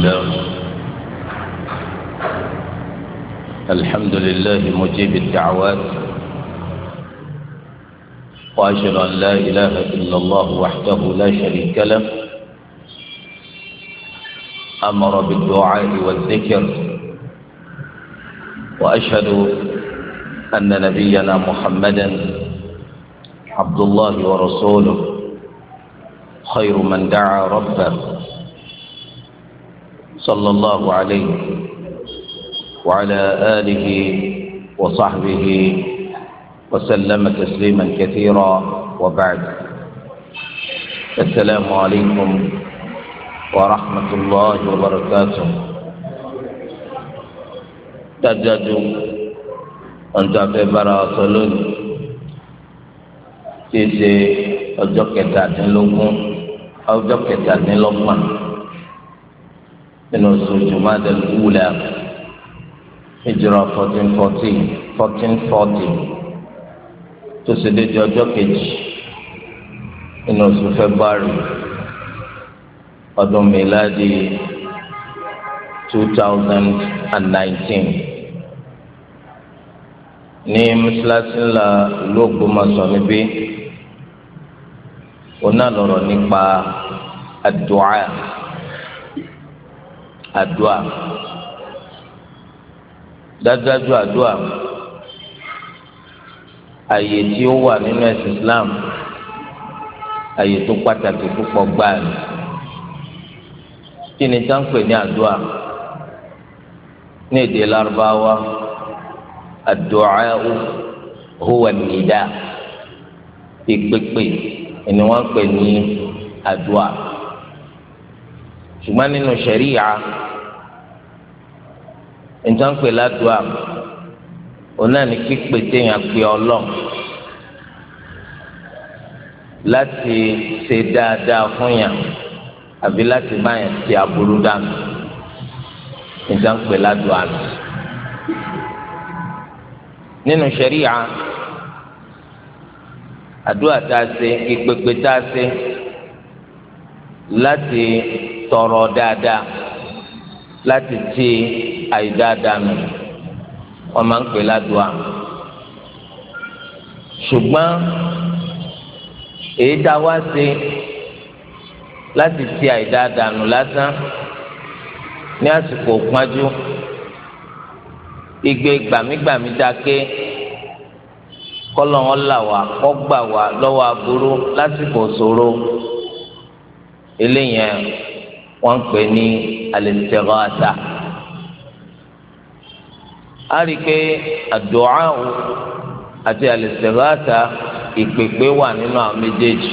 الله الحمد لله مجيب الدعوات وأشهد أن لا إله إلا الله وحده لا شريك له أمر بالدعاء والذكر وأشهد أن نبينا محمدا عبد الله ورسوله خير من دعا ربه صلى الله عليه وعلى آله وصحبه وسلم تسليما كثيرا وبعد السلام عليكم ورحمة الله وبركاته تجد ان تعتبر براسلون تيسي أجوك تاتين لكم أجوك تاتين لكم nínú oṣù jùmọ́dé wúlẹ̀ ìjírọ̀ fourteen fourteen fourteen fourteen tó ṣe déjọ ọjọ́ kejì nínú oṣù february ọdún mìládì two thousand and nineteen ní mọ́ṣáláṣí ńlá lóògbómọ̀ṣọ́ níbí òun náà lọ̀rọ̀ nípa àdúà. Adua, dájúdájú àdúà àyè tí ó wà nínú ẹ̀sìn Islam àyè tó pàtàkì púpọ̀ gbáà ni kí ni táǹpè ní àdúà ní èdè Lárúbáwá àdúà huwa nìdá ìpèpè ni wọ́n pè ní àdúà ṣùgbọ́n nínú ṣẹ̀ríyà nǹkan pè ládùá ọ̀nà ni pípé téèyàn pé ọlọ́ọ̀ láti ṣe dáadáa fún yàn àbí láti bá yàn ṣe aburú dànù nǹkan pè ládùá nù. nínú ṣẹ̀ríyà àdúrà tá a ṣe ìpèpè tá a ṣe láti tọrọ dáadáa láti ti àìdáadáa nù wọn máa ń pè ládùá ṣùgbọ́n èyí tá a wá ṣe láti ti àìdáadáa nù lásán ní àsìkò pọ́njú igbe gbàmígbàmí dáké kọlọ́n ọ̀là wa kọ́gbà wa lọ́wọ́ aburú lásìkò ṣòro eléyẹn wọ́n ń pè ní al-istighatha a rí i pé àdúà àti al-istighatha ìpèpè wà nínú àwọn méjèèjì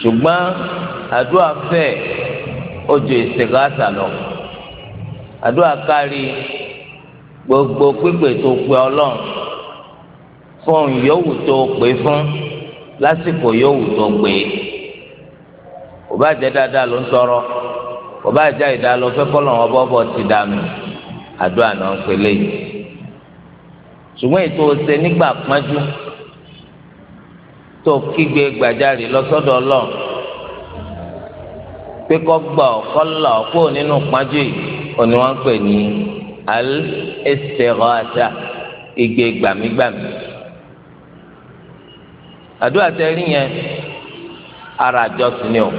ṣùgbọ́n àdúrà fẹ́ ó ju istighatha lọ àdúrà kárí gbogbo pípè tó pe ọlọ́run fún yòówù tó pè fún lásìkò yòówù tó pè é kò bá jẹ́ dáadáa ló ń tọrọ kò bá jẹ́ ìdá lọ fẹ́ kọ́ lọ́wọ́ bọ́bọ̀ ti dànù àdúrà náà ń pele yìí ṣùgbọ́n ètò ọ̀sẹ̀ nígbà pọ́njú tó kígbe gbàjarè lọ́sọ́dọ̀ ọlọ́run pé kọ́ gbà ọ̀kọ́ là ọ̀pọ̀ nínú pọ́njú yìí òní wọ́n ń pè ní al-istighatha igbe gbàmígbàmí àdúrà tẹ́rí yẹn ara àjọsìn ni o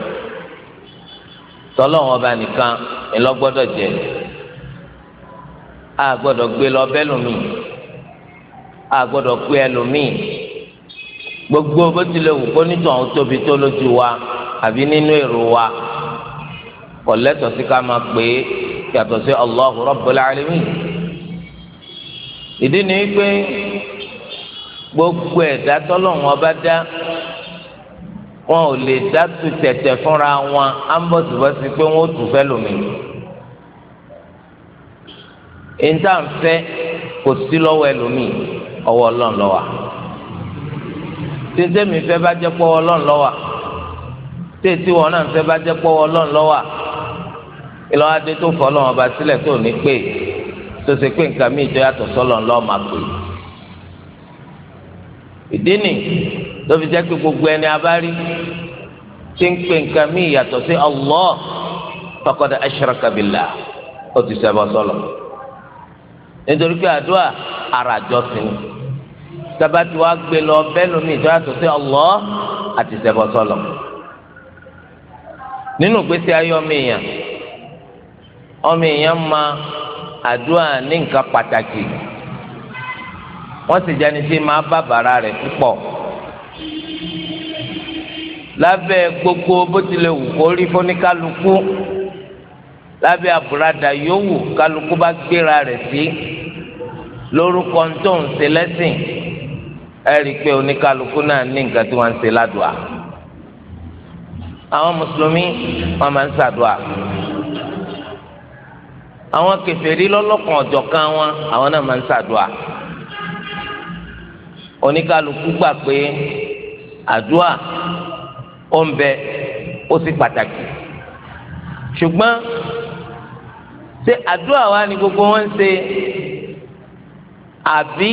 tọlọ́run ọba nìkan ńlọgbọ́dọ̀ jẹ a gbọ́dọ̀ gbé lọ bẹ́lùmíì a gbọ́dọ̀ pé ẹlòmíì gbogbo bó tilẹ̀ wù kó nítorí àwọn tóbi tó lójú wa àbí nínú èrò wa kò lẹ́tọ̀ọ́ sí ká máa pè é yàtọ̀ sí Allahu Rabbul Alamin ìdí ni pé gbogbo ẹ̀dá tọ́lọ́run ọba dá wọn ò lè dátú tẹ̀tẹ̀ fúnra wọn á ń bọ̀sibọ́sí pé wọ́n ó tù fẹ́ lómi. ìta ń fẹ́ kò sí lọ́wọ́ ẹlòmíì ọwọ́ ọlọ́run lọ́wọ́ tètè mi fẹ́ bá jẹ́ pọ́wọ́ ọlọ́run lọ́wọ́ tètè wọn náà fẹ́ bá jẹ́ pọ́wọ́ ọlọ́run lọ́wọ́ ìlọ́wọ́ adé tó fọ́ ọlọ́run ọba sílẹ̀ tó ní pé tó ṣe pé nǹkan míì tó yàtọ̀ sọ́lọ́run lọ́ọ́ máa pè é. ìdí nì tó fi jẹ́ pé gbogbo ẹni abárí tí ń pè nǹkan mí ìyàtọ̀ sí Allah faqad ashraka ó ti nítorí pé àdúrà ara jọ́sìn wa gbé lọ bẹ́ẹ̀ lómi ìjọ yàtọ̀ sí Allah àti ṣẹbọ sọlọ nínú gbèsè ayé ọmọ èèyàn ọmọ èèyàn pataki. wọ́n sì jẹ́ni tí máa bá bàrà rẹ̀ púpọ̀ lábẹ́ gbogbo bó tilẹ̀ wù kó rí fóníkálukú lábẹ́ àbúradà yòówù kálukú bá gbéra rẹ̀ sí lórúkọ tó ń ṣe lẹ́sìn ẹ rí i pé oníkálukú náà ní nǹkan tí wọ́n ń ṣe ládùá àwọn mùsùlùmí wọ́n máa ń ṣàdùá àwọn kèfèrí lọ́lọ́kan ọ̀jọ̀kan wọn àwọn náà máa ń ṣàdùá oníkálukú gbà pé àdúrà ó ń bẹ ó sì pàtàkì ṣùgbọ́n ṣé àdúrà wa ni gbogbo wọn ń ṣe àbí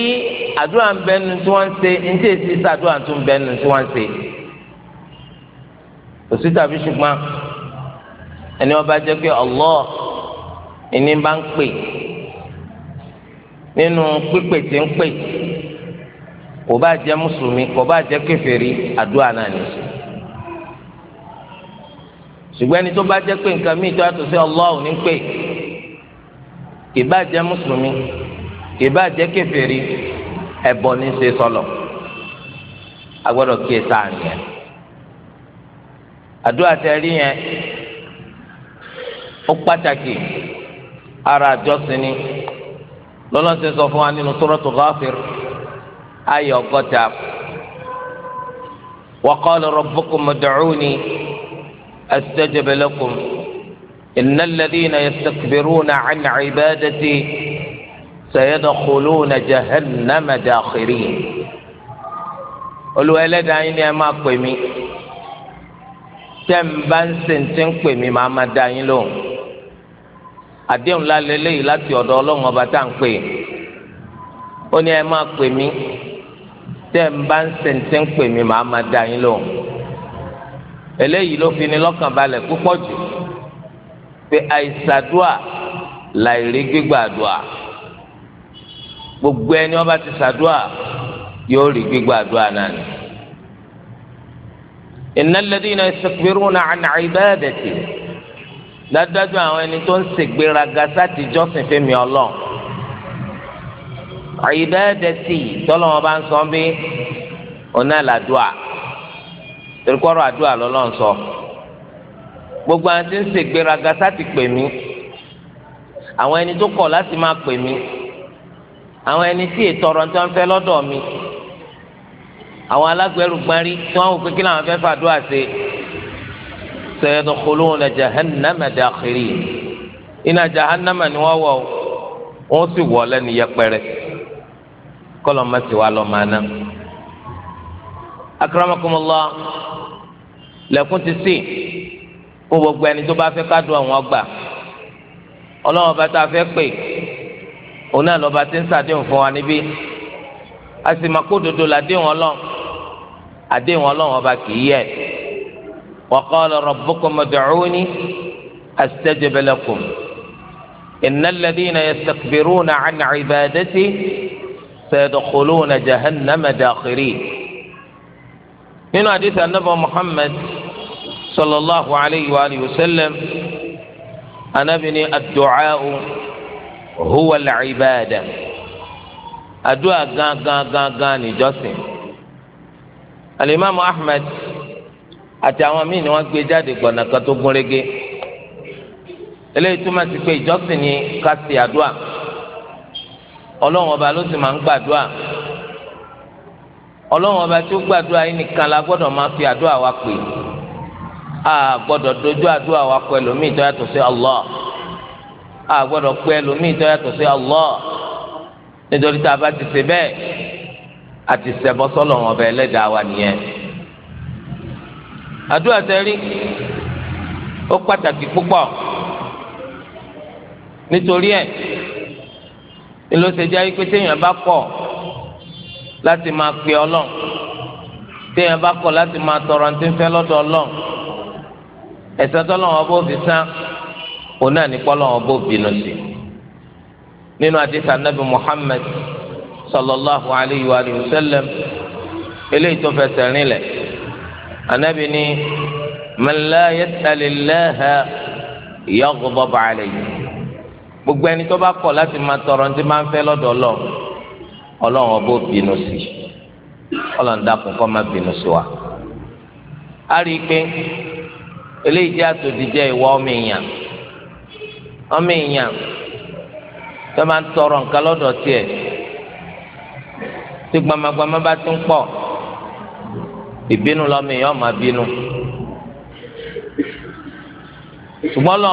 àdúrà ń bẹ nu tí wọ́n ń ṣe ń tẹ̀ sí sàdúrà tó ń bẹ nu tí wọ́n ń ṣe kò sí tàbí ṣùgbọ́n ẹni wọ́n bá jẹ́ pé Allah ìní bá ń pè nínú pípè tí ń pè kò bá jẹ́ mùsùlùmí kò bá jẹ́ kèfèrí àdúrà náà ni ṣùgbọ́n ẹni tó bá jẹ́ pé nǹkan míì tó yàtọ̀ sí Allah ní pé kì bá jẹ́ mùsùlùmí kì bá jẹ́ kèfèrí ẹ̀bọ ní ṣe sọlọ a gbọ́dọ̀ kí esa nìyẹn àdúrà tẹ rí yẹn ó pàtàkì ara àjọsìn ni lọ́lọ́sìn sọ fún wa nínú Suratul Ghafir ayé ọgọ́ta wa qala rabbukum ud'uni astajib lakum innal ladhina yastakbiruna an ibadati sayadkhuluna jahannama dakhirin Olúwa Ẹlẹ́dàá yín ni ẹ máa pè mí tẹ́ ń bá ń sèǹtì ń pè mí màá máa dá yín lóhùn àdéhùn lálẹ́ léyìí láti ọ̀dọ̀ Ọlọ́run ọba tá à ń pè ó ní ẹ máa pè mí tẹ́ ń bá ń sẹ̀ǹtẹ́ ń pè mí màá máa da yín lóhùn eléyìí ló fi ni lọ́kàn balẹ̀ púpọ̀ jù pé àìsàdúà láìrí gbígbàdúà gbogbo ẹni ó bá ti sàdúà yóò rí gbígbàdúà náà ni. innal ladina yastakbiruna an ibadati dájú àwọn ẹni tó ń ṣègbéraga sátìjọ́sìn fẹ́mi ọlọ́run ìbẹ́ẹ̀dẹ́sì tọ́lọ́wọ́n bá ń sọ bí ọ̀nà làdúà tẹ̀lékọ́rọ̀ àdúà lọ́lọ́ ń sọ gbogbo àwọn tí ń ṣègbéraga sáti pè mí àwọn ẹni tó kọ̀ láti máa pè mí àwọn ẹni tí ètò ọ̀rọ̀ tí wọ́n fẹ́ lọ́dọ̀ mi àwọn alágbẹ̀rù gbarí tí wọ́n wò pé kí làwọn fẹ́ fàdúà ṣe sayadkhuluna jahannama dakhirin iná jahannama ni wọ́n wọ̀ wọ́n sì wọ̀ lẹ́nu yẹpẹrẹ kọlọ ma ti wa lọ ma ná akramakumullah lẹkùn ti sè kó gbogbo ẹni tó bá fẹ́ ká dùn àwọn ọgbà ọlọ́wọ́n bá tá a fẹ́ pè òun náà lọ́ba ti ń sàdéhùn fún wa níbí a sì máa kó dodo làdéhùn ọlọ́run àdéhùn ọlọ́run ọba kì í yẹ wa qala rabbukum ud'uni astajib lakum innal ladhina yastakbiruna 'an 'ibadati. سيدخلون جهنم داخرين من حديث النبي محمد صلى الله عليه وآله وسلم أنا بني الدعاء هو العبادة الدعاء غان غان غان غان جسم الإمام أحمد àtàwọn míì ni wọ́n gbé jáde gbọ̀nà kan tó gúnrégé eléyìí túmọ̀ sí ọlọ́run ọba ló sì máa ń gbàdúrà ọlọ́run ọba tí ó gbàdúrà yìí nìkan la gbọ́dọ̀ máa fi àdúrà wa pè á gbọ́dọ̀ dojú àdúrà wa pẹ̀ lómi ìtọ́ yàtọ̀ sí Allah á gbọ́dọ̀ pẹ̀ lómi ìtọ́ yàtọ̀ sí Allah nítorí tá a bá ti ṣe bẹ́ẹ̀ a ti ṣẹbọ sọ́lọ́run ọba ẹlẹ́dàá wa nìyẹn àdúrà tẹ́rí ó pàtàkì púpọ̀ nítorí ẹ̀ ló ṣe jẹ́ pé téèyàn bá kọ̀ láti máa pe ọlọ́run téèyàn bá kọ̀ láti máa tọrọ ní ti ń fẹ́ lọ́dọ̀ ọlọ́run ẹ̀sẹ̀ tọ́lọ́wọ́n bó fi sán òun náà ní pọ́lọ́wọ́n bó bínú sí nínú àdìsá nàbì Muhammad sallallahu alayhi wa sallam eléyìí tó fẹsẹ̀ rinlẹ̀ anabi ni man la yas'alillaha yaghdab alayhi gbogbo ẹni tó bá kọ̀ láti máa tọrọ ní ti máa ń fẹ́ lọ́dọ̀ Ọlọ́run Ọlọ́run ọbọ bínú sí Ọlọ́run dákun kó má bínú sí wa. a rí i pé eléyìí jẹ́ àtòjíjẹ́ ìwà ọmọ èèyàn ọmọ èèyàn tó máa ń tọrọ nǹkan lọ́dọ̀ tiẹ̀ tí gbamagbama bá tún pọ̀ ìbínú lọ́mọ èèyàn máa bínú. ṣùgbọ́n lọ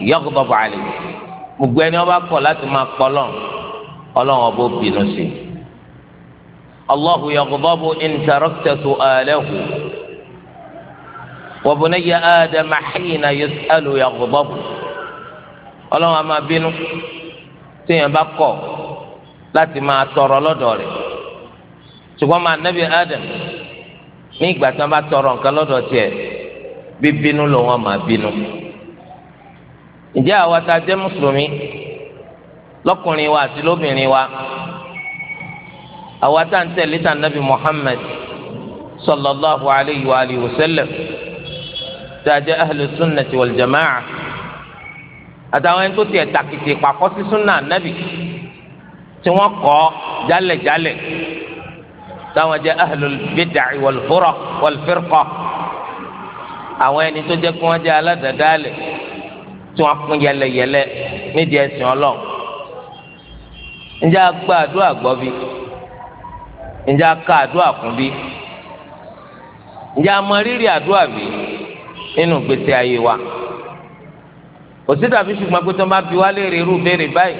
yaghdabu alayhi gbogbo ẹni ọba kọ̀ láti máa pọ̀ lọ́n ọlọ́run ọba bínú sí i. الله يغضب إن تركت سؤاله وبني آدم حين يسأل يغضب ọlọ́run a máa bínú téèyàn bá kọ̀ láti máa tọrọ lọ́dọ̀ rẹ̀ ṣùgbọ́n máa nẹ́bí adam ní ìgbà tí wọ́n bá tọrọ nǹkan lọ́dọ̀ tiẹ̀ bí bínú lòun máa bínú ǹjẹ́ àwa ta jẹ́ mùsùlùmí lọ́kùnrin wa àti lóbìnrin wa àwa tá à ń tẹ̀lé tà nàbì Muhammad sallallahu alayhi wa alihi wa sallam tá a jẹ́ ahlu sunnati wal jama'a àtàwọn ẹni tó tiẹ̀ takìtì pàkọ́ sí sunna nàbì tí wọ́n kọ́ jálẹ̀jálẹ̀ táwọn jẹ́ ahlu bid'ah wal furqa wal firqa àwọn ẹni tó jẹ́ kí wọ́n jẹ́ aládàádáalẹ̀ tí wọ́n pín yẹlẹyẹlẹ nídìí ẹ̀sìn Ọlọ́run ǹjẹ́ agbá àdúrà gbọ́ bí ǹjẹ́ aká àdúrà kún bí ǹjẹ́ amọ̀rírì àdúrà bí nínú gbèsè ayé wa òsì tàbí ṣùgbọ́n pé tó máa bí wá léèrè irú béèrè báyìí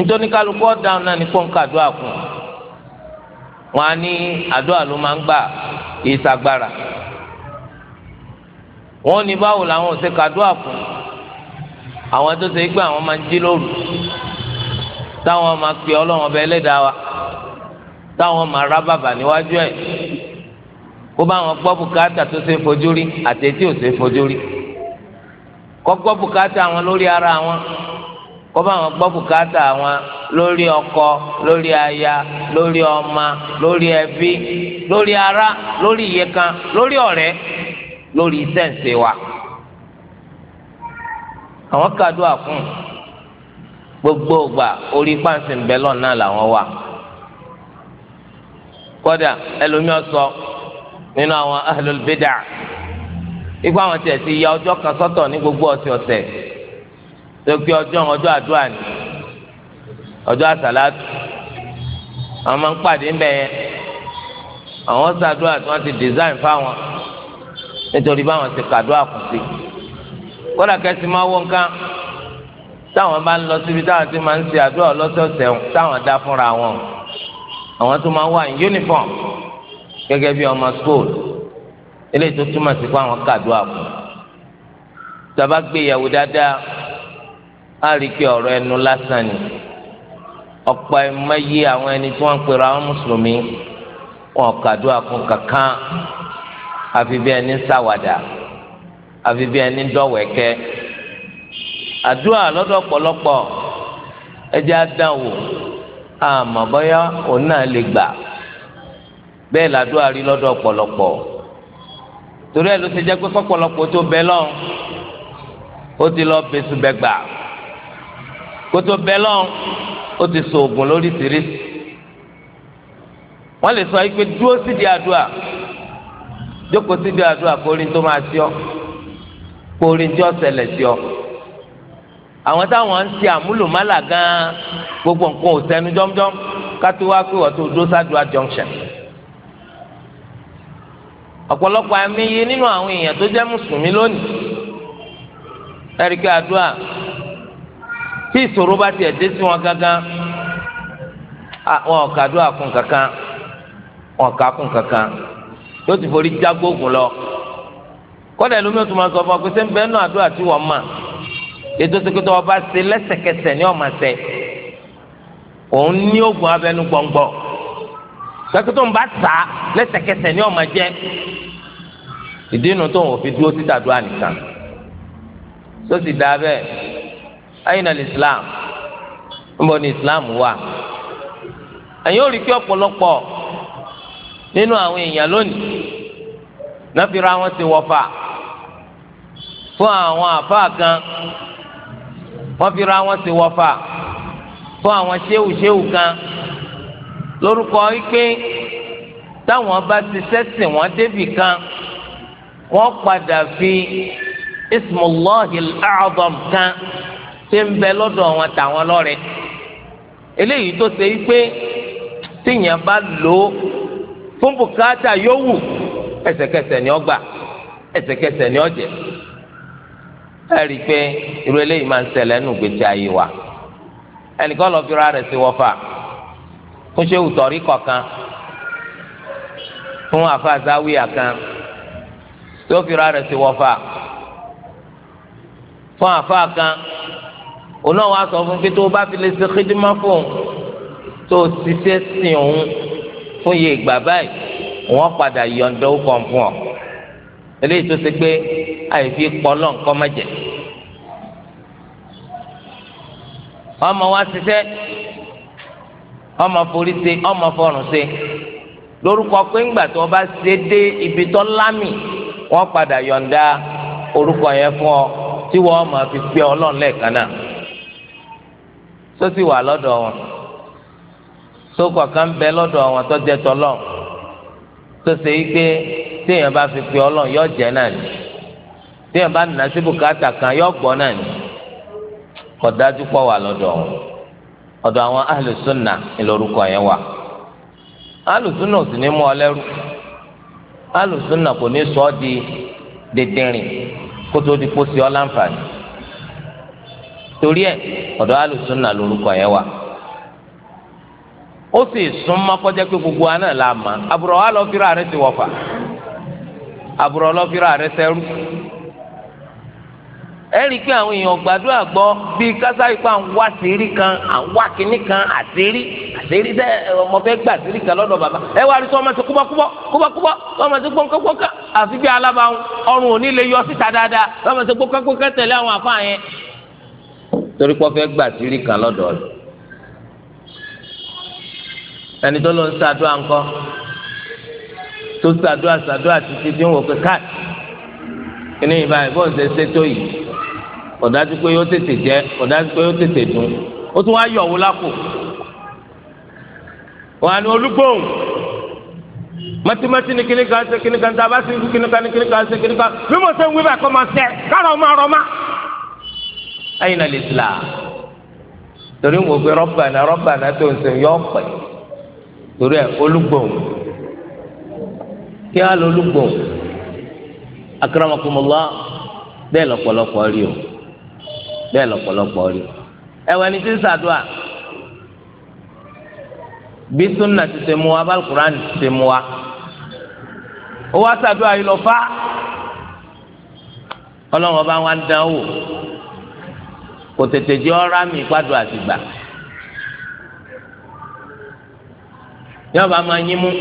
nítorí kálukú ọ̀daràn náà ní pọ́ńkà àdúrà kún wọn á ní àdúrà ló ń gbà ìsagbára wọn ní báwo làwọn ò ṣe kàdúrà fún àwọn tó ṣe gbé àwọn máa ń jí lóru táwọn máa pè ọlọ́run ọba ẹlẹ́dàá wa táwọn máa rá bàbà níwájú ẹ̀ kó bá wọn gbọ́ bùkátà tó ṣe fojú rí àti etí ò ṣe fojú rí kó gbọ́ bùkátà wọn lórí ara wọn kó bá wọn gbọ́ bùkátà wọn lórí ọkọ lórí aya lórí ọmọ lórí ẹbí lórí ara lórí ìyèkan lórí ọ̀rẹ́ lórí iṣẹ́ ǹṣe wa àwọn kàdúrà fún gbogbo ògbà orí pàǹsì ń bẹ lọ́nà làwọn wà kódà ẹlòmíọ́ sọ nínú àwọn ahlul bidà ikú àwọn tiẹ̀ ti ya ọjọ́ kan sọ́tọ̀ ní gbogbo ọ̀sẹ̀ ọ̀sẹ̀ tó kí ọjọ́ ọjọ́ àdúrà ni ọjọ́ àsàlátù àwọn máa ń pàdé ń bẹ̀ yẹn àwọn sàdúrà tí wọ́n ti design fáwọn nítorí báwọn ti kàdó àkùnfì kódà kẹsì máa wọ nǹkan táwọn bá ń lọ síbi táwọn ti máa ń ṣe àdúrà lọ́sọ̀ọ̀sẹ̀ táwọn dá fúnra wọn àwọn tó máa wà ní uniform gẹ́gẹ́ bí ọmọ school eléyìí tó túmọ̀ sí fún àwọn kàdó àkùn tàbá gbéyàwó dáadáa á rí i pé ọ̀rọ̀ ẹnu lásán ni ọ̀pọ̀ ẹ̀mọ́ yé àwọn ẹni tí wọ́n ń pera àwọn mùsùlùmí wọn kàdó àkùn kankan àfi bí ẹni ṣàwàdà àfi bí ẹni dọ̀wẹ̀kẹ́ àdúrà lọ́dọ̀ pọ̀lọpọ̀ ẹjẹ́ àdánwò àmọ́ bọ́yá òun náà lè gbà bẹ́ẹ̀ làdúrà rí lọ́dọ̀ pọ̀lọpọ̀ torí ẹ̀ ló ti jẹ́ pé kọ́pọ̀lọpọ̀ tó bẹ lọ́n ó ti lọ bẹ̀sù bẹ gbà kótó bẹ lọ́n ó ti sọ òògùn lóríṣiríṣi wọ́n lè sọ yìí pé dúró sídìí àdúrà jókòó síbi àdúrà kórí tó máa sí ọ kórí tí ó ṣẹlẹ̀ sí ọ àwọn táwọn ń ṣe àmúlò málà gan gbogbo nǹkan ò jọmjọm kátó wá pé wọ́n tó dúró sádùá junction ọ̀pọ̀lọpọ̀ àmìyẹ nínú àwọn èèyàn tó jẹ́ mùsùlùmí lónìí ẹ̀ríkà àdúrà tí ìṣòro bá tiẹ̀ dé sí wọn gángan wọn ò kàdúrà kún kankan wọn kún kankan tó ti forí jágbóògùn lọ kọ́dà ìlú mi ò tún máa sọ fún ọ pé ṣé ń bẹ́ẹ̀ náà àdúrà tí wọ́n mà ètò ìsèkìtò ọba ṣe lẹ́sẹ̀kẹsẹ̀ ní ọ̀mà ṣẹ òun ní oògùn abẹnú gbọ̀ngbọ̀ sẹ́kìtò ń bá tà lẹ́sẹ̀kẹsẹ̀ ní ọ̀mà jẹ́ ìdí inú tó ń fi dúró títà dúrà nìkan tó sì dáa bẹ́ẹ̀ ayé na Islam ń bọ̀ ní Islam wà ẹ̀yin ò rí kí ọ̀pọ̀lọpọ̀ nínú àwọn èèyàn lónìí náà fi ra wọn ti wọ̀fà fún àwọn àfáà kan wọ́n fi ra wọn ti wọ̀fà fún àwọn ṣéwù ṣéwù kan lórúkọ wípé táwọn bá ti sẹ́sìn wọn débì kan wọ́n padà fi ismullahi al-a'zam kan tí ń bẹ lọ́dọ̀ wọn tàwọn lọ́rẹ̀ eléyìí tó ṣe wípé tíyẹn bá lò ó fún bùkátà yòówù ẹsẹ̀kẹsẹ̀ ni ó gbà ẹsẹ̀kẹsẹ̀ ni ó jẹ ẹ rí i pé irú eléyìí máa ń ṣẹlẹ̀ nù gbèsè ayé wa ẹnìkan lọ fi ra rẹ̀ sí wọ́fà fún ṣéwù tọ̀rí kọ̀ọ̀kan fún àfa kan tó fi ra rẹ̀ sí wọ́fà fún àfa kan òun náà wàá sọ fún pé tó o bá fi lè ṣe kídímà fún un tó o ti ṣe sìn òun fún iye ìgbà báyìí wọ́n padà yọ̀ǹda ó kàn fún ọ eléyìí tó ṣe pé àìfi pọ́lọ́ nǹkan mẹ́jẹ̀ ọmọ wa ṣiṣẹ́ ọmọ forí ṣe ọmọ fọrùn ṣe lórúkọ pé ńgbà tó o bá ṣe dé ibi tó lámì wọ́n padà yọ̀ǹda orúkọ yẹn fún ọ tí wọ́n máa fi pé ọlọ́run lẹ́ẹ̀kan náà tó sì wà lọ́dọ̀ wọn. tó kọ̀ọ̀kan bẹ lọ́dọ̀ àwọn tó jẹ́ tọ́lọ́ tó ṣe yí pé téèyàn bá fi pe ọlọ́run yọ jẹ́ náà ni téèyàn bá nà sí bùkátà kan yọ gbọ́ náà ni kò dájú pọ̀ wà lọ́dọ̀ wọn ọ̀dọ̀ àwọn ahlùsùnà ìlórúkọ yẹn wà ahlùsùnà ò sì ní mú ọ lẹ́rú ahlùsùnà kò ní sọ ọ́ di dèdèrìn kó di kó sí ọ láǹfààní torí ẹ̀ ọ̀dọ̀ ahlùsùnà lórúkọ yẹn wà. ó sì súnmọ́ kọjá pé gbogbo wa la mọ̀ wa lọ fira ti wọ̀fà àbùrọ̀ lọ fira rẹ sẹ́rú ẹ̀rí pé àwọn èèyàn gbàdúrà gbọ́ bíi kásá ipá ń wá sírí kan à wá kínní kan àṣírí àṣírí tẹ ọmọ gbà sírí kan lọ́dọ̀ bàbá ẹ wá rí sọ ọmọ sí kúbọ́kúbọ́ ọmọ àfi alábàáhùn ọrùn òní lè yọ síta dáadáa ọmọ ẹni tó ló ń ṣàdúrà ńkọ́ tó ṣàdúrà ṣàdúrà títí tí ń wò pé káàt kíní ìbá ìbọn ṣe ṣètò yìí ọ̀dájú pé yóò tètè jẹ ọ̀dájú pé yóò tètè dùn ó tún wá yọ̀ wò lápò wà ní olúgbòhùn mọtìmọtì ni kíní kan ṣe kíní kan tá a bá ṣe kíní kan kíní kan ṣe kíní kan bí mo ṣe ń wí bá kọ́ máa ṣe káàrọ̀ máa rọ̀ máa. ayé na lè sila torí mo gbé rọ́bà náà rọ́bà náà tó ń sè ọ̀pẹ̀ torí ẹ olúgbòhùn kí á lọ olúgbòhùn akaramakumọlá bẹ́ẹ̀ lọ́pọ̀lọpọ̀ rí o bẹ́ẹ̀ lọ́pọ̀lọpọ̀ rí o ẹwà ni tí ń ṣàdúà bí súnà ti ṣe mu wa bá alukur'an ti ṣe mu wa ó wá ṣàdúà yìí lọ fá ọlọ́run ọba wa ń dán kò tètè jẹ́ ọ́ rámì ìpàdùn àtìgbà. yóò bá máa mụ mú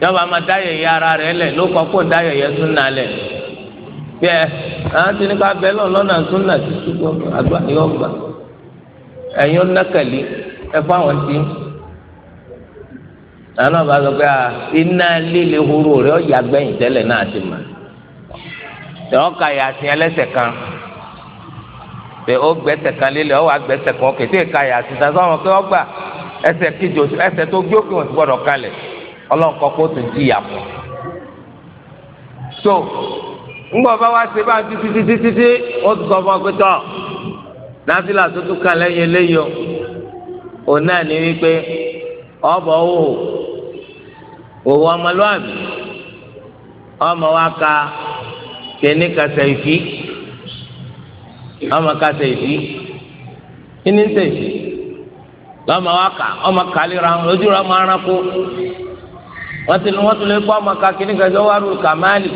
bá dá ara rẹ lẹ ló kó dá àwọn tí ní ká bẹ kó àgbà gbà ó tí ọba sọ pé iná líle horo ọ yà gbẹ̀yìn náà ti mà tẹ̀wọ́n ka yà sí ẹlẹ́sẹ̀ kan tẹ̀ ó kan líle ọ wà ka yà sí ọ ẹsẹ̀ kejì oṣù ẹsẹ̀ tó gbé òkè wọn ti gbọ́dọ̀ kalẹ̀ Ọlọ́run kọ kó tún jìyà fún so ńgbọ bá wá ṣe bá títí títí títí ó ti sọ fún ọ pé tọ nàfìlà tó tún kan lẹ́yìn eléyìí o òun náà ní wípé ọbọ òhò òhò ọmọlúwàbí ọmọ wa ka kẹne kasa ìfì ọmọ kasa ìfì kí ń sèfì lọ́mọ wa kà ọmọ kàlí ra lójú ra ọmọ aránkó wọ́n ti wọ́n ti lè kó ọmọ ká kíní kan jọ́wọ́ àrùn kàmáàlì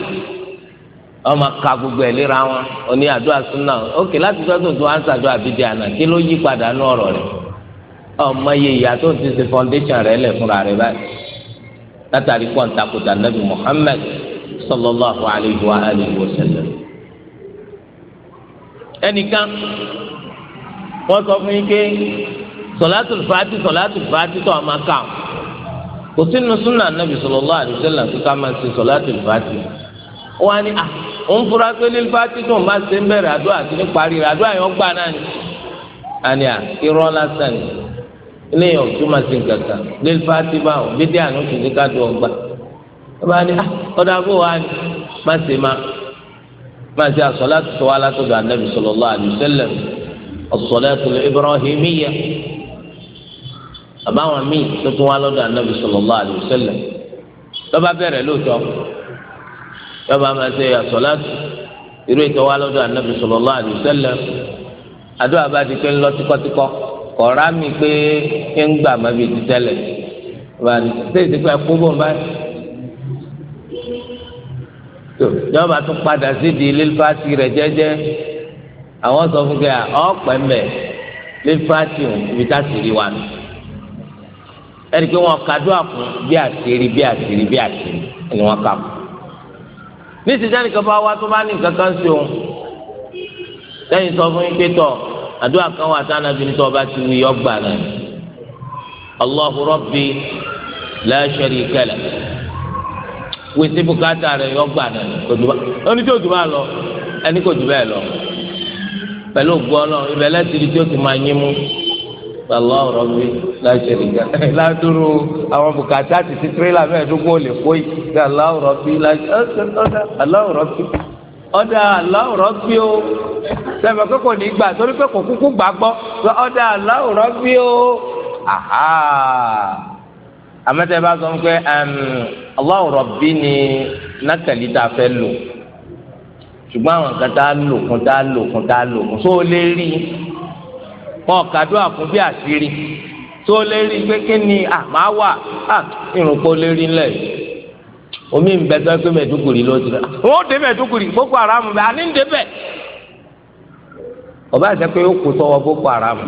ọmọ ká gbogbo ẹ̀ léra wọn oní àdúrà súnà òkè láti sọ́tò tó wọ́n ṣàdúrà bíbí àná kí ló yí padà ní ọ̀rọ̀ rẹ̀ ọmọ iye ìyá tó ti ṣe foundation rẹ̀ lẹ̀ fúnra rẹ̀ báyìí látàrí kọ́ńtàkùtà nàbì Muhammad sallallahu alayhi wa alihi wa sallam ẹnìkan wọ́n sọ fún yín pé sọ̀látùl fàátì sọ̀látùl fàátì tó ọmọ ká kò sí nínú súnà nàbì sallallahu alaihi wasallam tó ká máa ṣe sọ̀látùl fàátì wọn á ní à ń fura pé lílù fàátì tó ń bá ṣe ń bẹ̀rẹ̀ àdúrà àti ní parí rẹ̀ àdúrà yẹn gbà náà ni àní à irọ́ lásán ni eléyìí ọ̀tún máa ṣe gàgà lílù fàátì báwọn bídí àná tó ní ká dùn ọgbà ọba ni à ọ̀dà bó wa ni má ṣe má má ṣe àsọ̀látù tó wá látọ̀dọ̀ ànábì sallallahu alaihi wasallam as-salatu al-ibrahimiyya bàbá àwọn míì tó tún wá lọ́dọ̀ anabi sallallahu alaihi wasallam lọ́ba bẹ̀rẹ̀ lóòótọ́ lọ́ba máa ṣe àsọ̀láàtù irú ètò wá lọ́dọ̀ anabi sallallahu alaihi wasallam àdúrà bá di pé ńlọ tíkọ́tíkọ́ kọ̀ọ̀rá mi pé ń gbà má bi ti tẹ́lẹ̀ ṣé ìdíkọ̀ ẹ̀kú bò ń báyìí tó yọba tún padà sídi lílfàtì rẹ̀ jẹ́jẹ́ àwọn sọ fún kẹ́ ọ̀pẹ̀ mẹ́ lílfàtì ibi tá a sì rí wa nù ẹni pé wọn kàdó àkùn bí àṣírí bí àṣírí bí àṣírí ẹni wọn kà kù ní ìsìnjẹ́ nìkan bá wá tó bá ní nǹkan kan sí òun lẹ́yìn sọ fún yín pé tọ̀ àdúrà kan wà sáà nàbí nítorí ọba ti wí ọgbà náà Allahu Rabbi la sharika lah wíṣí bùkátà rẹ̀ ọgbà náà kò jù tí ò jù lọ ẹni kò jù bẹ́ẹ̀ lọ pẹ̀lú ògbọ́n náà ibẹ̀ lẹ́sìn tí ó ti máa yín mú. Allah Rabbi la sharika lahu ládùúrú àwọn bùkátà ti ti tirẹ́là mẹ́ẹ̀ẹ́dógún ò lè kó yìí ṣe Allah Rabbi la sharika Allah Rabbi ọ̀dà Allah Rabbi o sẹ́fẹ̀ kókò ní gbà torí pé kò kúkú gbà gbọ́ ọ̀dà Allah Rabbi o aha àmọ́tẹ́ bá sọ pé Allah Rabbi ni nákàlí tá a fẹ́ lò ṣùgbọ́n àwọn kan tá a lò kún tá a lò kún tá a lò kún sóò lè rí i. wọn kàdúrà fún bí àṣírí tó lérí pé kí ni àmà wà á ìrùpọ̀ lérí ńlẹ̀ omi ń bẹ tó pé mẹ̀dúkùrì ló ti rẹ̀ wọ́n dé mẹ̀dúkùrì Boko Haram àní ń ọba àti pé ó kù sọ́wọ́ Boko Haram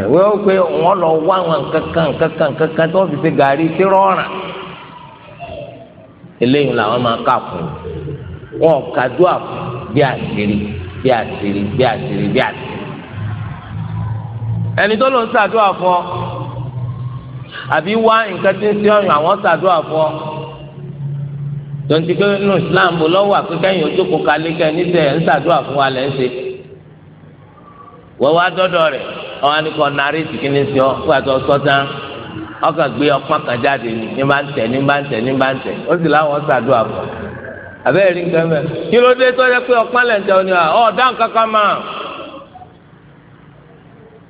ẹ̀wẹ́ ó pé wọ́n lọ wá wọn kankan kankan kankan tó fi gàrí rọ́ọ̀ràn eléyìí làwọn máa kà fún wọn bí àṣírí bí àṣírí bí àṣírí bí àṣírí. ẹni tó ló ń ṣàdúrà fún ọ àbí wá nǹkan tí ń ṣe ọyàn àwọn ṣàdúrà fún ọ tonti ke nu islam bò lọ́wọ́ àpékẹ́ yìí ojúkò kalẹ̀ kẹ́ ní sẹ́ ń fún wa lẹ́ wọ́n wá dọ́dọ̀ rẹ̀ ọ̀hún ni kò nàárẹ̀ tìkí ní sọ pàtó sọ́tàn ọkàn gbé ọpọ́n kan jáde ní bá ń tẹ̀ ní bá ń tẹ̀ ní bá ń tẹ̀ ó sì láwọn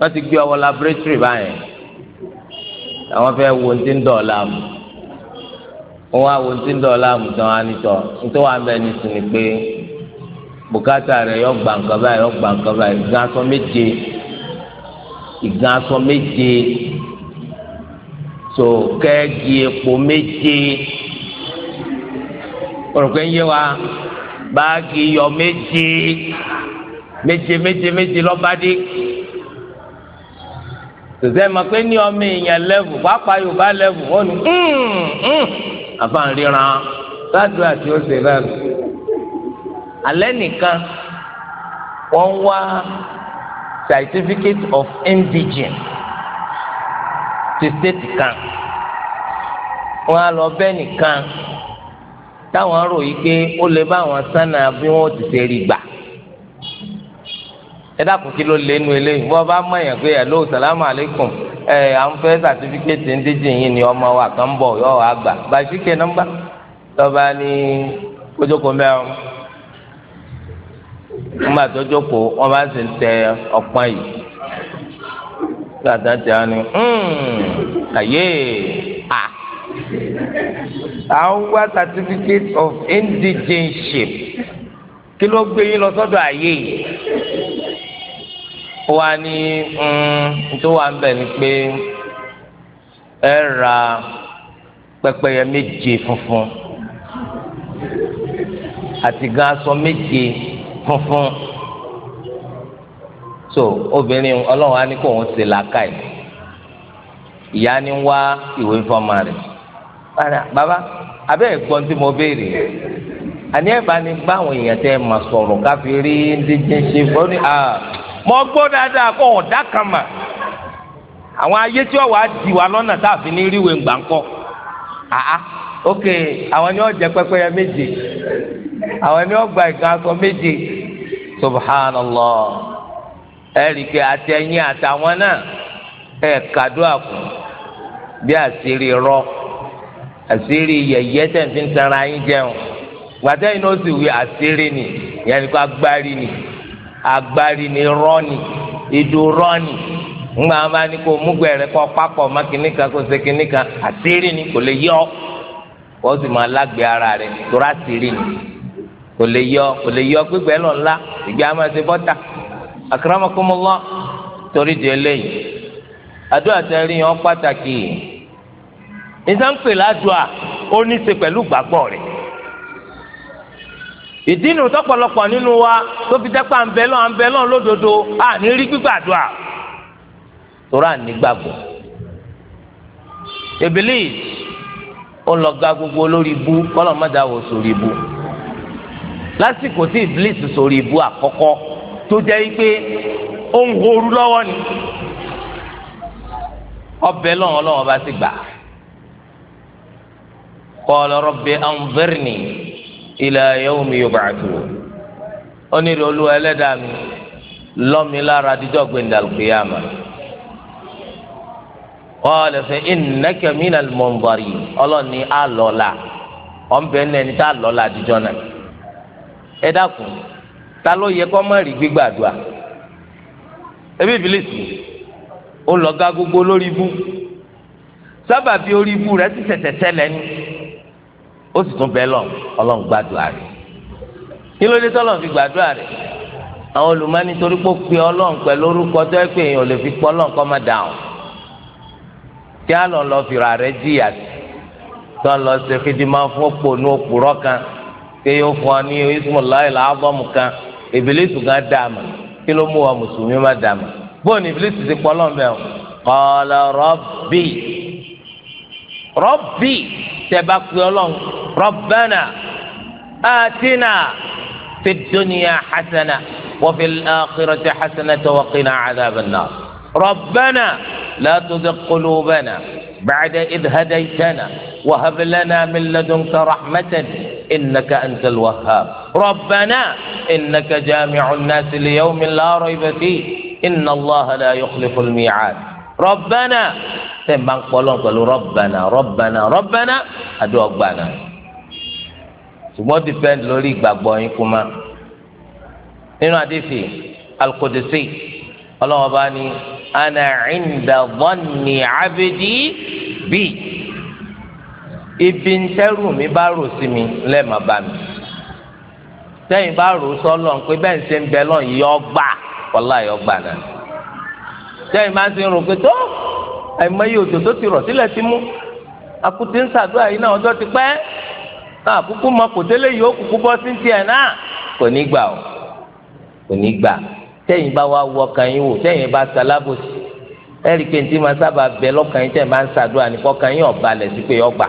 wọ́n ti gbé ọwọ́ laboratory báyẹn àwọn fẹ́ wo ti ń dọ̀ọ̀la mu wọ́n wá wo ti ń dọ̀ọ̀la mu tán á nítọ̀ nítorí wọ́n á bẹ̀ ní sinmi pé bùkátà rẹ̀ yọ gbà nǹkan báyìí yọ gbà nǹkan báyìí ìgbà aṣọ méje ìgbà aṣọ méje tó kẹ́ẹ̀gì epo méje òrùkọ́ ń yé wa báàgì iyọ̀ méje méje méje méje lọ́ba dé tòsẹ́ ma pé ní ọmọ èèyàn lẹ́vù pàápàá yorùbá lẹ́vù wọ́n ní hmm, hmm. àfàn gbàdúrà tí ó ṣe bẹ́ẹ̀ alẹ́ nìkan wọ́n wá certificate of indigene ti state kan wọ́n á lọ bẹ́ẹ̀ nìkan táwọn rò yí pé ó lè bá àwọn sánà bí wọ́n ti ṣe rí gbà ẹ dákun kí ló lé nu eléyìí bọ́ bá mọ̀ yẹn pé hello salamu alaykum ẹ à ń fẹ́ sàtífíkẹ́tì ń díjì yín ni ọmọ wa kan bọ̀ yọ wá gbà bàṣíkẹ́ nọ́mbà lọ́ba ní kójókòó mẹ́rin nígbà tó jókòó wọ́n bá sì ń tẹ ọ̀pọ̀n yìí gbàdá tí a ní à à certificate of indigenship kí ló gbé yín lọ sọ́dọ̀ àyè ó wá ní mm, tó wà ń bẹ̀ ni pé ẹ ra pẹ́pẹ́yẹ méje funfun àti gan aṣọ méje funfun so obìnrin ọlọ́run á ní kó òun ṣe làákàyè ìyá ni ń wá ìwé fọmọ rẹ̀ bàbá abẹ́ ẹ̀gbọ́n tí mo béèrè àní ẹ̀ bá ní báwọn èèyàn tẹ́ ẹ mà sọ̀rọ̀ káfí rí dídín ṣe fún mi ah, mọ gbọ́ dáadáa kọ́ ọ̀dà kan mà àwọn ayé tí wọ́n di wa lọ́nà tá a fi ní ríwe ńgbà ńkọ́ àá ok àwọn ni wọ́n jẹ pẹ́pẹ́yẹ méje àwọn ni wọ́n gba ìgbà sọ méje subhanallah ẹ̀ríkẹ́ àti ẹ̀yìn àtàwọn náà ẹ̀ kàdúrà kù bí rọ àṣírí yẹ̀yẹ́ tẹ̀síntara yín jẹun gbàtẹ́yìn náà sì wí àṣírí ni ni agbárí ni. agbari ni rọni idu rọni ngba ma ni ko mu gbẹrẹ kọ papọ ma kini ko se kini kan asiri ni kò le yọ kò si ma lagbe ara rẹ tora siri ni kò le yọ kò le yọ gbẹgbẹ lọ nla ìgbẹ ama se bọta akarama kò mo lọ torí di eléyìí adu àtẹrí yẹn pàtàkì yìí nisanyi pèlè adua ìdí nu tọpọlọpọ nínú wa tó fi dẹ́pà ń bẹ lọ́n à ń bẹ lọ́n lódodo à ní rí gbígbàdúrà torí à ní gbàgbọ́. Ìbílísì ó lọ ga gbogbo lórí ibú kọ́lọ̀ mọ́jà wò sórí ibú lásìkò tí Ìbílísì sórí ibú àkọ́kọ́ tó jẹ́ pé ó ń horú lọ́wọ́ ni ọbẹ̀ lọ́wọ́ lọ́wọ́ bá ti gbà qala rabbi anzirni ila yawmi yub'athun ó ní ìrọ̀lú ẹlẹ́dàá mi lọ́mi lára dídọ́ gbẹ̀ndàl qiyama qala fa innaka minal munzarin ọlọ́ni àlọ́la ọ̀nbẹ náà ẹni tá àlọ́la dídọ́ náà ẹ dákun ta ló yẹ kó má rí ebi ìbílísì ó lọ gbogbo lórí ibú sábàbí orí ibú rẹ ti tẹ̀tẹ̀ sẹ́lẹ̀ ni ó sì tún bẹ́ẹ̀ lọ ọlọ́run gbàdúrà rẹ̀ kí ló dé tọ́lọ́run fi gbàdúrà rẹ̀ àwọn olùmọ́ni torí pé ó pe ọlọ́run pẹ̀lú orúkọ tó ẹ pé èèyàn lè fi pọ́ ọlọ́run kọ́ má dàn kí á lọ lọ fìrà rẹ̀ jìyà tó lọ ṣe fìdímọ́ fún òpònú òpùrọ́ kan pé yóò fún ọ ní ismullahi al-azam kan ìbílísù gan dààmú kí ló mú wa mùsùlùmí má dààmú bóun ìbílísù ti pọ́ ọlọ́run bẹ́ẹ̀ rọ́bì tẹ́ bá pè ọlọ́run rọ́bánà àtinà fi dúnìá hasana wọ́n fi àkìrọ̀tì hasana tọwọ́kìnà àdàbẹ̀nà rọ́bánà látọ̀dẹ̀ kọlọ́bánà bàdé ìdhàdàìtànà wàhábìlánà mílẹ̀dùnkà ràḥmẹ́tẹ̀n إنك أنت الوهاب ربنا إنك جامع الناس ليوم لا ريب فيه إن الله لا يخلف الميعاد rọ́bẹ́nà. tẹ̀ ń bá ń pọ́lọ́ pẹ̀lú rọ́bànà rọ́bànà rọ́bànà àdúgbànà ṣùgbọ́n dìpẹ́ǹd lórí ìgbàgbọ́ yín kú ma nínú àdéfì alukódésì ọlọ́wọ́n bá ní ana inda dhanni abdi bí ibi ń tẹ́rù mi bá rò sí mi lẹ́ẹ̀ma bá mi tẹ́yìn bá rò sọ́lọ́ pé bẹ́ẹ̀ ṣe ń bẹ lọ́n yọ gbà wọ́lá yọ gbà náà tẹ́yìn bá ń rò pé tó àìmọye òjò tó ti rọ̀ sílẹ̀ ti mú akutẹ ń ṣàdúrà yìí náà ọjọ́ ti pẹ́ àkúkú mọ kò délé yìí ó kúkú bọ́ sí tiẹ̀ náà kò ní gbà ó kò ní gbà tẹ́yìn bá wá wọ ọkàn yín wò tẹ́yìn bá salábòsì ẹ̀rí pé ntí máa sábà bẹ lọ́kàn yín tẹ́yìn bá ń ṣàdúrà nípa ọkàn yín ọ̀ba lẹ̀ sí pé ọgbà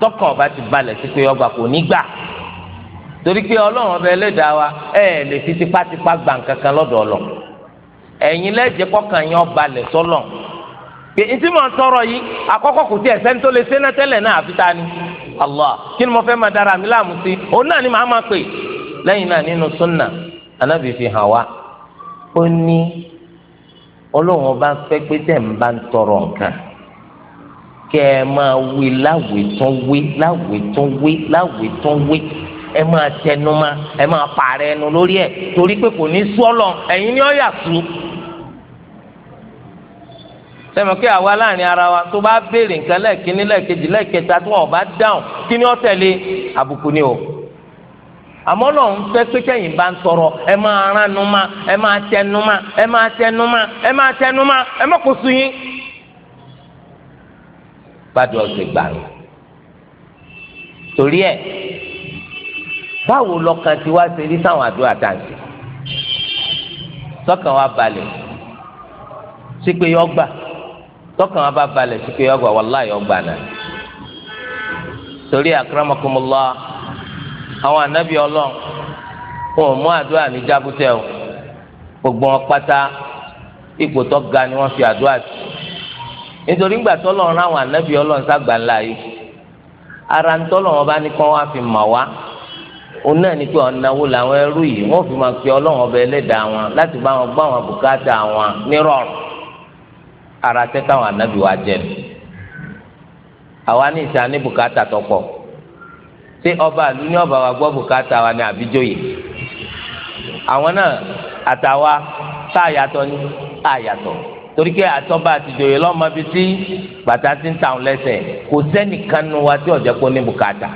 tọkàn ọba ti balẹ̀ sí pé ọgbà kò ní gbà torí pé ọlọ́run ọba ẹlẹ́dàá wa ẹ̀ lè fi tipátipá gbà nǹkan kan lọ́dọ̀ ọlọ́run ẹ̀yin lẹ́jẹ̀ kọ́kàn yín ọba lẹ̀ sọ́lọ̀ pé ntí mo ń tọrọ yìí àkọ́kọ́ kò tí ẹ̀ sẹ́ni tó lè ṣe náà tẹ́lẹ̀ náà àfi ta ni allah kí ni mo fẹ́ máa dára mi láàmú sí òun náà ni màá máa pè lẹ́yìn náà nínú sunna anábì fi hàn wá ó ní ọlọ́run ọba fẹ́ pé tẹ̀ ń bá ń tọrọ nǹkan kẹ́ ẹ máa wí láwìí tún wí láwìí tún wí láwìí tún wí. ẹ máa tẹnu ma ẹ máa pààrẹ ẹnu lórí ẹ torí pé kò ní sú ọlọ ni ọ yà sú. sẹ́mi àwa láàrin ara wa tó bá béèrè nǹkan lẹ́ẹ̀kejì lẹ́ẹ̀kẹta tí bá dáhùn ni tẹ̀lé o àmọ́ náà ń fẹ́ pé kẹ́yìn bá ń tọrọ ẹ máa ma ẹ máa tẹnu ma ẹ máa tẹnu báwo lọ́kàn tiwa ṣe rí sáwọn àdúrà tàǹtì tọkàn wa balẹ̀ sípé yọ gbà tọkàn wa bá balẹ̀ sípé yọ gbà wàláhì yọ gbà náà torí akramakumullah àwọn ànábì Ọlọ́run wọn ò mú àdúrà ní jábútẹ o gbogbo wọn pátá ipò tó ga ni wọn fi àdúrà sí nítorí ńgbà tọ́lọ́run àwọn ànábì Ọlọ́run ságbà ńlá yìí ara ń tọ́lọ́run bá ní kán wá fi mọ̀ wá òun náà ní pé ọ̀nàwó làwọn ẹrú yìí wọ́n fi máa pe ọlọ́run ọba ẹlẹ́dàá wọn láti bá wọn gbọ́ àwọn bùkátà wọn nírọ̀rùn ara tẹ́ káwọn ànábì wa jẹ nù àwa ní ìsàn ní bùkátà tó pọ̀ ṣé ọba àlú ní ọba wa gbọ́ bùkátà wa ní àbíjòyè àwọn náà àtàwa tá a yàtọ̀ ní tá a yàtọ̀ torí pé àtọ́ba àtijòyè lọ́mọbi tí bàtà ti ń ta òun lẹ́sẹ̀ kò sẹ́nìkan nu wa tí ọ̀jẹ̀ pọ̀ ní bùkátà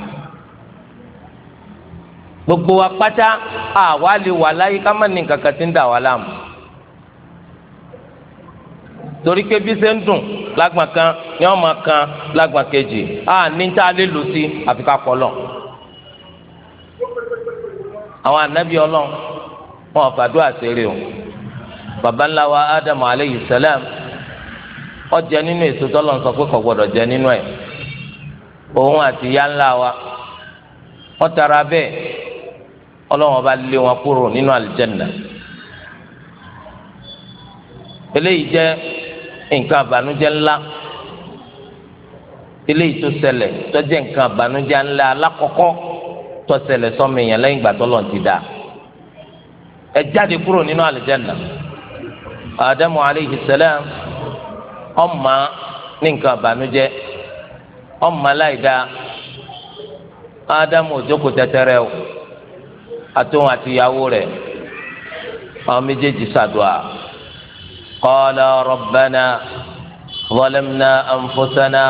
gbogbo wa pátá àwa lè wà láyé ká má ní kankan tí ń dà wá láàmú torí pé bí ṣe ń dùn lágbà kan ni wọn máa kan lágbà kejì a ní tá a lè lò sí àfi ká kọ lọ àwọn ànábì Ọlọ́run wọn ò fàdúrà ṣeré o baba ńlá wa Ádámù aleyhi sẹlẹm ó jẹ nínú èso tọ́lọ̀ ń sọ pé kò gbọdọ̀ jẹ nínú ẹ̀ òun àti ìyá ńlá wa wọ́n tara bẹ́ẹ̀ ọlọ́wọ́n bá lé wọn kúrò nínú àlìjẹ́nà eléyìí jẹ́ nǹkan àbànújẹ́ ńlá eléyìí tó ṣẹlẹ̀ tó jẹ́ nǹkan àbànújẹ́ ńlá alákọ̀ọ́kọ́ tó ṣẹlẹ̀ sọ́mi èèyàn lẹ́yìn ìgbà tọ́lọ̀ ti dà ẹ jáde kúrò nínú àlìjẹ́nà Ádámù aleyhi sẹlẹm ọmọ ní nǹkan àbànújẹ́ ọmọ aláìda Ádámù òjókòó tẹtẹrẹ o àtòun àti ìyàwó rẹ̀ àwọn méjèèjì ṣàdùà qala rabbana zalamna anfusana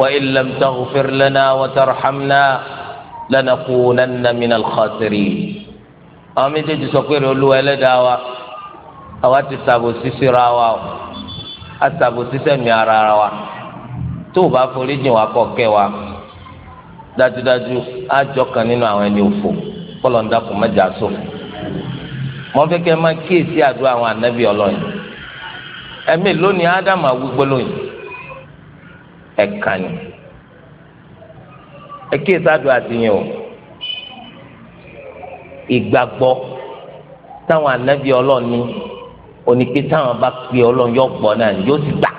wa illam taghfir lana wa tarhamna lanakunanna minal khasirin àwọn méjèèjì sọ pé olúwa ẹlẹ́dàá wa àwa ti ṣàbòsí síra wa o a ṣàbòsí sẹ́mi ara wa tó o bá forí jìn wá kọ́ kẹ́ wa dájúdájú á jọ kan nínú àwọn ẹni òfò kọ́lọ̀ ń dákun mẹ́jà sófò mọ fẹ́ kẹ́ máa kíyèsí àdúrà àwọn ànábì ọlọ́yin ẹ̀mí lónìí ádámù awúgbó lóyìn ẹ̀ka ni ẹ kíyèsí àdúrà ti yẹn o ìgbàgbọ́ táwọn ànábì ọlọ́ni oníke táwọn bá pe ọlọ́run yóò gbọ́ náà yóò ti gbà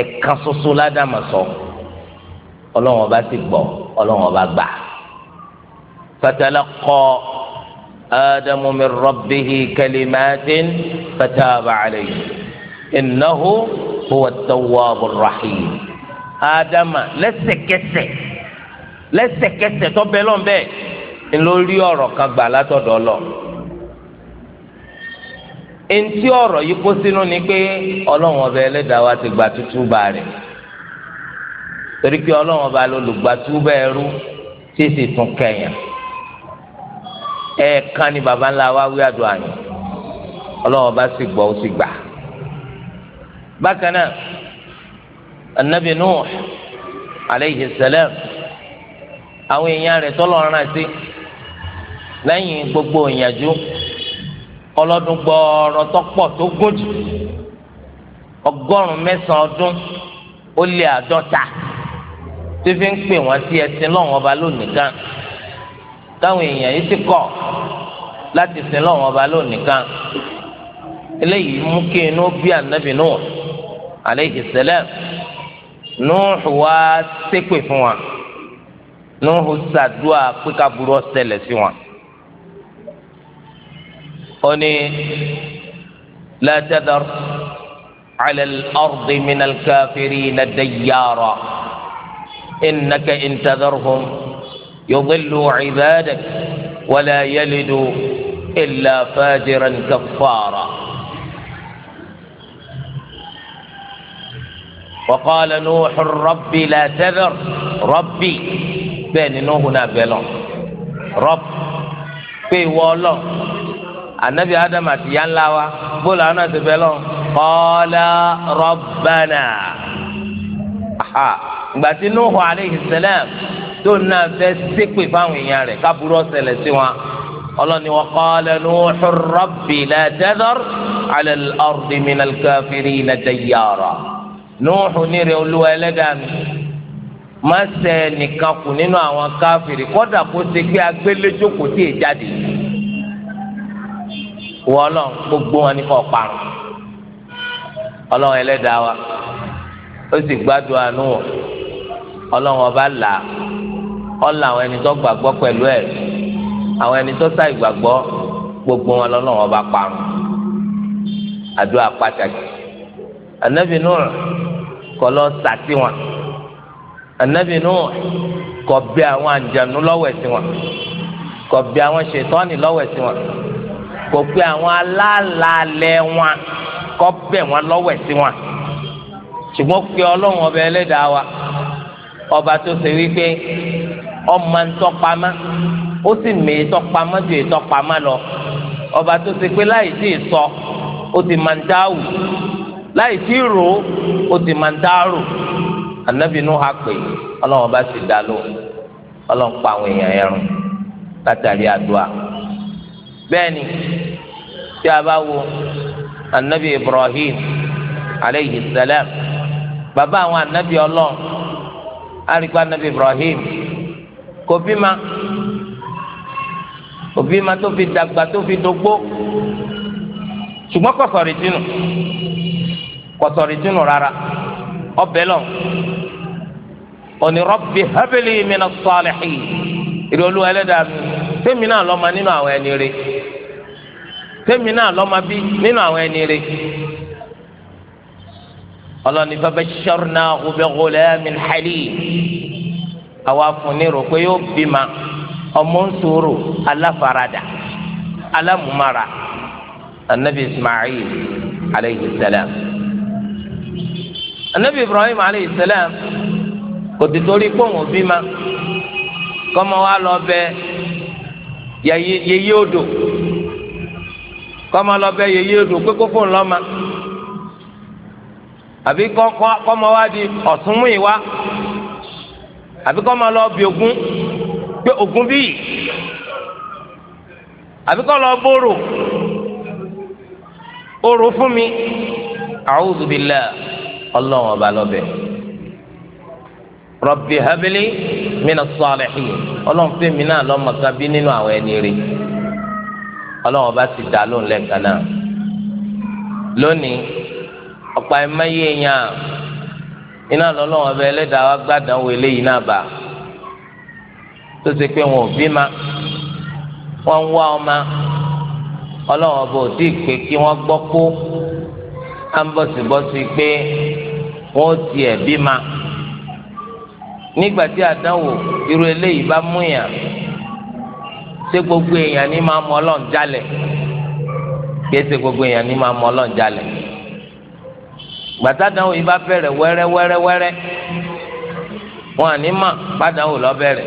ẹ̀ka ṣoṣo ládàmà sọ ọlọ́run ọba ti gbọ́ ọlọ́run ọba gbà. فتلقى آدم من ربه كلمات فتاب عليه إنه هو التواب الرحيم آدم لسكسة لسكسة تبلون به ńlọ rí ọ̀rọ̀ kan gbà látọ̀dọ̀ lọ eŋti ọ̀rọ̀ yìí kó sínú ni pé Ọlọ́run ọba Ẹlẹ́dàá wa ti gba tútúbà rẹ̀ torí pé Ọlọ́run ọba ló lùgbàtúbà ẹrú tí sì tún kẹyàn ẹ̀ẹ̀kan ni baba ńlá wa wí àdúrà yẹn ọlọ́wọ́n bá sì gbọ́ ó sì gbà. bákan náà anabi nuh aleyhi salam àwọn èèyàn rẹ̀ tọ́lọ̀ ọ̀ràn sí lẹ́yìn gbogbo ìyànjú ọlọ́dún gbọ́ọ̀rọ̀ tọ́pọ̀ tó gòjì ọgọ́rùn-ún mẹ́sàn-án ọdún ó lé àádọ́ta tí fi ń pè wọ́n sí ẹsìn lọ́wọ́n ọba lónìí kan táwọn èèyàn yìí ti kọ̀ láti sin lọ́wọ́n ọba lónìkan eléyìí mú kí inú bí ànábì Nuh alayhi salam Nuh wá ṣépè fún wa Nuh ṣàdúrà pé ká burú ọ̀sẹ̀lẹ̀ sí wọn. ó ní la tadhar ala al-ardi min al-kafirina dayyara innaka in tadharhum. يضل عبادك ولا يلد إلا فاجرا كفارا وقال نوح ربي لا تذر ربي بين نوح نابلون رب في والله النبي آدم أتيان لاوا بول أنا تبلون قال ربنا أحا بات نوح عليه السلام tó náà fẹ́ ṣépè fáwọn èèyàn rẹ̀ kábúrò ṣẹlẹ̀ sí wọn ọlọ́ni wa qala Nuhu rabbi la tadhar ala al-ardi mina al-kafirina dayyara Nuhu ní rẹ̀ olúwa ẹlẹ́dàá mi má ṣe nìkan kù nínú àwọn káfìrí kọ́dà kó ṣe pé agbéléjókòó tí èè jáde wọ́ọ́lọ́ gbogbo wọn ní kò parun ọlọ́run ẹlẹ́dàá wa ó sì gbádùn àánú wọn ọlọ́run ọba là ọlọ àwọn ẹni tó gbàgbọ́ pẹ̀lú ẹ àwọn ẹni tó sá ìgbàgbọ́ gbogbo wọn lọ́nà wọn bá parun àdúrà pàtàkì anabi nuur kọ lọ sàtì wọn anabi nuur kọ bẹ àwọn àǹjànú lọ́wọ́ ẹ̀sìn wọn kọ bẹ àwọn ṣètọ́nì lọ́wọ́ ẹ̀sìn wọn kọ pé àwọn alálàálẹ̀ wọn kọ bẹ wọn lọ́wọ́ ẹ̀sìn wọn ṣùgbọ́n pé ọlọ́run ọba ẹlẹ́dàá wa ọba tó ṣe wípé ọmọ ntọ́pamọ́ ó sì mè é tọ́pamọ́ ju ìtọ́pamọ́ lọ ọba tó ṣe pé láì sí ìsọ ó ti máa ń dáwù láì sí ìrò ó ti máa ń dárò ànábì inú ha pè ọlọ́run ọba sì dá ló ọlọ́run pa àwọn èèyàn ẹrùn látàrí àdúrà bẹ́ẹ̀ni tí a bá wo ànábì Ibrahim aleyhi salam bàbá àwọn ànábì ọlọ́run àríkpá ànábì Ibrahim kò bímọ kò bímọ tó fi dàgbà tó fi dógbó ṣùgbọ́n kọ̀sọ̀rì tìǹù kọ̀sọ̀rì tìǹù rárá ọbẹ̀ lọ òní rabbi habli minas salihin ìrì olú ẹlẹ́dàá mi tẹ́mi náà lọ́mọ nínú àwọn ẹni rẹ̀ tẹ́mi náà lọ́mọ bí nínú àwọn ẹni rẹ̀ ọlọ́ni fa bashsharnahu bi ghulamin halim. àwa fún ní rò pé yóò bímọ ọmọ ń sòrò aláfaradà alámùmára anabi ismail aleyhi salam anabi ibrahim aleyhi salam kò ti torí pọ́ùn bímọ kọ́mọ wa lọ bẹ yeye odò kọ́mọ lọ bẹ yeye odò pé kó fóun lọ́mọ àbí kọ́mọ wa di ọ̀sùnmùí wa. àbí kọ́ máa lọ bí Ògún pé Ògún bí yìí àbí kọ́ lọ bóró oró fún mi a'udhu billah ọlọ́run ọba lọ́bẹ̀ rabbi habli minas salihin ọlọ́run fẹ́mi náà lọ́mọ̀ọ́ká bí nínú àwọn ẹni rẹ̀ ọlọ́run ọba ti dá lóun lẹ́ẹ̀kan náà lónìí ọ̀pọ̀ ẹ̀mẹ́yẹ yẹn iná lọ́lọ́wọ́ ọbẹ̀ ẹlẹ́dàá wa gbàdán wo eléyìí náà bá tó ṣe pé wọn ò bí ma wọn ń wá ọma ọlọ́wọ́ ọbẹ̀ ò tí ì pé kí wọ́n gbọ́ kó à ń bọ̀sibọ́sí pé wọn ò tiẹ̀ bí ma àdánwò irú eléyìí bá mú yàn ṣé gbogbo èèyàn ní máa mọ ọlọ́run jálẹ̀ kí ẹ ṣe gbogbo èèyàn ní máa mọ ọlọ́run jálẹ̀ gbàtàdánwò yìí bá bẹ̀rẹ̀ wẹ́rẹ́ wẹ́rẹ́ wẹ́rẹ́ wọn àní mà gbàdánwò lọ bẹ̀rẹ̀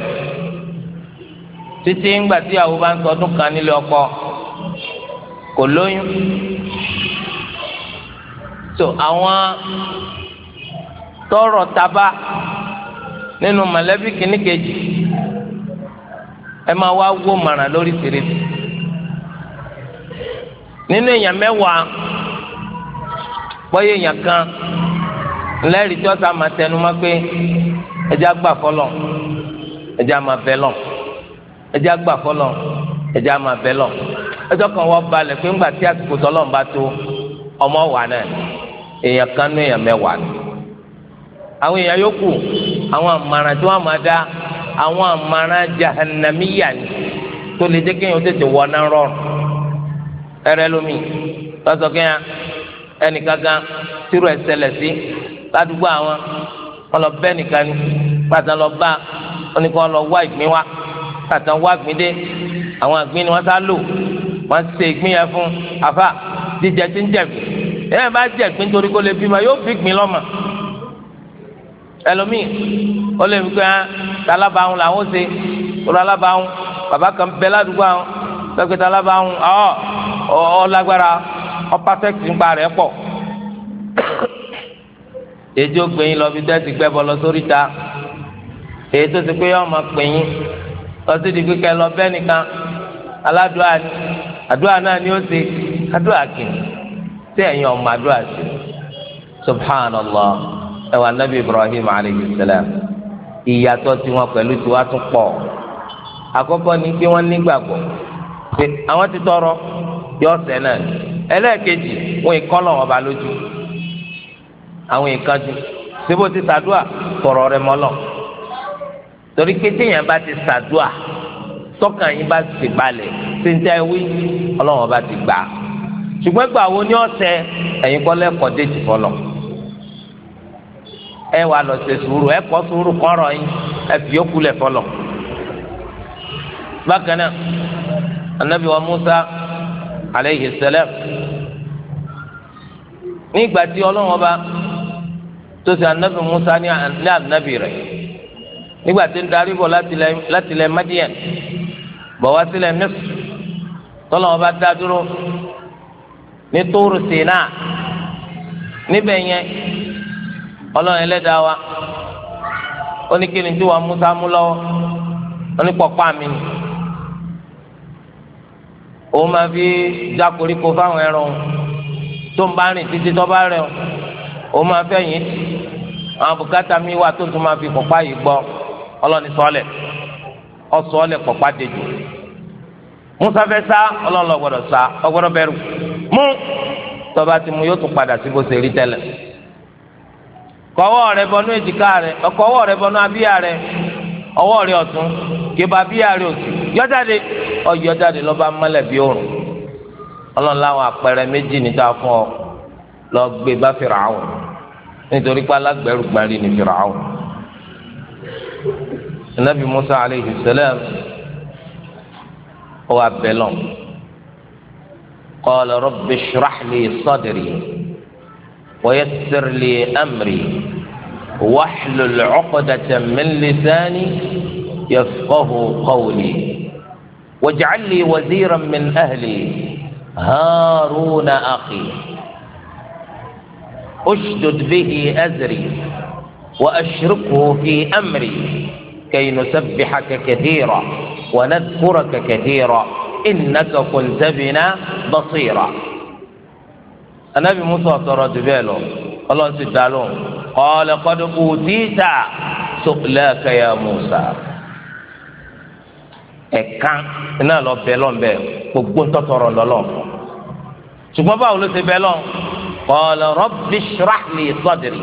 títí ńgbà tí àwọn bá ń ṣọdún kan nílé ọkọ kò lóyún tó àwọn tọrọ taba nínú mọ̀lẹ́bí kìíní kejì ẹ máa wá wó màrà lórí tèrè nínú èèyàn mẹ́wàá bọ́yé èèyàn kan ńlẹ́rìí tí wọ́n sá máa tẹnu mọ́ pé ẹja gbà fọlọ́ ẹja máa bẹ lọ ẹja gbà fọlọ́ ẹja máa bẹ lọ ẹjọ́ kan wọ́n balẹ̀ pé ńgbà tí àsìkò tọ́lọ́ ń bá tó ọmọ wà náà èèyàn kan ní èèyàn mẹ́wàá ni àwọn èèyàn yòókù àwọn àmàràn tí wọ́n máa dá àwọn àmàràn jahannamiya ni tó lè jẹ́ kéèyàn tètè wọ náà rọrùn ẹrẹ lómi lọ́sọ̀ ẹnìkankan tírú ẹsẹlẹ sí ládùúgbò àwọn ọlọ bẹ nìkan ni pàtà lọ bá oníkan lọ wá ìgbín wá pàtà wá ìgbín dé àwọn ìgbín ni wọn sá lò wọn ṣe ìgbín yẹn fún àfà jíjẹ tí ń jẹ̀gbín ẹ bá jẹ̀gbín torí kó lè bímọ yóò fi ìgbín lọ́mọ ẹlòmíì ó lè fi hàn ah, tálábàáhùn làwọn ṣe kóra alábàáhùn bàbá kan bẹ ládùúgbò àwọn pẹkẹtà alábàáhùn ọ ọ lágbára ọpasẹkì ńgbà rẹ pọ èdè ògbẹ̀yìn lọ bí dẹ́sí gbẹ́ bọ́ lọ sórí ta èyí tó ti pé ọmọ pẹ̀yìn lọ sí di kíkẹ́ lọ bẹ́ẹ̀ nìkan aládùá ni àdúrà náà ni ó ṣe àdúrà kìíní tí ẹ̀yin ọmọ àdúrà ṣe subhanallah ẹwà nabi ibrahim alayhi salam ìyàtọ̀ tiwọn pẹ̀lú tiwa tún pọ̀ àkọ́kọ́ ni pé wọ́n nígbàgbọ́ pé àwọn ti tọrọ yọ ọ̀sẹ̀ náà ni ẹlẹ́ẹ̀kejì wọn ìkọ́ lọ́wọ́ ọba lójú àwọn ìkanjú síbò ti sàdúà tọrọ rẹ mọ́lọ̀ torí pé téèyàn bá ti sàdúà tọkàn yín bá ti balẹ̀ ṣe ń tẹ́ wí ọlọ́wọ́n ọba ti gbà á ṣùgbọ́n gbà wo ni ọ̀sẹ̀ ẹ̀yin kọ́ lẹ́kọ̀ọ́ déjì fọlọ̀ ẹ wà lọ ṣe sùúrù ẹ kọ́ sùúrù kọ́rọ̀ yín ẹ fi yókù lẹ̀ fọlọ̀ bákan náà anabi wa Musa aleyhi salam. nígbà tí ọlọ́run ọba tó ṣe anabi musa ní anabi rẹ̀ nígbà tí ń darí bọ̀ láti ilẹ̀ madian bọ̀ wá sílẹ̀ misr tọ́lọ́run ọba dá dúró ní tóoru sínà níbẹ̀ yẹn ọlọ́run ẹlẹ́dàá wa ó ní kí ni tí wàá musa mú lọ́wọ́ ó ní pọ̀pá mi ni. òun ma fi já koríko fáwọn ẹran tó ń bá rìn títí tó bá rẹ̀ òun yín àwọn bùkátà mi wà tó tún ma fi pọ̀pá yìí gbọ́ ọlọ́ni sọ́ọ̀lẹ̀ ọ̀sọ́ọ̀lẹ̀ pọ̀pá dejò musa fẹ́ sá ọlọ́run lọ sá ọgbọ́dọ̀ mú tọba ti mu yóò tún padà sí rí rẹ bọnú èjìká rẹ rẹ bọnú abíyá rẹ rẹ abíyá rẹ yọjáde ọyọjáde lọba mọlẹ bí òrùn Ọlọ́run láwọn àpẹẹrẹ méjì níta fún ọ lọ gbé bá Fìràwọ̀ nítorí pé alágbẹrù gbarí ni Fìràwọ̀ Nabi Musa aleyhi salam ó wà bẹlọ qala rabbi shrah li sadri wa yassir li amri wahlul uqdatan min lisani yafqahu qawli. واجعل لي وزيرا من أهلي هارون أخي أشدد به أزري وأشركه في أمري كي نسبحك كثيرا ونذكرك كثيرا إنك كنت بنا بصيرا النبي موسى ترى جباله الله سيدالون قال قد أوتيت سؤلاك يا موسى ẹ̀kan náà lọ bẹ lọ́nbẹ gbogbo ń tọ́tọ̀rọ̀ lọ́lọ́ ṣùgbọ́n báwo ló ṣe bẹ lọ́n qala rabbi shrah li sadri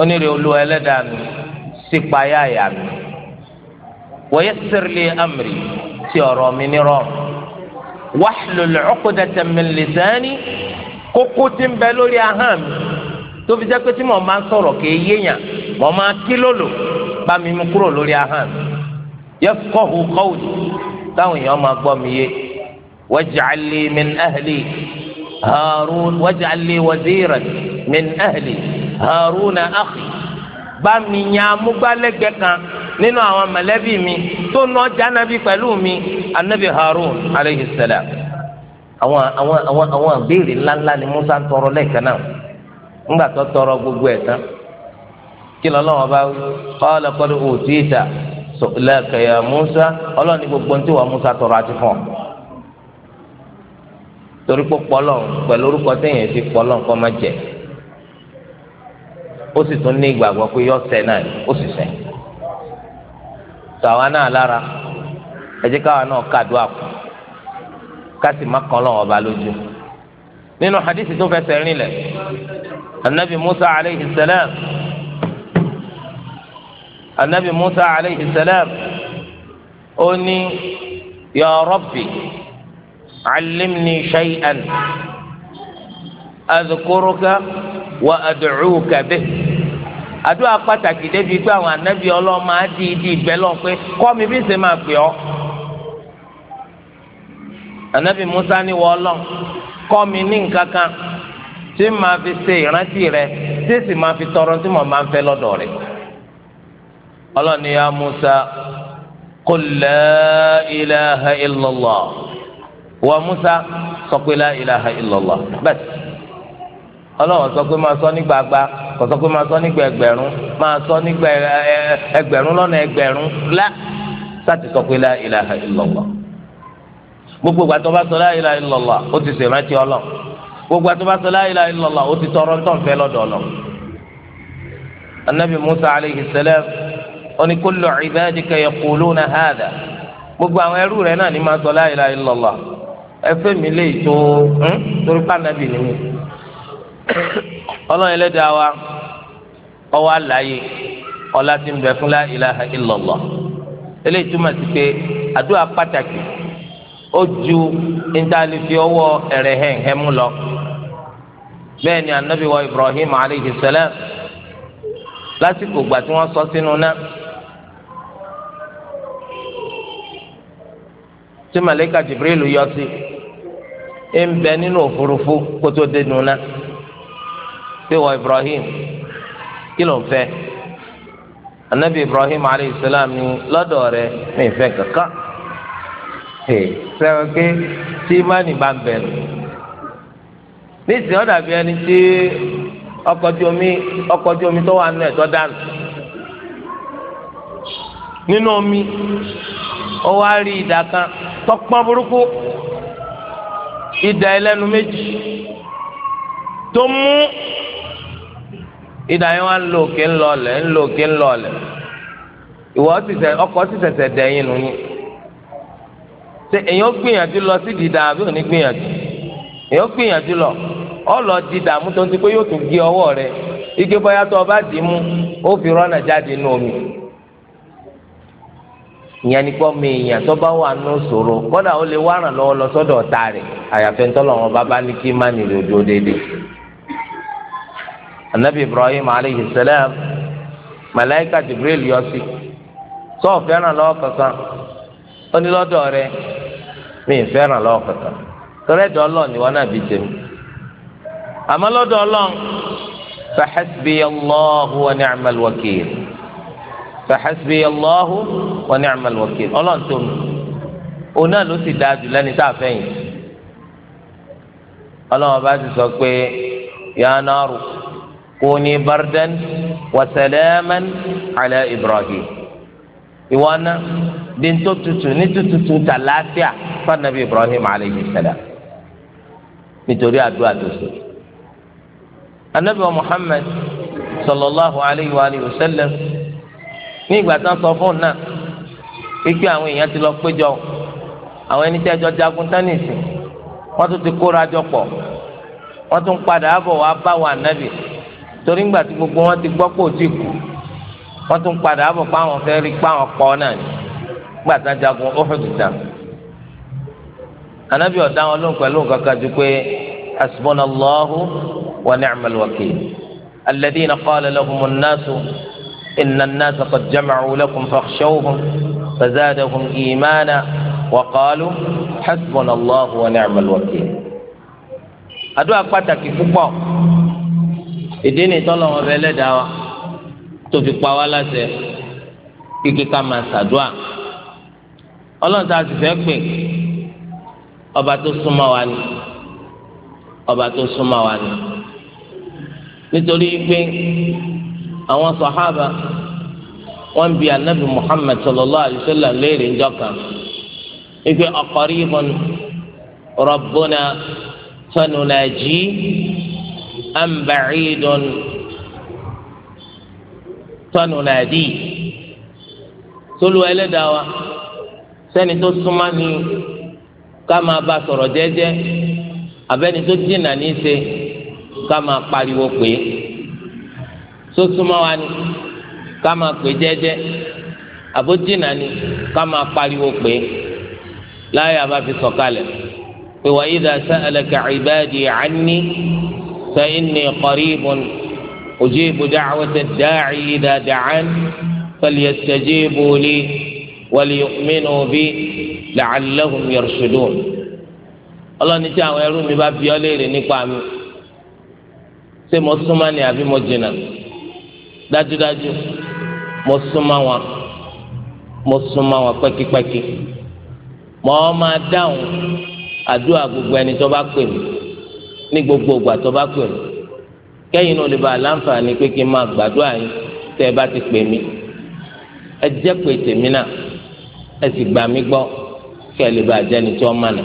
onírè olú ẹlẹ́dàá mi sípayá àyà mi wa yassir li amri ti ọ̀rọ̀ mi ní rọrùn wahlul uqdatan min lisani kókó ti ń bẹ lórí ahọ́n mi tóbi jẹ́ pé tí mo máa ń sọ̀rọ̀ kéèyàn mo máa kí lòlò bá mi mú kúrò lórí ahọ́n mi yafqahu qawli táwọn èèyàn máa gbọ́ mi yé waj'al li min ahli Harun waj'al li waziran min ahli Haruna akhi bá mi yan amúgbálẹ́gbẹ̀ kan nínú àwọn mọ̀lẹ́bí mi tó nà ọjà nàbí pẹ̀lú mi anabi Harun alayhi salam àwọn àwọn àwọn àwọn àbéèrè ńláńlá ni Musa ń tọrọ lẹ́ẹ̀kan náà ńgbà tó tọrọ gbogbo ẹ̀ tán kí lọ́lọ́wọ́ bá qala qad utita lẹ́ẹ̀kẹ́ ya Musa ọlọ́run ní gbogbo ntí wa Musa tọrọ àti fún ọ. torí pé pọlọ pẹ̀lú orúkọ téèyàn ti pọlọ nǹkan má jẹ ó sì tún ní ìgbàgbọ́ pé yọ sẹ́ náà ó sì sẹ́. tàwa náà lára ẹ káwa náà kàdó àpò ká má kàn lọ́wọ́ ọba lójú. nínú hadithi tó fẹsẹ̀ rìn lẹ̀ anabi Musa aleyhi salam anabi musa alayhi salam ó ní ya rabbi allimni shay'an azukuruka wa adu'uka bih àdúrà pàtàkì débi pé àwọn anabi ọlọ́mọ á di ìdí ìgbẹ́ lọ pé kọ́ mi bí ṣe máa pè ọ́ anabi musa ni wọ́n lọ kọ́ mi ní nǹkan kan tí màá fi ṣe ìrántí rẹ tí sì máa fi tọrọ tí mo máa ń fẹ́ lọ́dọ̀ rẹ̀ ọlọ́ni ya musa qul la ilaha illallah wa musa sọ pé la ilaha illallah bẹ́ẹ̀ ọlọ́wọ́ sọ pé máa sọ ní gbagba kò sọ pé máa sọ nígbà ẹgbẹ̀rún máa sọ nígbà ẹgbẹ̀rún lọ́nà ẹgbẹ̀rún la sáti sọ pé la ilaha illallah gbogbo gbàtọ́ bá sọ la ilaha illallah ó ti ṣèrántí ọlọ́ gbogbo àti bá sọ la ilaha illallah ó ti tọrọ ntọ́nfẹ́ lọ́dọ̀ ọlọ́ anabi musa alayhi salam. oni kullu ibadika yaquluna hadha gbogbo àwọn ẹrú rẹ náà ni máa sọ ilaha ẹfẹ mi lè tó hm? torí pànàbì ni mi ọlọ́run ẹlẹ́dàá wa ọwọ́ àlàyé ọlá ti ń bẹ fún la ilaha eléyìí túmọ̀ sí pé àdúrà pàtàkì ó ju intanẹ́tì ọwọ́ ẹ̀rẹ̀ mú lọ bẹ́ẹ̀ ni ibrahim salam lásìkò wọ́n tí malayika Jibril yọ sí ń bẹ nínú òfurufú kótó dénú ná pé wọ ibrahim kí ló ń fẹ́ anabi ibrahim aleyhisselam ni lọ́dọ̀ rẹ̀ mi fẹ́ kankan ṣe sẹwọn pé tí imáni bá ń bẹ nù nísìnyí ọdàbí ẹni tí ọkọjú omi tó wà nù ẹtọ dànù nínú omi ó wá rí ìdá kan tọpọn burúkú idà ẹlẹ́nu méjì tó mú idà yẹn wá ń lo òkè ńlọlẹ ń lo òkè ńlọlẹ ìwọ ọkọ sì ṣẹ̀ṣẹ̀ dẹ̀yìn nù yín ṣe èyàn gbìyànjú lọ sí dìda àbí òní gbìyànjú èyàn gbìyànjú lọ ọlọ dìda mú tó ń ti pé yóò tún gé ọwọ́ rẹ̀ ike bóyá tó o dì í mú ó fi rọnà jáde nù omi ìyẹn ni kọ́ mi èèyàn tó bá wà nù sòro kódà ó lè wá ràn lọ́wọ́ lọ sọ́dọ̀ ọ̀tá rẹ̀ àyàfẹ́ ńtọ́lọ́wọ́n bàbá ní kí má nílò ojú déédéé. anabi ibrahim aleyhi salam malaika jibril yọ sí sọ́ọ̀ fẹ́ràn lọ́wọ́ kankan ó ní lọ́dọ̀ rẹ̀ mi ì fẹ́ràn lọ́wọ́ kankan tọ́lẹ́dọ̀ ọlọ́ọ̀ ni wọn náà bí jẹ́ mi. àmọ́ lọ́dọ̀ ọlọ́ọ̀ fa hasbi allahu wa فحسبي الله wa ní الله wàkìl ọlọ́ntòmí òun náà ló sì dáa jù lẹ́ni tá a fẹ́ yìí ọlọ́wọ́n bá ti sọ pé yánnárù kúni bardan wa salaman ala ibrahim ìwọ náà di ń tó tutù ní tutù tà láàfíà ibrahim alayhi salam nítorí àdúrà tó so anabi wa muhammad sallallahu alayhi wa sallam ní ìgbà tán sọ fún un náà pípé àwọn èèyàn ti lọ péjọ àwọn ẹni tí ẹjọ jagun tánìsì wọ́n tún ti kóra jọ pọ̀ wọ́n tún padà bọ̀ wá bá wa nábì torí ńgbà tí gbogbo wọn ti gbọ́ pé ó ti kú wọ́n tún padà bọ̀ pé àwọn fẹ́ẹ́ rí pé àwọn kọ náà ni ńgbà tán jagun ó fẹ́ tuntun anabi ọ̀dá wọn ló pẹ̀lú nǹkan kan ju pé asbunallahu wa ni'mal wakil alladhina qala lahumun nasu. إن الناس قد جمعوا لكم فاخشوهم فزادهم إيمانا وقالوا حسبنا الله ونعم الوكيل àdúà pàtàkì púpọ̀ ìdí ni t'Ọlọ́run Ọba Ẹlẹ́dàá wa tó fi pa wá láṣẹ kíkí ká máa ṣàdúà Ọlọ́run tá a sì fẹ́ pè ọba tó súnmọ́ wa ni ọba tó súnmọ́ wa ni nítorí pé àwọn sọhábà wọn bi anabi muhammed sallallahu alayhi wa sallam léèrè njọka ife aqaribun rabbuna sanunaji am ba'idun sanunadi tolu ẹlẹ́dàá wa sẹ́ni tó súnmọ́ ni ká máa bá sọ̀rọ̀ jẹ́jẹ́ abẹ́ni tó dínà ní í ṣe ká máa pariwo pé sósúmọ́ wa ni ká máa pè jẹ́jẹ́ àbójìnà ni ká máa pariwo pé láyé àbá fi sọ̀kalẹ̀ pé wa idha sa'alaka ibadi anni fa inni qaribun ujibu da'wata ad-da'i idha da'an falyastajibu li waliyu'minu bi la'allahum yarshudun. ọlọ́ni tí àwọn ẹrú mi bá bi ọ́ léèrè nípa mi ṣé mo súnmọ́ ni àbí mo jìnnà dájúdájú mo súnmọ́ wọn mo súnmọ́ wọn pẹ́kípẹ́kí mọ́ ọ máa dáhùn àdúrà gbogbo ẹni tó bá pè mí ní gbogbo ìgbà tó bá pè mí kẹ́yìn náà lè bá aláǹfààní pé kí n máa gbàdúrà yín tẹ́ ẹ bá ti pè mí ẹ jẹ́ pé tèmi náà ẹ sì gbà mí gbọ́ kẹ́ ẹ lè bá jẹ́ni tí wọ́n mànà.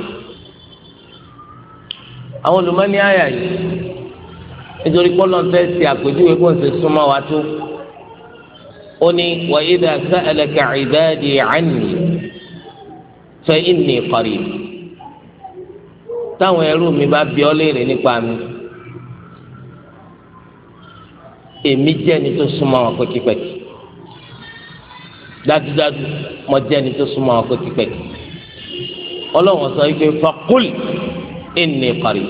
àwọn olùmọ́ni àyà yìí nítorí kọ́lọ́n fẹ́ ṣe àpèjúwe kó n ṣe súnmọ́ wa tó ó ní wa idha sa'alaka ibadi anni fa inni qarib táwọn ẹrú mi bá bi ọ́ léèrè nípa mi èmi jẹ́ni tó súnmọ́ wọn pẹ́kípẹ́kí dájúdájú mo jẹ́ni tó súnmọ́ wọn pẹ́kípẹ́kí ọlọ́wọ́n sọ wípé faqul inni qarib.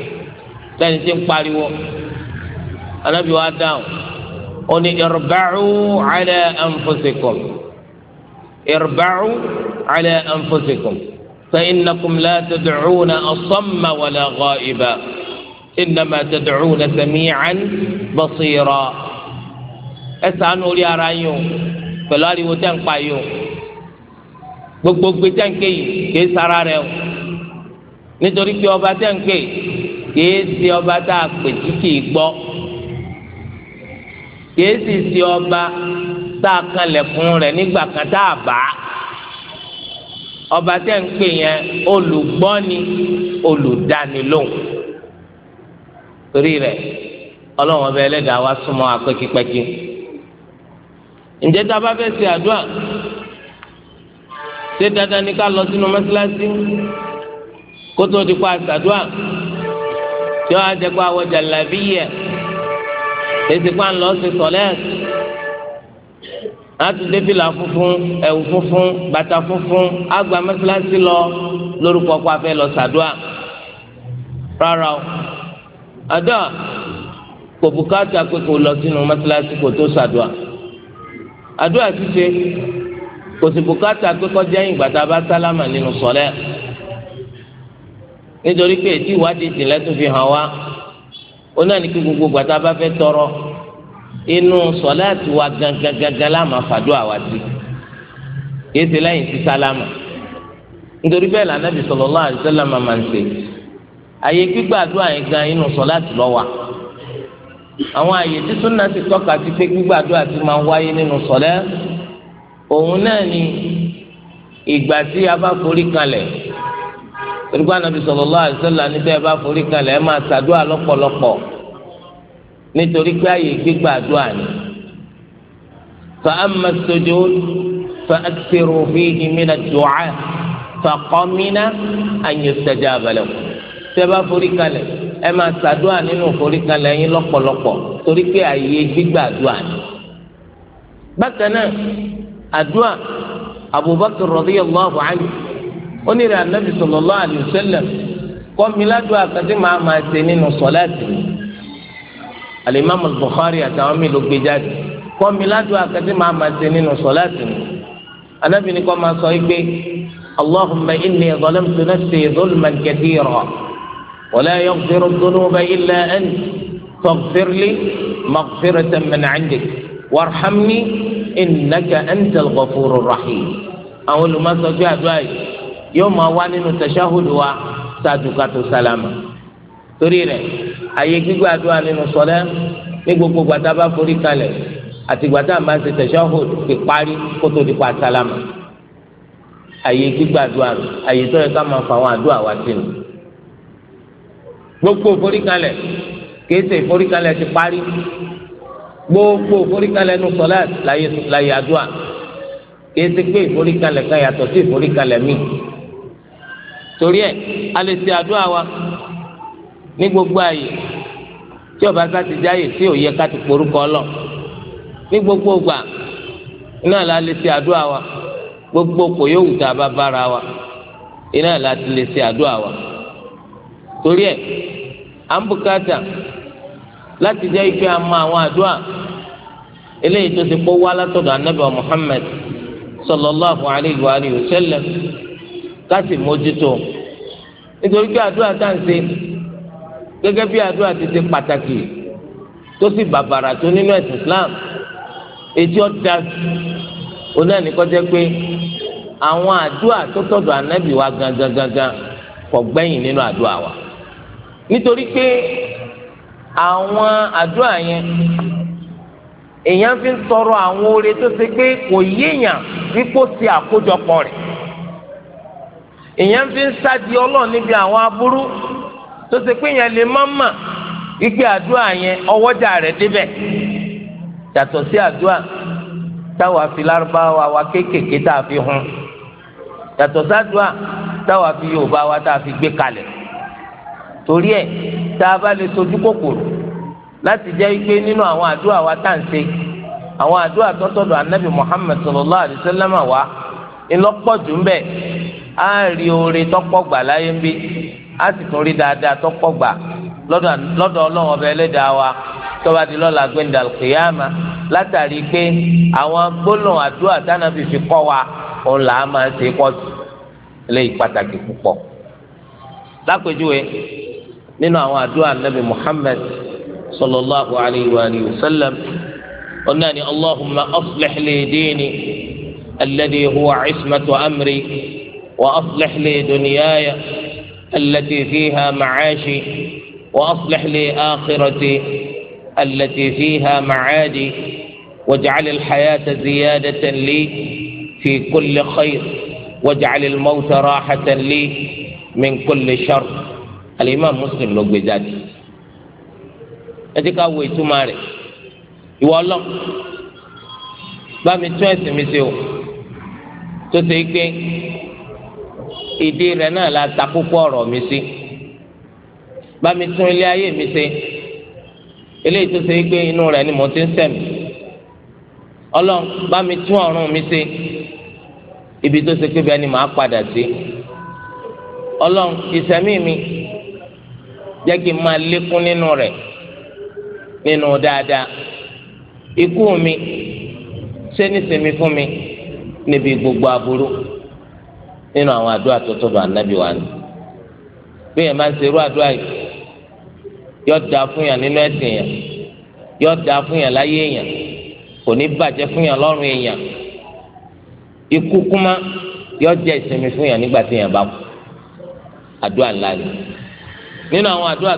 lẹ́ni tí ń pariwo anabi wa dáhùn ó ní irba'u ala anfusikum irba'u ala anfusikum fa innakum la tad'una asamma wala ghaiba innama tad'una sami'an basira ẹ ṣàánú orí ara yín pẹ̀lú ariwo tẹ́ ń pa yín gbogbo gbé tẹ́ ń ké yìí kì í sara rẹ o nítorí pé ọba tẹ̀ ń pè kìí ṣe ọba tá a pè tí kìí gbọ́ kìí sì ṣe ọba tá a kanlẹ̀kùn rẹ̀ nígbà kan tá a bá ọba tẹ̀ ń pè yẹn olùgbọ́ni olùdánilóhùn torí rẹ̀ ọlọ́run ọba ẹlẹ́dàá wa súnmọ́ apẹ́kípẹ́kí ǹjẹ́ tá a bá fẹ́ ṣe àdúrà ṣé dandan ni ká lọ sínú mọ́ṣáláṣí kótó ti kó àtàdúrà tí wọn á jẹ kó àwọn jàlábíyẹ èsì kó à ń lọ sí tọ́lẹ̀ láti débìlà funfun ẹ̀wù funfun bàtà funfun àgbà mẹ́sàlásì lọ lórúkọ kó afẹ́ lọ sàdúà rárá o àdó kò bùkátà pé kò lọ sínú mẹ́sàlásì kò tó sàdúà àdúà ṣíṣe kò sì bùkátà pé kọjá ìgbà tá a bá sálámà nínú sọ́lẹ̀ nítorí pé ètí ìwádìí ìjìnlẹ̀ tún fi hàn wá ó náà ní kí gbogbo gbàtà bá fẹ́ tọrọ inú sọláàtì wa gangan gangan láàmà fàdó àwàdì kìí ṣe lẹ́yìn sí sálámà nítorí bẹ́ẹ̀ là nàbì sallallahu alaihi wasallam máa ń ṣe àyè gbígbàdúrà yẹn gan inú sọláàtì ló wà àwọn àyè tí súnà ti tọ́ka sí pé gbígbàdúrà ti máa ń wáyé nínú sọlẹ́ òun náà ni ìgbà tí a bá forí kalẹ̀ torípa nàbí sallallahu alaihi wasallam níbẹ̀ bá forí kalẹ̀ ẹ̀ máa ṣàdúrà lọ́pọ̀lọpọ̀ nítorí pé àyè gbígbà àdúrà ni. fa amma as-sujud fa akthiru fihi min ad-du'a fa qamina an yustajaba lakum. tẹ́ bá forí kalẹ̀ ẹ máa ṣàdúrà nínú forí kalẹ̀ yín lọ́pọ̀lọpọ̀ torí pé àyè gbígbà àdúrà ni. bákan náà àdúrà Abubakar radiyallahu anhu onírè anabi sallallahu alaihi wasallam kọ́mi ládùú àkàtì máa máa ṣe nínú sọ́láàtì alimami Bukhari àtàwọn mi ló gbé jáde kọ́mi ládùú àkàtì máa máa ṣe nínú sọ́láàtì anabi ni kọ́ máa sọ pé allahumma inni zalamtu nafsi zulman katira wala yaghfiru dhunuba illa anta faghfir li maghfiratan min 'indik warhamni innaka antal ghafurur rahim àwọn olùmọ̀sọ́jú àdúrà yìí yóò máa wá nínú tashahudu wa ṣáájú ká tó sálámà torí rẹ̀ àyè gbígbàdúrà nínú sọlẹ ní gbogbo gbàtà bá forí kalẹ̀ àti gbàtà máa ṣe tashahudu ti parí kó tó di pa sálámà àyè gbígbàdúrà àyè tó yẹ ká máa fa àwọn àdúrà wa sí ni gbogbo forí kalẹ̀ kéésì forí kalẹ̀ ti parí gbogbo forí kalẹ̀ nínú sọlẹ láyé àdúrà kéésì pé ìforí kalẹ̀ kan yàtọ̀ sí ìforí míì. torí ẹ a lè ṣe àdúrà wa ní gbogbo àyè tí ti jáyè tí òye ká ti porúkọ lọ ní gbogbo gbà iná lè ṣe àdúrà wa gbogbo kò yóò wù tá wa iná ti lè ṣe àdúrà torí ẹ à láti jẹ́ ife àmọ́ àwọn àdúrà eléyìí ti kó wá látọ̀dọ̀ alayhi ká sì mójútó nítorí pé àdúrà tá à ń ṣe gẹ́gẹ́ bí àdúrà ti ṣe pàtàkì tó sì bàbàrà tó nínú ẹ̀sìn Islam ètí ọ̀dà oná nìkọ́jẹ́ pé àwọn àdúrà tó tọ̀dọ̀ ànábì wa gangan gangan kò gbẹ̀yìn nínú àdúrà wa nítorí pé àwọn àdúrà yẹn èèyàn fi ń tọrọ àwọn oore tó ṣe pé kò yéèyàn wípé ó ti àkójọpọ̀ rẹ̀ èèyàn fi ń sádi ọlọ́run níbi àwọn aburú tó ṣe pé èèyàn lè má mà igbe àdúrà yẹn ọwọ́jà rẹ̀ débẹ̀ yàtọ̀ sí àdúrà táwa fi lárúbáwá wa kéékèèké tá a fi hun yàtọ̀ sádùá táwa fi yorùbá wa tá a fi gbé kalẹ̀ torí ẹ̀ tá a bá lè sojú kòkòrò láti jẹ́ pé nínú àwọn àdúrà wa tá à ń ṣe àwọn àdúrà tọ́tọ́dọ̀ anabi muhammed sallallahu alayhi wa sallam wa ńlọpọ̀jù ń bẹ á rí oore tọ́pọ̀ gbà láyé ń bí á sì tún rí dáadáa tọ́pọ̀ gbà lọ́dọ̀ ọlọ́run ọba ẹlẹ́dàá wa tọ́ba di lọ́la gbẹ̀ndà kìyàmà látàrí pé àwọn gbólóhùn àdúrà tánàbì fi kọ́ wa òun là á máa ṣe kọ́ léyìí pàtàkì púpọ̀. lápèjúwe nínú àwọn àdúrà nàbì Muhammad sallallahu alayhi wa alihi sallam onáni allahumma aslih li diini alladhi huwa ismatu amri. وأصلح لي دنياي التي فيها معاشي وأصلح لي آخرتي التي فيها معادي واجعل الحياة زيادة لي في كل خير واجعل الموت راحة لي من كل شر الإمام مسلم لو بذاتي اتكاو أوي تماري يوالله بامي تويس مسيو تسيكي èdè rẹ̀ náà la ta kókó ọ̀rọ̀ mi sí bá mi tún ilé ayé mi ṣe eléyìí tó ṣe é gbé inú rẹ̀ ni mo ti ń sẹ̀mí ọlọ́run bá mi tún ọ̀run mi ṣe ibi tó ṣe pé bẹ́ẹ̀ ni màá padà sí ọlọ́run ìsẹ̀mí mi jẹ́ kí n máa lékún nínú rẹ̀ nínú dáadáa ikú mi ṣé nísìmí fún mi níbi gbogbo aburú. nínú àwọn àdúrà tó tó wa ni bí yẹn máa ń serú àdúrà yìí yọ da fún yàn nínú ẹsìn yàn yọ da fún yàn láyé yàn kò ní bàjẹ́ fún yàn lọ́rùn yàn ikú kúmá yọ jẹ ìsinmi fún yàn nígbà tí yàn bá kú ni nínú àwọn àdúrà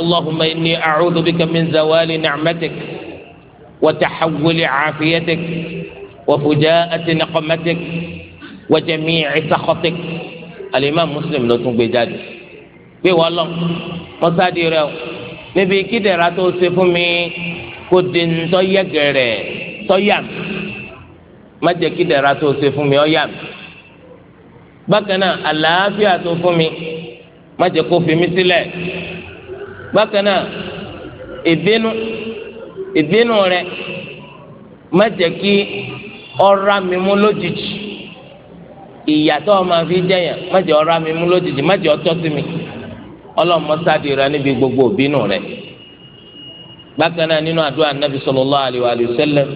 allahumma inni bika min zawali وفجاءة نقمتك وجميع سخطك الإمام مسلم لو تنقل جادي pé wọ́n lọ mọ́sáàdì rẹ o níbi kídẹ̀ra tó ṣe fún mi kó di ńtọ́ yẹ gẹ̀rẹ̀ tọ́yà mi má jẹ́ kídẹ̀ra tó ṣe fún mi ọ̀yà mi bákan náà àlàáfíà tó fún mi má jẹ́ kó fi mí sílẹ̀ bákan náà ìbínú ìbínú rẹ má jẹ́ kí ọ̀rá mi mú lójijì ìyàtọ̀ máa fi jẹyàn má jẹ́ ọ̀rá mi mú lójijì má jẹ́ ọtọ́ sí mi ọlọ́mọ sáàdì rẹ níbi gbogbo òbínú rẹ bákan náà nínú àdúrà nàbì sallallahu alaihi wa sallam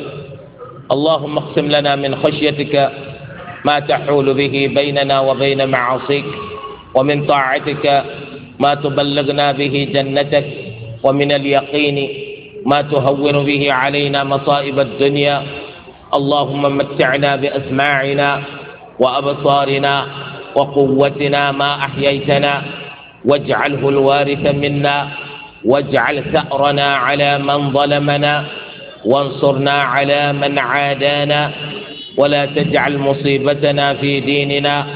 اللهم اقسم لنا من خشيتك ما تحول به بيننا وبين معاصيك ومن طاعتك ما تبلغنا به جنتك ومن اليقين ما تهون به علينا مصائب الدنيا اللهم متعنا بأسماعنا وأبصارنا وقوتنا ما أحييتنا واجعله الوارث منا واجعل ثأرنا على من ظلمنا وانصرنا على من عادانا ولا تجعل مصيبتنا في ديننا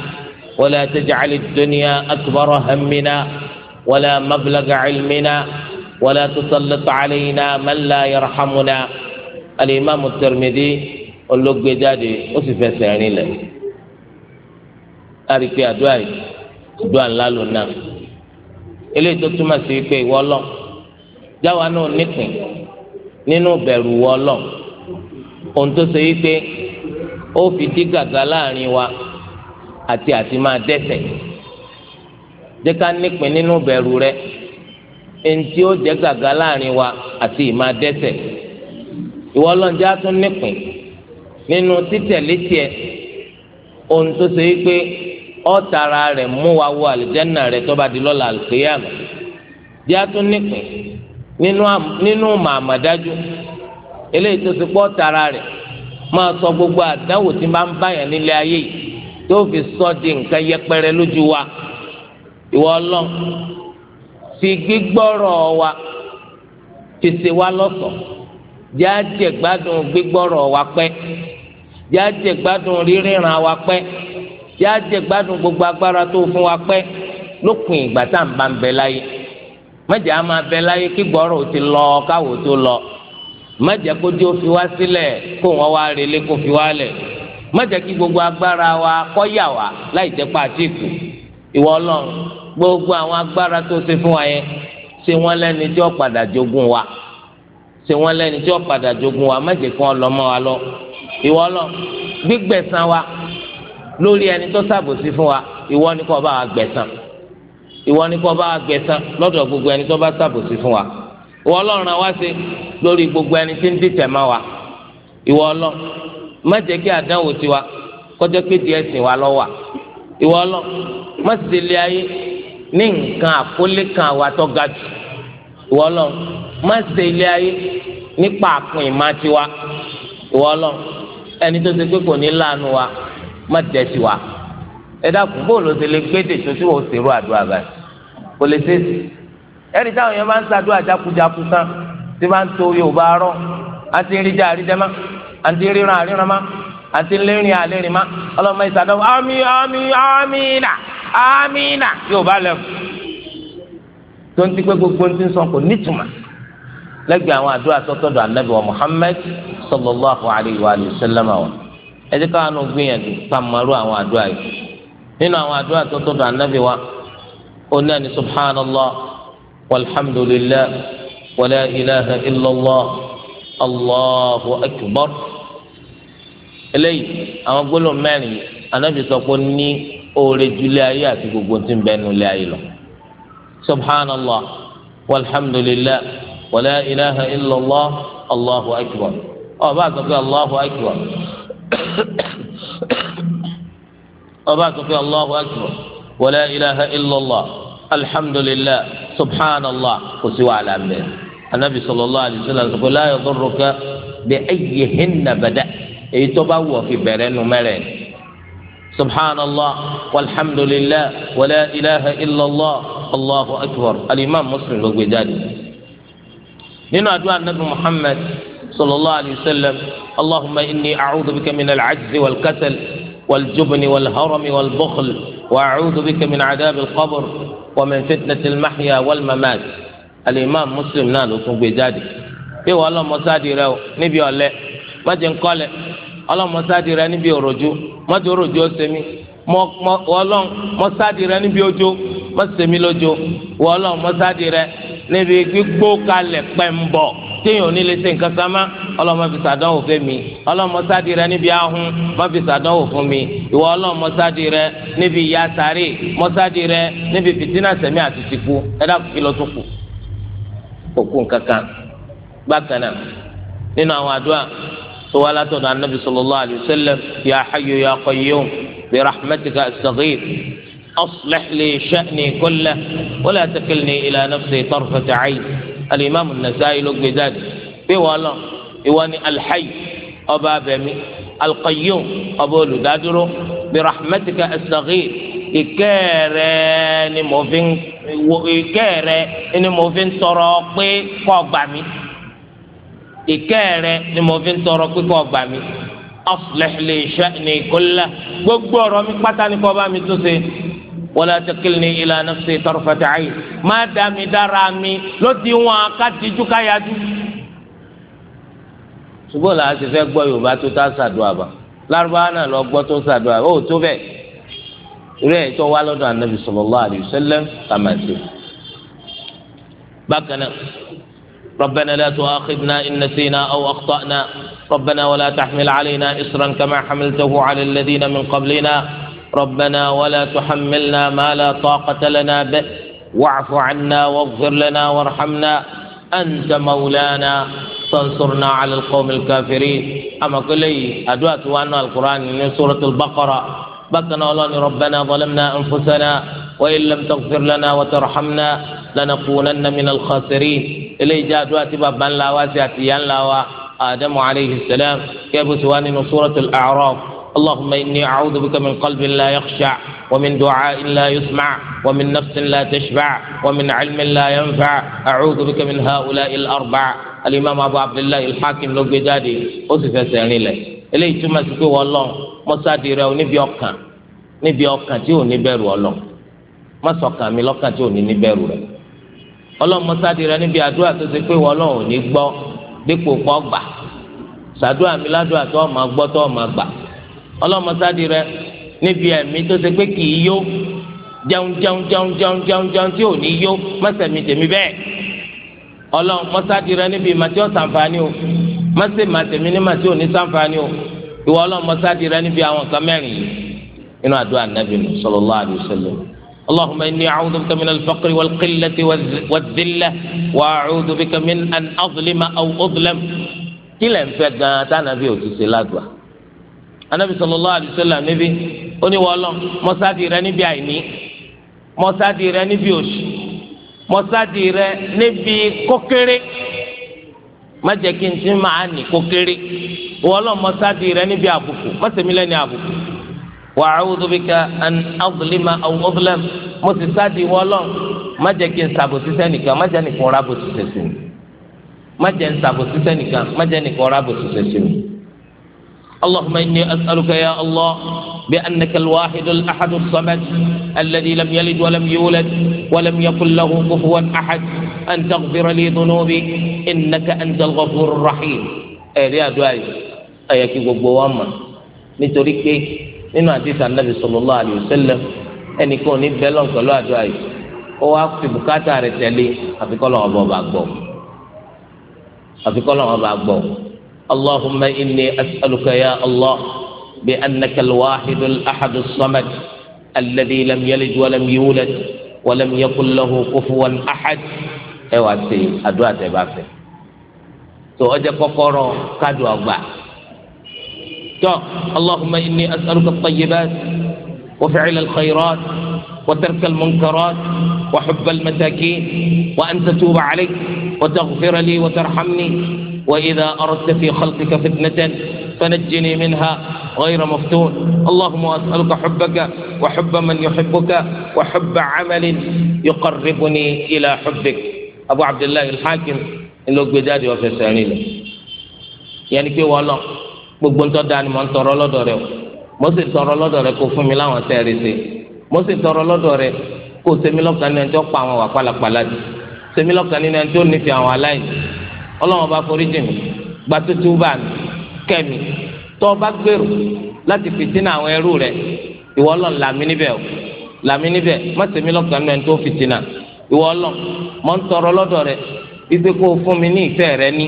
ولا تجعل الدنيا أكبر همنا ولا مبلغ علمنا ولا تسلط علينا من لا يرحمنا الإمام الترمذي ọlọgbẹ jáde ó sì fẹsẹ̀ rìn lẹ̀ láti pé àdúrà yìí àdúrà ńlá ló náà eléyìí tó túmọ̀ sí pé ìwọ lọ jáwa náà nípìn nínú bẹ̀rù wọ lọ ohun tó ṣe wípé ó fi dí gàgà láàrin wa àti àti máa dẹ́ṣẹ̀ jẹ́ ká nípìn nínú bẹ̀rù rẹ eŋti ó jẹ́ gàgà láàrin wa àti ìmáa dẹ́ṣẹ̀ ìwọ lọ́njẹ́ á tún nípìn. nínú títẹ̀lé tiẹ̀ ohun tó ṣe é pé ọ̀tara rẹ̀ mú wa wọ àlùjáná rẹ̀ tó bá di lọ́la àlùkéyàmù bí a tún nípìn nínú màmàdájú eléyìí tó ṣe pé ọ̀tara rẹ̀ sọ gbogbo àdánwò tí máa ń báyàn nílé ayé yìí tó fi sọ di nǹkan yẹpẹrẹ lójú wa ìwọ ọlọ́n fi gbígbọ́rọ̀ wa fi ṣe wa lọ́ṣọ̀ọ́ jáde gbádùn gbígbọ́rọ̀ wa pẹ́. yá jẹ gbádùn ríríran wa pẹ́ yá jẹ gbádùn gbogbo agbára tó fún wa pẹ́ lópin ìgbà tá à ń bá ń bẹ láyé mẹjẹ a máa bẹ láyé kí gbọrọ ti lọ káwọ tó lọ mẹjẹ kójú fi wá sílẹ̀ kó wọn wá relé kó fi wá lẹ̀ mẹjẹ kí gbogbo agbára wa kọ́ yà wá láì jẹ́ pa àtìkù ìwọ Ọlọ́run gbogbo àwọn agbára tó ṣe fún wa yẹn ṣe wọn lẹ́ni tí ó padà jogún wa ṣe wọn lẹ́ni tí ó padà jogún wa mẹjẹ kí wọn lọ mọ wa lọ. ìwọ lọ gbígbẹ̀san wa lórí ẹni tó ṣàbòsí fún wa ìwọ ni kó bá wa gbẹ̀san ìwọ ni kó bá wa gbẹ̀san lọ́dọ̀ gbogbo ẹni tó bá ṣàbòsí fún wa ìwọ lọ ràn wá sí lórí gbogbo ẹni tí ń dìtẹ̀ mọ́ wa ìwọ Ọlọ́run má jẹ́ kí àdánwò tiwa kó jẹ́ pé díẹ̀ sìn wa lọ wà ìwọ lọ má sì ti lé ayé ní nǹkan àkólé kan àwa tó ga jù ìwọ Ọlọ́run má sì ti lé ayé nípa àpò ìmá tiwa ìwọ Ọlọ́run ẹni tó ṣe pé kò ní láàánú wa má dẹ́sí wa ẹ dákun bóòlù ṣe lè gbé dèso tí wọ́n ṣèrú àdúrà báyìí kò lè ṣe é sí ẹni táwọn yẹn bá ń ṣàdúrà jákujáku tán tí bá ń to yorùbá rọ àti ríjà àríjẹ má àti ríran àríran má àti lérin àlérin má ọlọ́mọ ìsàdọ́ àmì àmì àmìnà àmìnà yorùbá lẹ́kọ̀ọ́ tó ń ti pé gbogbo ń ti sọ kò nítumọ̀ lẹ́gbẹ̀ẹ́ àwọn àdúrà tọ́tọ́dọ̀ anabi wa muhammed sallallahu alayhi wa sallam wa ẹ jẹ́ káwọn náà gbìyànjú pàmòrò àwọn àdúrà yìí nínú àwọn àdúrà tọ́tọ́dọ̀ anabi wa onáà ní subhanallah walhamdulillah wàlá ilaha illallah allahu akbar eléyìí àwọn gbólóhùn mẹ́rin anabi sọ pé ní oore julẹ ayé àti gbogbo tí ń bẹnu lé ayé lọ subhanallah walhamdulillah wala ilaha illallah allahu akbar ọba àtúnfẹ́ allahu akbar ọba àtúnfẹ́ allahu akbar wala ilaha illallah alhamdulillah subhanallah kò sí wàhálà mbẹ anabi sallallahu alayhi wa sallam sọ pé la yadurruka bi ayyihinna bada èyí tó bá wọ̀ fi bẹ̀rẹ̀ numẹ́rẹ̀ ni. سبحان الله والحمد لله ولا إله إلا الله الله أكبر الإمام مسلم بن nínú àdúrà nabi muhammad sallallahu alayhi wa sallam allahumma inni a'udhu bika min al-'ajzi wal-kasal wal-jubni wal-harami wal-bukhl wa a'udhu bika min 'adhabi al-qabr wa min fitnati al-mahya wal-mamat al-imam muslim náà ló tún gbé jáde bí wọ́n lọ́mọ́sáàdì rẹ o níbi ọ̀lẹ́ má jẹ́ ń kọ́lẹ̀ ọlọ́mọ́sáàdì rẹ níbi òròjú má jẹ́ òròjú ó sẹ́mi mọ mọ wọlọ́n mọ́sáàdì rẹ níbi ojo mọ́sẹ̀mí lójo wọlọ́n mọ́sáàdì rẹ níbi gbígbó kalẹ̀ pẹ̀mbọ̀ téèyàn onílé ṣe nǹkan kan má ọlọ́mọ fi sàdánwò fún mi ọlọ́mọ rẹ níbi ahun má fi fún mi ìwọ ọlọ́mọ rẹ níbi mọ́sáàdì rẹ níbi fìtínà sẹ̀mí àti tìkú ẹ̀dá kò fi lọ tó kù òkú kan náà nínú àwọn àdúrà tó wá برحمتك أستغيث أصلح لي شأني كله ولا تكلني إلى نفسي طرفة عين الإمام النسائي لقي ذلك بوالله إواني الحي أبابمي القيوم أبول دادرو برحمتك أستغيث ìkẹrẹ ni mo fi ń wo ìkẹrẹ ni mo fi ń tọrọ pé kó gbà mí ìkẹrẹ ni mo fi ń tọrọ pé kó gbà mí aslih li sha'ni kullah gbogbo ọ̀rọ̀ mi pátá ni kó bá mi tún ṣe wala takilni ila nafsi tarfata ayn má dá mi dára mi ló ti wọn ká tijú ká yájú. ṣùgbọ́n làá ti fẹ́ gbọ́ yorùbá tó tá ṣàdúrà bá lárúbáwá náà lọ gbọ́ tó ṣàdúrà ó tó bẹ́ẹ̀ irú ẹ̀ tó lọ́dọ̀ anabi sallallahu alaihi kàmáṣe. bákan náà ربنا لا تؤاخذنا إن نسينا أو أخطأنا ربنا ولا تحمل علينا إصرا كما حملته على الذين من قبلنا ربنا ولا تحملنا ما لا طاقة لنا به واعف عنا واغفر لنا وارحمنا أنت مولانا فانصرنا على القوم الكافرين أما كل أدوات وأن القرآن من سورة البقرة بكنا الله ربنا ظلمنا أنفسنا وإن لم تغفر لنا وترحمنا لنكونن من الخاسرين إلي جاءت واتبا بان لا واسعتي لا وا آدم عليه السلام كيف سواني سورة الأعراف اللهم إني أعوذ بك من قلب لا يخشع ومن دعاء لا يسمع ومن نفس لا تشبع ومن علم لا ينفع أعوذ بك من هؤلاء الأربع الإمام أبو عبد الله الحاكم لو بجادي أسف سعني لي إلي تمسك والله مصادر ونبي أقا نبي تيو نبي أقا má sọkàn mi lọ́kàn tí ò ní níbẹ̀rù rẹ̀ ọlọ́run mọ́sáàdì rẹ níbi àdúrà tó ṣe pé wọ́n ọlọ́run ò ní gbọ́ dípò kọ́ gbà ṣàdúrà mi ládùúrà tó ọmọ gbọ́ tó ọmọ gbà ọlọ́run mọ́sáàdì rẹ níbi ẹ̀mí tó ṣe pé kì í yó jẹun jẹun jẹun jẹun jẹun jẹun tí ò ní yó mọ́sẹ̀mí tèmi bẹ́ẹ̀ ọlọ́run mọ́sáàdì rẹ níbi màtí sàǹfààní o mọ́sẹ̀ màtẹ̀mí ní màtí ní sàǹfààní o ìwọ ọlọ́run mọ́sáàdì rẹ níbi àwọn kan mẹ́rin yìí inú àdúrà nàbì sallallahu alaihi wasallam اللهم إني أعوذ بك من الفقر والقلة والذلة وأعوذ بك من أن أظلم أو أظلم كلا فقط أنا في أتسلاقها anabi sọlọlọ alisọlọ níbi oníwọlọ mọsáàdì rẹ níbi àìní mọsáàdì rẹ níbi òṣì mọsáàdì rẹ níbi kókéré májẹ kí n ti máa nì kókéré wọlọ mọsáàdì rẹ níbi àbùkù mọsẹmílẹ ní àbùkù واعوذ bí ká an او اظلم azulem mo ما sáàdì wọlọ má ما kí n sàbòsí ما má jẹ́ nìkan ra bòsí sẹsì má n má ra mi. اللهم إني أسألك يا الله بأنك الواحد الأحد الصمد الذي لم يلد ولم يولد ولم يكن له كفوا أحد أن تغفر لي ذنوبي إنك أنت الغفور الرحيم. أي يا دعائي أيك وقواما نتركك nínú àdìsí anabi sallallahu alayhi wa sallam ẹnìkan ò ní bẹ́ẹ̀ lọ́n pẹ̀lú àdúrà yìí ó wá fi bùkátà rẹ̀ tẹ̀lé àfikọ́lọ́ ọba ọba gbọ́ àfikọ́lọ́ ọba gbọ́ allahumma inni as'aluka ya allah bi annaka alwahid alahad as-samad alladhi lam yalid wa lam yulad wa lam yakun lahu kufuwan ahad ẹ wá sí àdúrà tẹ bá fẹ́ tó ọjọ́ kọ́kọ́rọ́ kádùn ọgbà. الأفكار اللهم إني أسألك الطيبات وفعل الخيرات وترك المنكرات وحب المساكين وأن تتوب علي وتغفر لي وترحمني وإذا أردت في خلقك فتنة فنجني منها غير مفتون اللهم أسألك حبك وحب من يحبك وحب عمل يقربني إلى حبك أبو عبد الله الحاكم إنه قدادي وفي يعني كي والله gbogbo ntọ́ da ni mo ń tọrọ lọ́dọ̀ rẹ o mo sì tọrọ lọ́dọ̀ rẹ kó fún mi láwọn sẹ́ẹ̀rì sí mo sì tọrọ lọ́dọ̀ rẹ kó sẹ́mi lọ́kàn nínú ẹni tó pa àwọn wà pálapàla jù sẹ́mi lọ́kàn nínú ẹni tó nífẹ̀ẹ́ àwọn aláìní ọlọ́wọ́n bá forí jì mí bá mi kẹ́mi tó o bá gbèrò láti fìtínà àwọn ẹrú rẹ ìwọ ọlọ́run làmí níbẹ̀ o làmí níbẹ̀ má sẹ́mi ní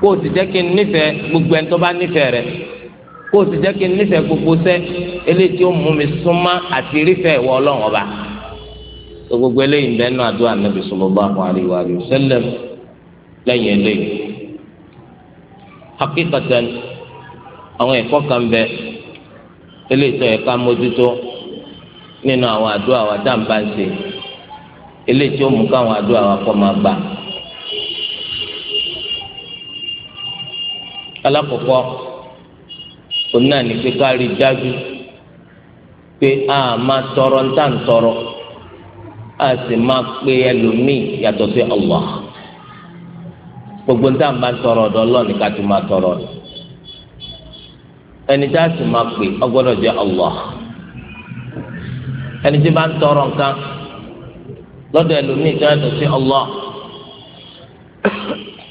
kó o sì jẹ́ kí n nífẹ̀ẹ́ gbogbo ẹni tó bá nífẹ̀ẹ́ rẹ kó o sì jẹ́ kí n nífẹ̀ẹ́ gbogbo sẹ́ eléyìí tí ó mú mi súnmọ́ àti rífẹ̀ẹ́ ìwọ ọlọ́run ọba gbogbo eléyìí ń bẹ́ẹ̀ nù àdúrà nàbì sallallahu alaihi wa sallam lẹ́yìn eléyìí hakikatan àwọn ẹ̀kọ́ kan bẹ eléyìí tó yẹ ká mójútó nínú àwọn àdúrà wa tá ń bá ń ṣe eléyìí tó mú káwọn àdúrà wa kọ́ máa gbà. alákọ̀ọ́kọ́ òun náà ní pé ká a ma tọrọ nta tà a si máa pe ẹlòmíì yàtọ̀ si Allah gbogbo nta tà ń tọrọ ọ̀dọ̀ ti ma tọrọ rẹ̀ ẹni tá a sì máa pè ó gbọ́dọ̀ jẹ́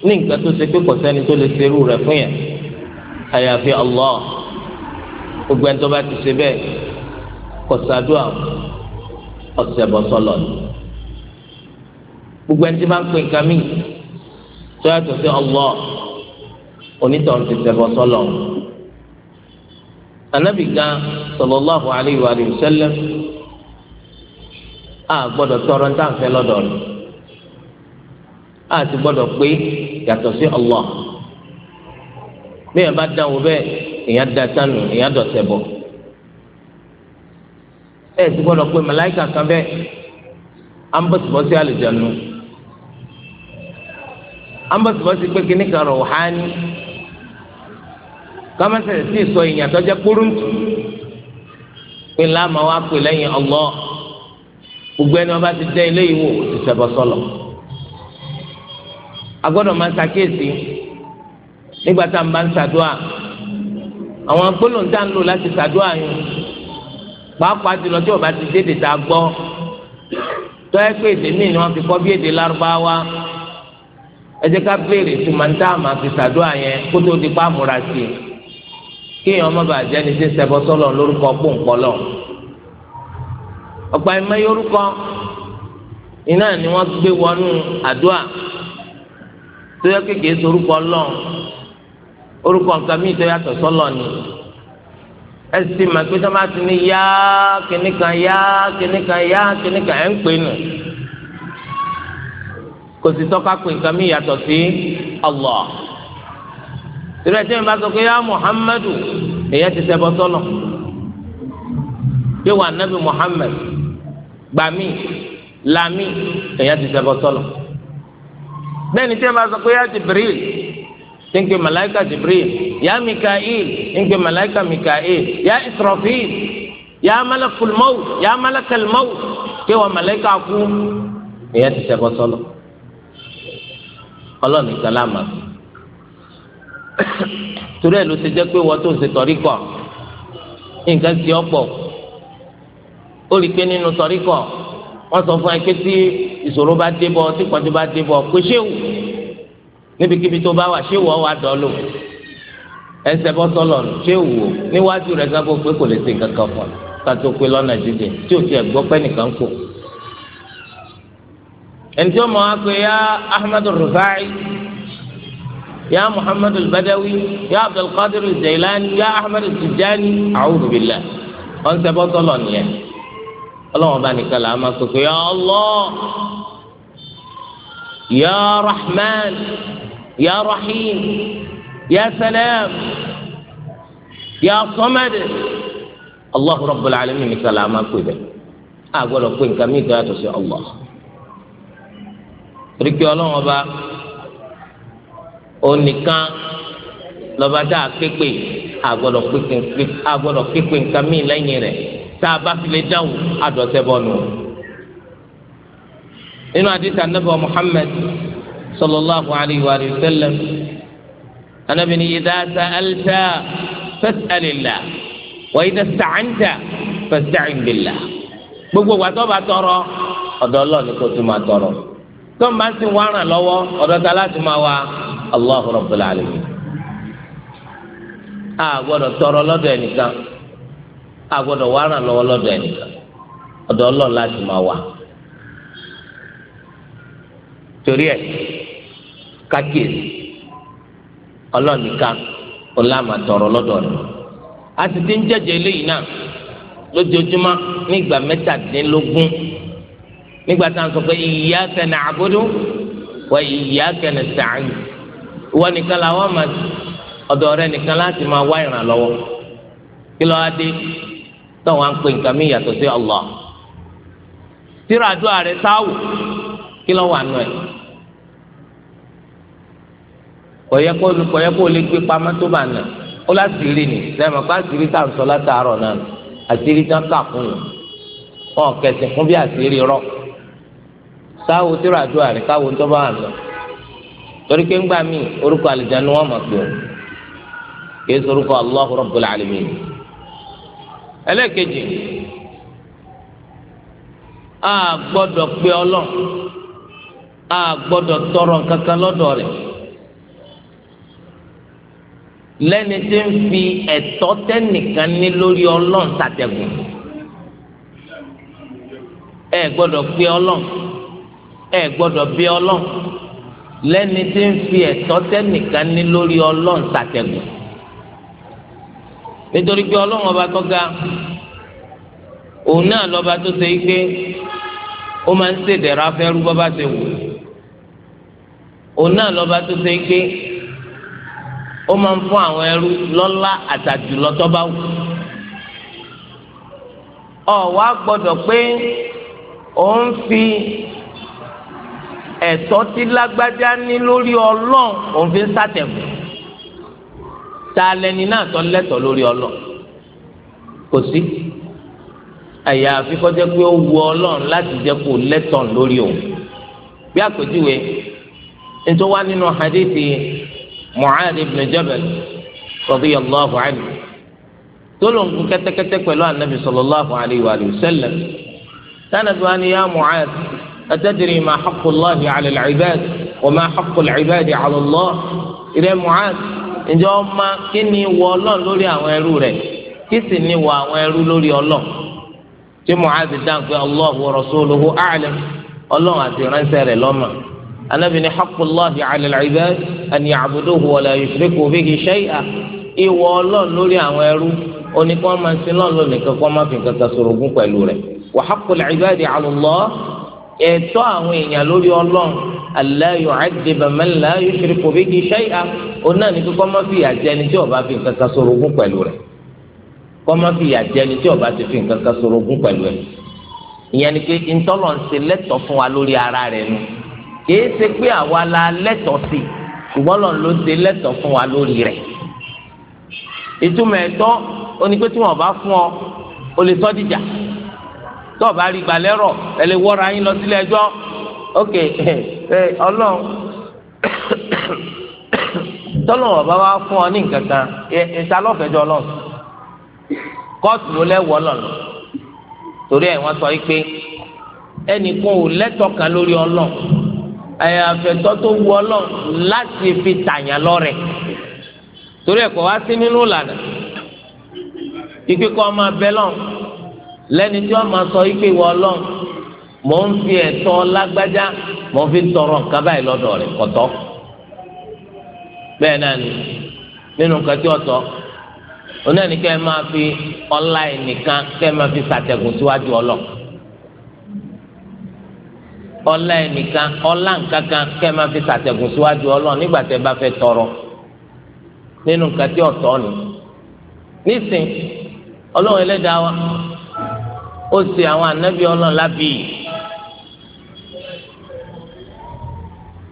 ní nǹkan tó ṣe pé kò sẹ́ni tó lè ṣerú rẹ̀ fún yẹn àyàfi Allah gbogbo ẹni tó bá ti ṣe bẹ́ẹ̀ kò ṣàdúrà ọ̀sẹ̀ bọ̀ sọlọ̀ ni gbogbo ẹni tí máa ń pè nǹkan mí tó yàtọ̀ sí Allah onítọ̀hún ti ṣẹ̀bọ̀ sọlọ̀ anabi gan sallallahu alayhi wa sallam a gbọ́dọ̀ tọrọ ntànfẹ́ lọ́dọ̀ rẹ̀. ti gbọdọ pé yàtọ̀ sí Allah bẹ́ẹ̀ bá dán wò bẹ́ẹ̀ èèyàn da sánù èèyàn dọ̀sẹ̀ bọ̀ pé malaika kan bẹ́ẹ̀ à ń bọ̀sibọ́sí pé kíní kan rọ̀ wáhání kámẹ́sẹ̀ sì sọ èèyàn tó jẹ́ pé láàmà pè Allah gbogbo ẹni wọn bá ti ilé yìí wò ó ti sẹ́bọ̀ sọ́lọ̀. agbọ́dọ̀ máa ń ṣàkíyèsí nígbà tá à ń bá ń ṣàdúà àwọn gbólóhùn tá à ń lò láti ṣàdúà yẹn pàápàá jùlọ tí ọba ti dédè tá a gbọ́ tọ́ ẹ pé èdè míì ni wọ́n fi kọ́ bí èdè lárúbáwá ẹ jẹ́ ká béèrè tí màá tá a máa fi ṣàdúà yẹn kó tó di pa àmúra sí i kéèyàn má bàa jẹ́ ni tí ń ṣẹbọ sọ́lọ̀ lórúkọ pòǹpọ̀lọ̀ ọ̀pọ̀ ẹ̀mẹ́yẹ orúkọ iná ni wọ́n gbé wọnú àdúà tó yẹ kékeré sọ orúkọ Ọlọ́run orúkọ nǹkan míì tó yàtọ̀ sọ́lọ̀ ni ẹ sì mà pé tó máa ti ní yá kìnnìkan yá kìnnìkan yá kìnnìkan ẹ̀ ń pè nù kò sì tọ́ka pé nǹkan míì yàtọ̀ sí Allah ìrẹsì mi bá sọ pé yá Muhammadu èyẹ ti sẹ́bọ̀ sọ́lọ̀ pé wà Muhammad gbàmí làmí èyẹ ti sẹ́bọ̀ sọ́lọ̀ bẹ́ẹ̀ ni tí wọ́n bá sọ pé yá Jibril tí ń pè màláìka Jibril yá Mikail ń pè màláìka Mikail yá Israfil yá malakul maut yá malakal maut pé wọ́n màláìka kú ìyẹn ti sẹ́kọ̀ sọ́lọ̀ ọlọ́ọ̀nì kan láàmà torí ẹ̀ ló ti jẹ́ pé wọ́n tó ń ṣe tọ́rí kọ̀ nǹkan ti ọ̀pọ̀ ó rí i pé nínú tọ́rí kọ̀ wọ́n sọ fún ẹ pé tí ìṣòro bá dé bọ tí kọjú bá dé bọ pé ṣéwù níbikíbi tó bá wà ṣéwù ọ wà dọ́ọ̀lù ẹsẹ̀ bọ́ sọ́lọ̀ ṣéwù o níwájú rẹ̀ sábò pé kò lè ṣe kankan fún ọ kátó pé lọ́nà jíjìn tí ò tiẹ̀ gbọ́ pẹ́ nìkan kù ẹnití wọn máa pe ya ahmed rufai ya muhammed albadawi ya abdulkadir zailani ya ahmed tijani a'udhu billah ọ̀n sẹ́bọ̀ sọ́lọ̀ nìyẹn ọlọ́wọ́n bá nìkan là á máa pèpè ya Allah ya Rahman ya Rahim ya Salam ya Samad Allahu Rabbul Alamin nìkan là á máa pè bẹ́ẹ̀ á gbọ́dọ̀ pé nǹkan mi gbọ́dọ̀ tó ṣe Allah torí pé ọlọ́wọ́n bá onìkan lọ́ba dá a képe àgbọ̀dọ̀ nǹkan mi lẹ́yìn rẹ̀ tá a bá fi lè dáwò àdọ̀sẹ̀ bọ́nu. nínú àdìsí anábì muhammed sallallahu alayhi wa sallam anábì ni idha sa'alta fas'alillah wa idha ista'anta fasta'in billah. gbogbo wa tó bá tọrọ ọ̀dọ̀ ọlọ́ọ̀ni kò tún máa tọrọ tó ń bá ń sin wá ràn lọ́wọ́ ọ̀dọ̀ ta allahu rabbil alamin. a gbọ́dọ̀ tọrọ lọ́dọ̀ ẹnìkan. a gbọ́dọ̀ wá ràn ẹnìkan ọ̀dọ̀ Ọlọ́run láti máa wà torí ẹ kákìsì Ọlọ́run nìkan ọlámàtọrọ lọ́dọ̀ rẹ̀ a sì ti ń jẹjẹ eléyìí náà lójoojúmọ́ nígbà mẹ́tàdínlógún nígbà tá à ń sọ pé iyyaka na'budu wa iyyaka nasta'in nìkan làwọn nìkan láti máa wá kí táwọn à ń pè nǹkan mí yàtọ̀ sí Allah tíra àdúrà rẹ sáwù kí ló wà nù ẹ kọyẹ kó kọyẹ kó lè gbé pamọ́ tó bá nà ó láti rí ni lẹ́mọ̀ pé àṣírí tá à ń sọ látàárọ̀ náà àṣírí tán kà fún un wọn kẹsì fún bí àṣírí rọ sáwù tíra àdúrà rẹ káwù tó bá nà torí pé ńgbà míì orúkọ àlìjánu wọn mọ̀ pé o kì í sọ orúkọ Allahu Rabbul Alamin ẹlẹ́ẹ̀kejì a gbọ́dọ̀ pé ọlọ́run a gbọ́dọ̀ tọrọ kankan lọ́dọ̀ rẹ̀ lẹ́ni tí ń fi ẹ̀tọ́ tẹ́nìkan ní lórí ọlọ́run ṣàtẹ̀gùn ẹ gbọ́dọ̀ pé ọlọ́run ẹ gbọ́dọ̀ bí ọlọ́run lẹ́ni tí ń fi ẹ̀tọ́ tẹ́nìkan ní lórí ọlọ́run ṣàtẹ̀gùn nítorí pé ọlọ́run ọba tó ga òun náà lọ́ba tó ṣe é pé ó máa ń ṣèdẹ̀rọ̀ afẹ́rú bọ́ba ṣe wù òun náà lọ́ba tó ṣe é pé ó máa ń fún àwọn ẹrú lọ́lá àtàjùlọ wù ọ̀wá gbọ́dọ̀ pé òun fi ẹ̀tọ́ tí lágbájá ní lórí ọlọ́run òun fi ń sàtẹ̀gùn ta lẹni náà tọ́ lẹ́tọ̀ lórí ọlọ́ kò sí àyàfi kọjá pé ó wu ọlọ́run láti jẹ́ kó lẹ́tọ̀ lórí òun bí àpèjúwe nítorí wá nínú hadithi Mu'adh ibn Jabal radiyallahu anhu tó ló ń kú kẹ́tẹ́kẹ́tẹ́ pẹ̀lú anabi sallallahu alayhi wa sallam sanabi wa ni ya Mu'adh atadiri ma haqqu ala al-ibad wa ma haqqu al ala Allah ìrẹ́ Mu'adh. ǹjẹ́ ọma kí ni wọ ọlọ́run lórí àwọn ẹrú rẹ, kí sì ni wọ àwọn ẹrú lórí ọlọ tí muhammed dáhùn pé allahu wa rasuluhu a'lam àti anabi 'ala al-'ibad an ya'buduhu wa la yushriku ìwọ ọlọ́run lórí àwọn ẹrú oníkọ́ máa ń sin máa fi kankan sorogún pẹ̀lú rẹ̀ wa haqqul ẹ̀tọ́ àwọn aláyọ àdìbà mẹlẹ ayọ ṣèlérí bí kì í ṣe à òun náà ní kí kọ́ má fi ìyà jẹ ẹni tí ọba fi nǹkan kan sọ̀rọ̀ ogún pẹ̀lú rẹ̀ kọ́ má fi ìyà jẹ ẹni tí ọba ti fi nǹkan kan sọ̀rọ̀ ogún pẹ̀lú rẹ̀ ìyẹn ni pé ntọ́lọ̀ ń ṣe lẹ́tọ̀ fún wa lórí ara rẹ̀ nu kìí ṣe pé àwa la lẹ́tọ̀ sí ṣùgbọ́n lọ́n ló ṣe lẹ́tọ̀ fún wa lórí rẹ̀ ìtumọ̀ ẹ̀tọ́ onígbé rí gbalẹ́rọ̀ ẹ lè wọ́ra yín lọ sílé ẹjọ́ ok ẹ ọlọ́run tọ́lọ́run ọba wa fún ọ ní nǹkan kan ìta lọ́fẹ̀ẹ́jọ ọlọ́run kóòtù ló lẹ́wọ̀ ọlọ́run torí ẹ̀ wọ́n sọ yìí pé ẹnìkan ò lẹ́tọ̀ọ́ kan lórí ọlọ́run àyàfẹ́tọ́ tó wu ọlọ́run láti fi tàyàn lọ́rẹ torí ẹ̀ kọ́ wá sí nínú ìlànà ìpínkọ́ ọmọ abẹ́lọ́run lẹ́ni tí wọ́n máa sọ yìí pé wọ́n ọlọ́run mò ń fi ẹ̀tọ́ lágbájá mò ń fi tọrọ nǹkan báyìí lọ́dọ̀ rẹ̀ kọ̀tọ́ bẹ́ẹ̀ náà ni nínú nǹkan tí ọ̀tọ̀ onáni kẹ́ ẹ máa fi ọlá ẹnìkan kẹ́ ẹ máa fi ṣàtẹ̀gùn síwájú ọlọ́ ọlá ẹnìkan ọlá nǹkankan kẹ́ ẹ máa fi ṣàtẹ̀gùn síwájú ọlọ́ nígbà tẹ́ bá fẹ́ tọrọ nínú nǹkan tí ọ̀tọ̀ ni nísìn ọlọ́run ẹlẹ́dàá wa ó ṣe àwọn ànábì ọlọ́run lábì yìí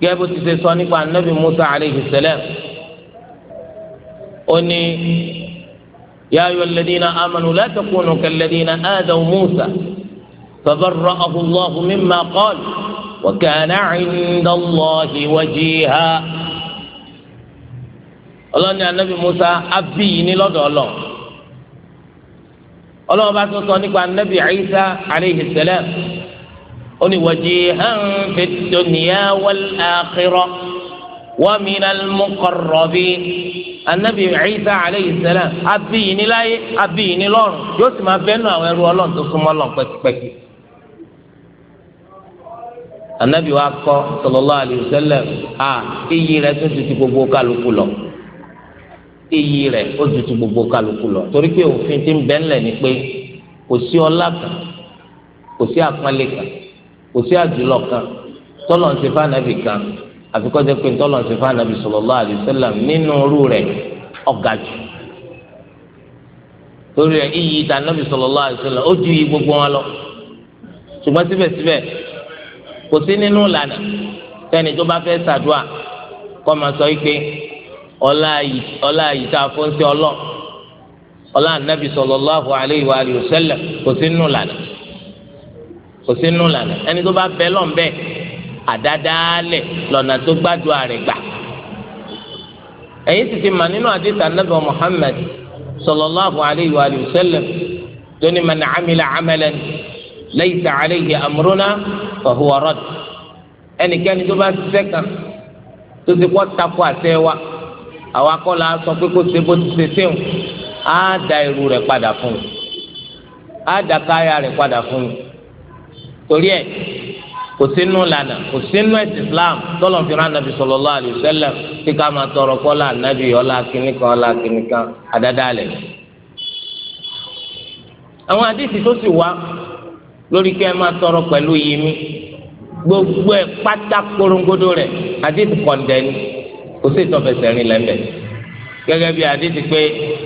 gẹ́gẹ́ ti ṣe sọ nípa anabi musa aleyhi sẹlẹ̀m ó ní ya ayyuha alladhina amanu la takunu kalladhina adaw musa fabarra'ahu allahu mimma kọ́l wa kana 'inda allahi wajiha ọlọ́ni anabi musa abi yìí ní lọ́dọ̀ ọlọ́ ọlọ́wọ́ bá tó sọ nípa anabi ayisa aleyhi sẹlẹ̀m. ó ní wajihan fi dunya wal akhirah wa minal muqarrabin anabi Isa alayhi salam abiyin láyé abiyin lọ́run yóò sì máa bẹ́ẹ̀ nù àwọn ẹrú ọlọ́run tó súnmọ́ ọlọ́run pẹ́kipẹ́ki anabi wa kọ sallallahu alayhi wa sallam a iyì rẹ̀ tó tutù gbogbo kálukú lọ iyì rẹ̀ ó tutù gbogbo kálukú lọ torí pé òfin ti ń ni pé kò sí kan kò sí kan kò sí àjùlọ kan tọ́lọ̀ ń ṣe fànàbì kan àfi kó jẹ́ pé tọ́lọ̀ ń ṣe fànàbì sallallahu alaihi wasallam nínú irú rẹ̀ ọ̀gá jù torí ẹ̀ iyì ìdánábì sallallahu alaihi wasallam ó ju iyì gbogbo wọn lọ ṣùgbọ́n síbẹ̀síbẹ̀ kò sí nínú ìlànà tẹ́ni tó bá fẹ́ ṣàdúà kọ́ máa sọ pé ọlá yìí tá a fún sí ọlọ́ ọlá ànábì sallallahu alaihi wa alihi wasallam kò sí nínú ìlànà kò sí nù lànà ẹni tó bá bẹ lọ́n bẹ́ẹ̀ àdádálẹ̀ lọ́nà tó gbàdúrà rẹ̀ gbà. ẹ̀yin sì ti mà nínú àdìsá nàbẹ̀ Muhammad sallallahu alayhi wa sallam tó ní man amila amalan laysa alayhi amruna fa huwa radd ẹnikẹ́ni tó bá ṣiṣẹ́ kan tó ti kọ́ takò àṣẹ wa àwa kọ́ sọ pé kó ṣe bó ti ṣe ṣéun á da irú rẹ̀ padà fún un á da káyà rẹ̀ padà fún un torí ẹ kò sínú lànà kò sínú ẹsẹ islam tọlọ fi rán anabi sallallahu alaihi wasallam tí ká máa tọrọ kọlá anabi ọlá kìnìkan ọlá kìnìkan àdáda lẹ. àwọn àdìsí tó sì wá lórí kí ẹ máa tọrọ pẹ̀lú yìí mi gbogbo ẹ pátá korongodo rẹ àdìsí kọ̀ǹdẹ́ni kò sí ìtọ́fẹsẹ̀ rìn lẹ́mẹ̀ bí àdìsí pé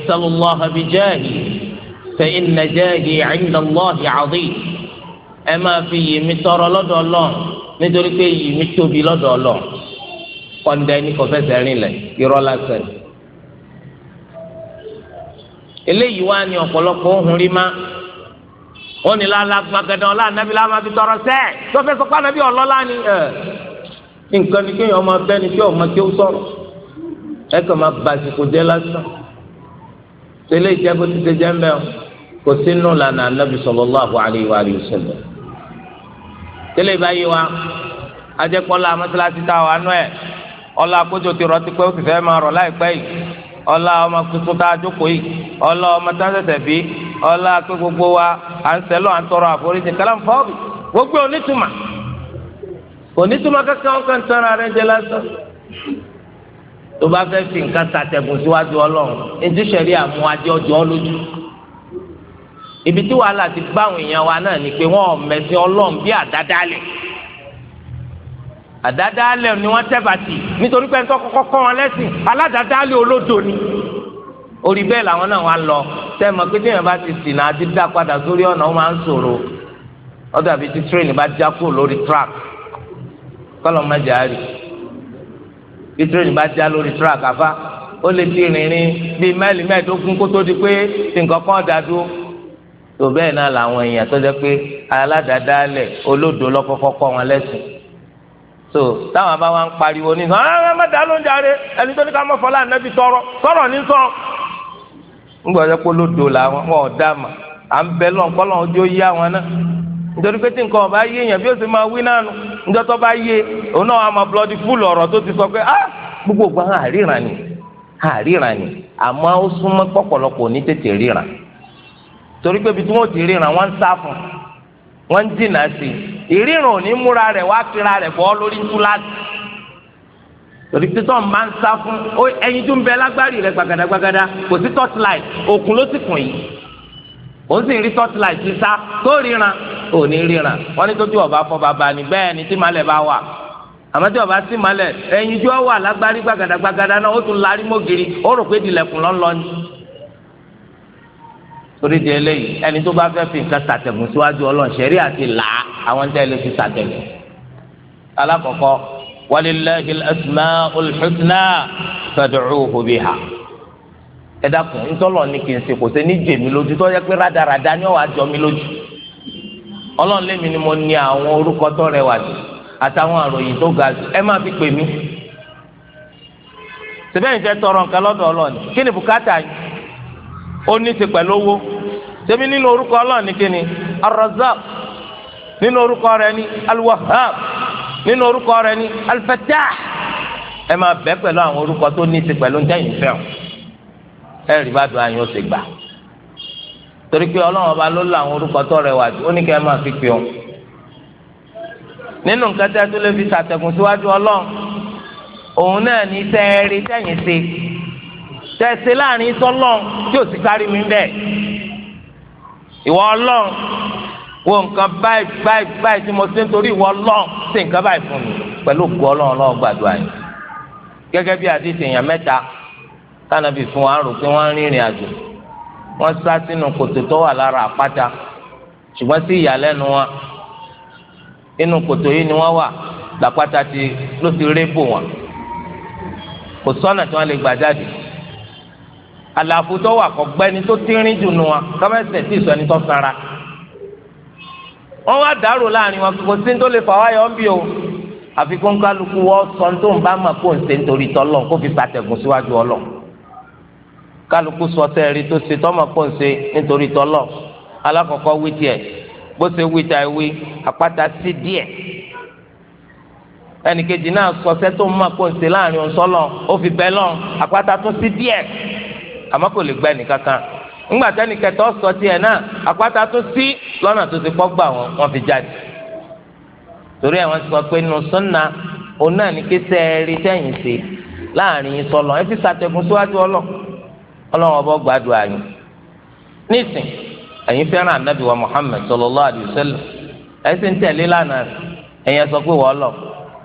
sallallahu bi jahi fa inna jahi 'inda Allahi 'azim ẹ máa fi yìí mi tọrọ lọ́dọ̀ Ọlọ́run nítorí pé yìí mi tóbi lọ́dọ̀ Ọlọ́run kọ́ńdà ẹni kò fẹsẹ̀ rìn lẹ̀ irọ́ lásán. eléyìí wá ní ọ̀pọ̀lọpọ̀ ohun rí má ó ní lálá gbàgádàn ọlá tọrọ sẹ́ tó fẹ́ sọ pé ànábì ọlọ́lá ni nǹkan ni kéèyàn máa bẹ́ni kí ọmọ kí ó sọ̀rọ̀ ẹ kàn máa basìkò jẹ́ lásán tẹ́lẹ̀ ìjẹ́ bó ti ṣe jẹ́ mẹ́ọ̀ kò sínú lànà ànábì sallallahu alaihi wa sallam tẹ́lẹ̀ báyìí wa ajẹ́pọ̀lá mọ́sálásí tá a wà nú ẹ̀ ọlá kójó ti rọ tipẹ́ ó sì fẹ́ máa rọ̀ láìpẹ́ yìí ọlá ọmọ tuntun tá a jókòó yìí ọlá ọmọ tá a ṣẹ̀ṣẹ̀ bí ọlá pé gbogbo wa à ń sẹ́lọ̀ à ń tọrọ àforíjì kálám fọ́ọ̀bì gbogbo onítùmá onítùmá kankan wọn kàn tọ́ra rẹ jẹ lásán tó bá fẹ́ fi nǹkan tàtẹ̀gùn síwájú ọlọ́run ní tíṣẹ̀rí àmúwájú ọjọ́ lójú ibi tí wàhálà ti bá àwọn èèyàn wa náà ni pé wọn ò mẹsìn Ọlọ́run bí àdádálẹ̀ àdádálẹ̀ ni wọ́n tẹ́bàtì nítorí pé ń tọ́ kọ́kọ́ kọ́ wọn lẹ́sìn aládàádálẹ̀ olódo ni orí bẹ́ẹ̀ làwọn náà wà lọ sẹ́mi pé tí èèyàn bá ti sìn náà àti dá padà sórí ọ̀nà ó máa ń ṣòro ọ̀dọ̀ àbí tí tírèènì bá já kúrò lórí track kọ́lọ̀ mẹ́jọ á bí tírèènì bá já lórí track àfa ó lè ti rìnrìn bíi mẹ́ẹ̀lì mẹ́ẹ̀ẹ́dógún kó tó di pé nǹkan kan tó bẹ́ẹ̀ náà làwọn èèyàn tó jẹ́ pé aládàádáálẹ̀ olódò lọ́kọ́kọ́ wọn lẹ́sìn so táwọn bá wá ń pariwo ní sọ ah, ẹ má dá ló ń ẹni tó ní ká fọlá tọrọ sọ̀rọ̀ ní sọ. ń gbọ́dọ̀ pé olódò làwọn wọn ò dá mà à ń bẹ lọ́n kọ́lọ́n ojú yé àwọn náà nítorí pé tí nǹkan ọba yé èèyàn bí ó máa wí náà nù níjọ́ tó bá yé òun náà wà máa ti torí pé ibi tí wọ́n ti ríran wọ́n ń sá fún wọ́n ń dìnnà sí ìríran ò ní múra rẹ̀ wá kíra rẹ̀ bọ́ lórí túláàsì torí pé tọ́ọ̀ máa ń sá fún ẹyin tó ń bẹ lágbárí rẹ̀ gbàgàdàgbàgàdà kò sí torchlight òkun ló ti kùn yìí òun sì ń rí torchlight ti sá tó ríran ò ní ríran wọ́n ní tójú ọba fọ bàbá ni bẹ́ẹ̀ ni tí màlẹ̀ bá wà àmọ́ tí ọba sì màlẹ̀ ẹyin tó wà lágbárí gbàgàdàgbàgàdà náà ó tún larí mọ́gìrì ó rò pé ìdìlẹ̀kùn lọ́nlọ́ni torí di eléyìí ẹni tó bá fẹ́ fi nǹkan sàtẹ̀gùn síwájú ọlọ́run ṣẹ̀rí àti là á àwọn ń tẹ́lẹ̀ fi sàtẹ̀gùn. alákọ̀ọ́kọ́ walillahi al-asma'ul husna fad'uhu biha. ẹ dákun ntọ́lọ̀ ni kì í ṣe kò sí ní jèmi lójú tó yẹ pé rádaràda ni ọ̀wá jọ mi lójú. ọlọ́run lémi ni mo ní àwọn orúkọ tó rẹwà jù àtàwọn àròyìn tó ga jù ẹ má fi pè mí. sẹ́fẹ̀yìn ó ní ti pẹ̀lú owó ṣebí nínú orúkọ ọlọ́run ní kíni Ar-Razzaq nínú orúkọ rẹ̀ ní Al-Wahhab nínú orúkọ rẹ̀ ní Al-Fattah ẹ máa bẹ̀ pẹ̀lú àwọn orúkọ tó ní ti pẹ̀lú ntẹ́yìn fẹ́ràn ẹ rí bá dùn àyàn ó ti gbà torí pé ọlọ́run ọba ló lo àwọn orúkọ tó rẹwà ó ní kí ẹ máa fi pè ọ́n nínú nǹkan tí lè fi ṣàtẹ̀kùn síwájú ọlọ́run òun náà ní sẹ́ẹ̀rí sẹ́yìn sí i tẹ̀sí láàrin sọ́lọ́n tí ò sì kárí mi bẹ́ẹ̀ ìwọ ọlọ́n wo nǹkan báyìí báyìí báyìí tí mo ṣe ń torí ìwọ ọlọ́n ṣe nǹkan báyìí fún mi pẹ̀lú òkú ọlọ́run ọlọ́run gbàdúrà yìí gẹ́gẹ́ bí àdìsí èèyàn mẹ́ta kánàbì fún wa rò pé wọ́n ń rìnrìn àjò wọ́n sá sínú kòtò tó wà lára àpáta ṣùgbọ́n sí ìyàlẹ́nu wọn inú kòtò yìí ni wọ́n wà làpáta ti ló ti rébò wọn kò sọ́nà tí wọ́n lè gbà jáde àlàfo tó wà kọ́ gbẹ́ni tó tínrín jù nù wọn kọ́mẹ́sì tí ìsọ ẹni tó sanra wọ́n wá dàrú láàrin wọn kò sí ní tó lè fà wáyọ̀ ń bí o àfi kó ń kálukú wọ́n sọ tó ń bá mà kó ń ṣe nítorí tọ́lọ̀ kó fi pàtẹ́gùn síwájú ọlọ́ kálukú sọ sẹ́ẹ̀rí tó ṣe tọ́mọ̀ kó ń ṣe nítorí tọ́lọ̀ alákọ̀ọ́kọ́ wí tiẹ̀ bó ṣe wí ta ìwé àpáta sí díẹ̀ ẹnìkejì náà sọ sẹ́ tó ń mà kó ń ṣe láàrin òun sọ́lọ̀ ó fi bẹ́ lọ́n àpáta tún sí díẹ̀ àmọ́ kò lè gba ẹnìkan kan ńgbà tẹ́nìkan tó sọ tiẹ̀ náà àpáta tó sí lọ́nà tó ti pọ́gbà wọn wọ́n fi jáde torí àwọn ti sọ pé nínú sunna òun náà ní kí sẹ́ẹ̀rì sẹ́yìn ṣe láàrin yín sọlọ ẹ fi ṣàtẹ̀gùn síwájú ọlọ ọlọ́run ọba gbàdúrà yín nísìn ẹ̀yin fẹ́ràn anabi wa Muhammad sallallahu alaihi wasallam ẹ̀sìn tẹ̀lé lánàá ẹ̀yin sọ pé wọ́ọ́ lọ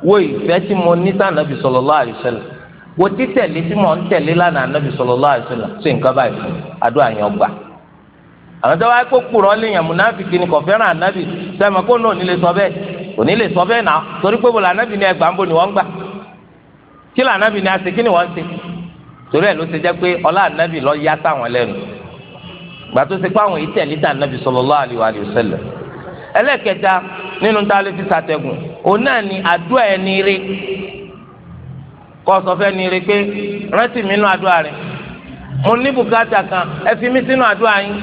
wo ìfẹ́ tí mo ní sànàbì sallallahu alaihi wasallam wo títẹ̀lé tí mò ń tẹ̀lé lánàá nàbì sallallahu alaihi wasallam sí nǹkan báyìí fún àdúrà yẹn gbà àwọn tó wáyé kó kúrọ̀ ni kò fẹ́ràn ànábì sẹ́mi kó lè sọ bẹ́ẹ̀ sọ bẹ́ẹ̀ torí pé ànábì ni ẹgbàá ń bò ní wọ́n gbà kí là ànábì ni a ṣe kí ni wọ́n ṣe torí ẹ̀ ló ṣe jẹ́ lọ yá lẹ́nu gbà tó ṣe pé kọ́ sọ fẹ́ ni rí pé rántí mi nínú àdúrà rẹ̀ mo ní bùkátà kan ẹ fi mí sínú àdúrà yín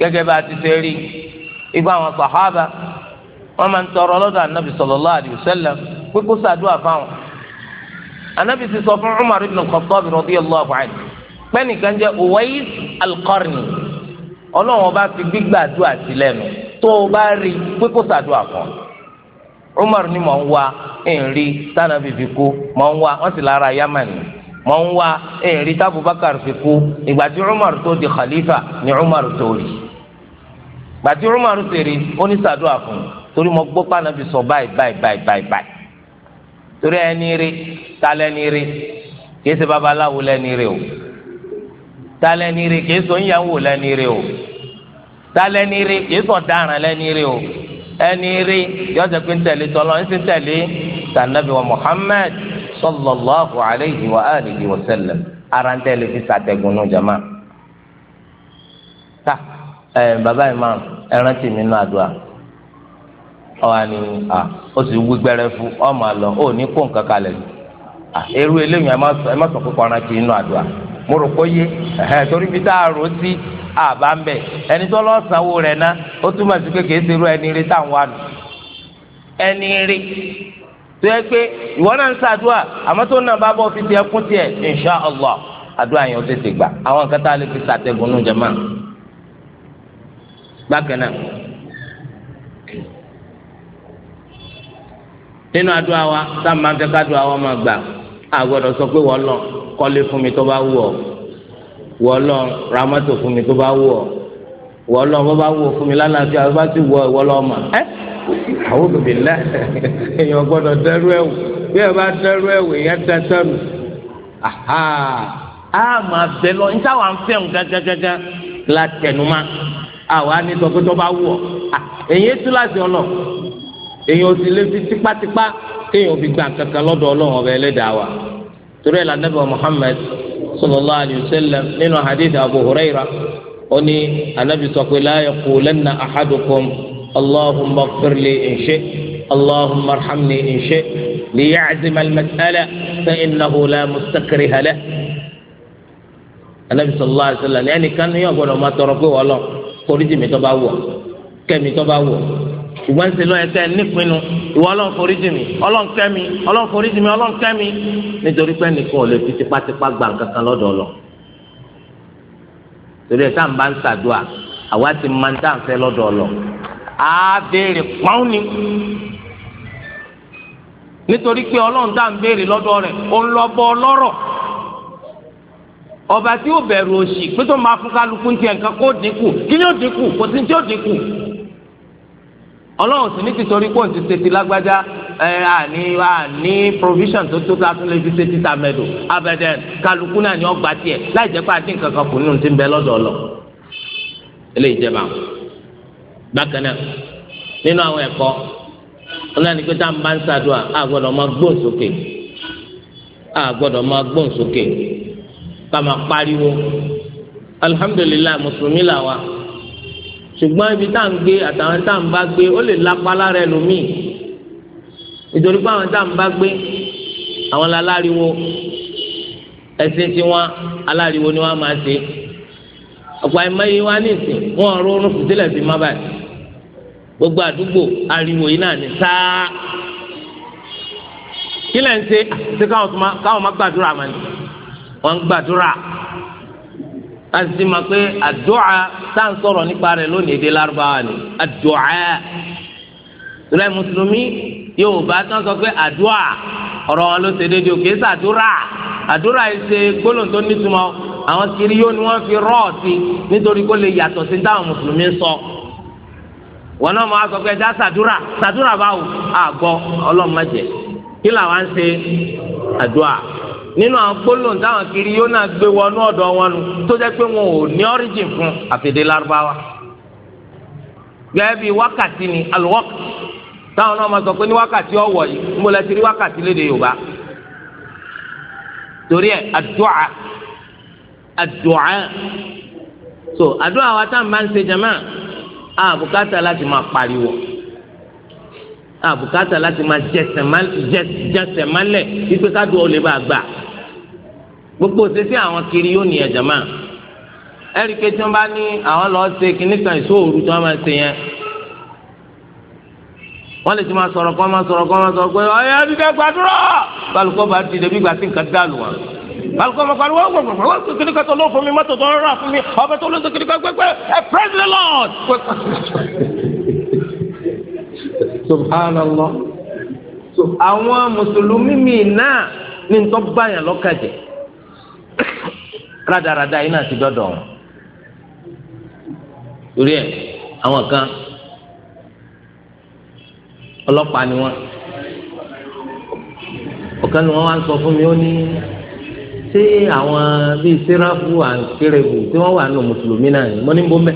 gẹ́gẹ́ bá a ti ṣe rí ibà àwọn sàhábà wọ́n máa ń tọrọ lọ́dọ̀ anabi sallallahu alaihi wasallam pé kó ṣàdúrà anabi ti sọ fún Umar ibn al-Khattab radiyallahu anhu pẹ́nìkan jẹ́ Uwais al-Qarni ọlọ́run ọba fi gbígbàdúrà sí lẹ́nu tó o bá rí pé kó ṣàdúrà Umar ni mò ń wá ẹ̀rí tánàbì fi kú mò ń wá wọ́n sì lára Yaman mò ń wá ẹ̀rí tábùbákàr fi kú ìgbà tí Umar tó di khalifa ni Umar tó rí ìgbà tí Umar tó rí ó ní sàdúrà fún un torí mo gbọ́ pànàbì sọ báyìí báyìí báyìí báyìí báyìí torí ẹni rí talẹ́ni rí kìí ṣe babaláwo lẹ́ni rí o talẹ́ni rí kìí ṣe oníyàwó lẹ́ni rí o talẹ́ni rí kìí ṣe ọ̀daràn lẹ́ni rí o. ẹni rí yọjọ pé ń tẹ̀lé tọ́lọ́ ń sì tẹ̀lé tànàbí wa Muhammad sallallahu alayhi wa alihi wa ara ń tẹ̀lé fi sàtẹ̀gùn nù jama. ta ẹ bàbá imam ẹran nù ni ó sì wí gbẹrẹ fún ọmọ àlọ́ ó ní kó nǹkan kalẹ̀ eléyìí àbá ń bẹ̀ ẹni tó lọ́ọ́ sanwó rẹ̀ ná ó túmọ̀ sí pé kìí ṣerú ẹni rí táwọn wà nù ẹni rí tó yẹ pé ìwọ náà ń ṣàdúrà àmọ́ tó náà bá bọ́ fi tiẹ̀ kún tiẹ̀ insha allah àdúrà yẹn ó tètè gbà àwọn nǹkan tá a lè fi ṣàtẹ̀gùn nù jẹ́ máa bákan náà nínú àdúrà wa sáà máa ń fẹ́ ká àdúrà wa máa gbà àgbọ̀dọ̀ sọ pé wọ́n lọ kọ́lé fún mi tó bá wù ọ́ wọlọ ramato fún mi tó bá wù ọ wọlọ bó bá wù ọ fún mi lálàáfíà bó bá ti wù ọ wọlọ ọmọ ẹ àwọn bèbè ńlá èèyàn gbọ́dọ̀ dẹrú ẹwù bí ẹ bá dẹrú ẹwù èèyàn dẹsẹ nù aha a máa bẹ lọ níta wà ń fẹ́ ń gágágágá la tẹnuma àwa ni tọ́kọ́ tó bá wù ọ èèyàn tú láti ọlọ èèyàn ò sì lè fi tipátipá kéèyàn ò fi gbà kankan lọ́dọ̀ ọlọ́run ọba ẹlẹ́dàá wa torí ẹ̀ la nẹ́bà Muhammad sallallahu alayhi wa sallam nínú hadith abu huraira ó ní anabi sọ pé la yaqulanna ahadukum allahumma ighfirli in shi'ta allahumma arhamni in shi'ta liya'zim al-mas'ala fa innahu la mustakriha lahu anabi sallallahu alayhi wa sallam ẹnìkan ní ọgbọdọ máa tọrọ pé wọlọ kórìjì mi tó bá wọ kẹmi tó bá wọ. ṣùgbọ́n ń ṣe lọ́yẹ nípinnu ìwọ ọlọ́run forí jì mí ọlọ́run kẹ́ mi ọlọ́run forí jì mí ọlọ́run tipa mi nítorí pé nìkan ò lè fi tipátipá gbà kankan ti máa ń dá àǹfẹ́ lọ. a béèrè pọ́n ni nítorí pé ọlọ́run dá ń béèrè lọ́dọ̀ rẹ̀ ó ń lọ bọ́ ọlọ́rọ̀ ọba tí bẹ̀rù pé tó máa fún kálukú ti ẹ̀ nǹkan kó dínkù kí ni dínkù kò ọlọ́run sì ní tìtorí pọ̀ ti ṣe ti lágbájá ẹ àní àní provision tó tó ta tún lè fi ṣe ti tàmẹ́dò abẹ́dẹ́n kálukú náà ni ọgbà tiẹ̀ láì jẹ́ pé àti nǹkan kan kù nínú ti ń bẹ lọ́dọ̀ ọlọ eléyìí jẹba bákan náà nínú àwọn ẹ̀kọ́ ọlọ́run ní pé tá à ń bá ń ṣàdúrà a gbọ́dọ̀ máa gbóhùn sókè a gbọ́dọ̀ máa gbóhùn sókè ká máa pariwo alihamudulilayi mùsùlùmí làwa ṣùgbọ́n ibi tá à ń gbé àtàwọn tá à ń bá gbé ó lè lápá lára ẹlòmíì nítorí pé àwọn tá à ń bá gbé àwọn aláriwo ẹsìn tiwọn aláriwo ni wọn máa ṣe ọ̀pọ̀ àìmọye wa ní ìsìn wọn rọ orun fìtílẹ̀ sí má báyìí gbogbo àdúgbò ariwo yìí náà ní sáá kí lẹ́ ń ṣe ṣé káwọn má gbàdúrà mọ́ ni wọ́n ń gbàdúrà asi ma pé àdúà tá à ń sọ̀rọ̀ nípa rẹ̀ lónìí èdè lárúbáwá ni àdúà rẹ̀ mùsùlùmí yorùbá tó ń sọ pé àdúà ọ̀rọ̀ wọn ló ṣe déédéé òkè sí àdúrà àdúrà yìí ṣe gbólóhùn tó nítumọ̀ kiri yóò ni wọ́n fi rọ́ọ̀tì nítorí kó lè yàtọ̀ sí táwọn mùsùlùmí sọ wọn náà máa sọ pé ẹja ṣàdúrà ṣàdúrà báwo àgọ ọlọ́mọdé kí làwọn ń ṣe àdúà nínú àwọn gbólóhùn táwọn kiri yóò náà gbé wọnú ọ̀dọ̀ wọn nu tó jẹ́ pé wọn ò ní ọ́ríjìn fún àfèdè lárúbáwá gẹ́gẹ́ bíi wákàtí ni alùwọ́kì táwọn náà máa sọ pé ní wákàtí ọ̀wọ̀ yìí mo lẹ ti rí wákàtí léde yorùbá torí ẹ àdúà àdúà so àdúà wa táwọn máa ń ṣe jàmáà àbùkátà láti máa pariwo àbùkátà láti máa jẹsẹ̀ málẹ̀ wípé káàdù ọ̀ bá a gbà gbogbo òṣèṣe àwọn kiri yóò ní ẹ̀jẹ̀ máa ẹ̀ríkè tí wọ́n bá ní àwọn lọ́ọ́ ṣe kinní kan ìṣòro tí wọ́n máa ṣe yẹn wọ́n lè ti máa sọ̀rọ̀ kọ́ máa sọ̀rọ̀ kọ́ máa sọ̀rọ̀ pé ọ̀yẹ́ ẹbí kẹ́ gbàdúrà balùkọ́ bá ti dẹ̀bí gbà sí nǹkan dá lù wọ́n balùkọ́ bá pariwo gbọ̀gbọ̀gbọ̀ kiri kẹ́tọ̀ ló fún mi mọ́tò tó ń rà fún mi ọbẹ̀ tó ló ń sọ kiri kẹ́ gbẹ́gbẹ́ ẹ praise Lord subhanallah so àwọn mùsùlùmí mi náà ní ń tọ́ báyàn lọ́kàjẹ́ rádaràda yìí náà ti dọ́dọ̀ wọn torí ẹ àwọn kan ọlọ́pàá ni wọ́n ọ̀kan ni wọ́n wá ń sọ fún mi ó ní ṣé àwọn bíi sẹ́ráfù àǹkẹ́rẹ́bù tí wọ́n wà nù mùsùlùmí náà ni mo ní bó mẹ́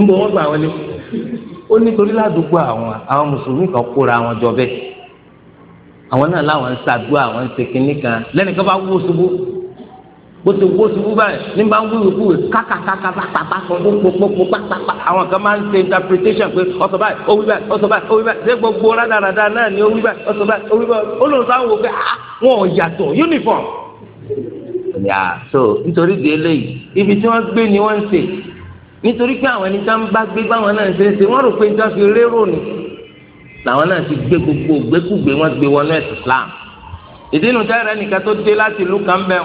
ń bọ̀ wọ́n gbà wọlé ó nítorí ládùúgbò àwọn àwọn mùsùlùmí kan kóra wọn jọ bẹ́ẹ̀ àwọn náà láwọn ń ṣàdúrà àwọn ń ṣe kinní kan lẹ́nìkan bá wó ṣubú bó ti wó ṣubú báyìí ní bá ń wúwo kúwe kákàkàkà pàpàpà sọ gbogbogbò pàpàpà àwọn kan máa ń ṣe interpretation pé ọsọ báyìí ó wí báyìí ọsọ báyìí ó wí báyìí ṣé gbogbo rádaràda náà ni ó wí báyìí ọsọ báyìí ó wí báyìí ó lóun sáwọn wò pé ah, wọn ò yàtọ̀ uniform. Ah, so nítorí di eléyìí ibi tí wọ́n gbé ni wọ́n ń ṣe nítorí pé àwọn ẹni tá ń bá gbé báwọn náà ṣe é ṣe wọ́n rò pé níta fi rérò ni làwọn náà ti gbé gbogbo gbékúgbé wọn gbé wọn ní Islam ìdí inú táyà nìkan tó dé láti ìlú kan bẹ́ẹ̀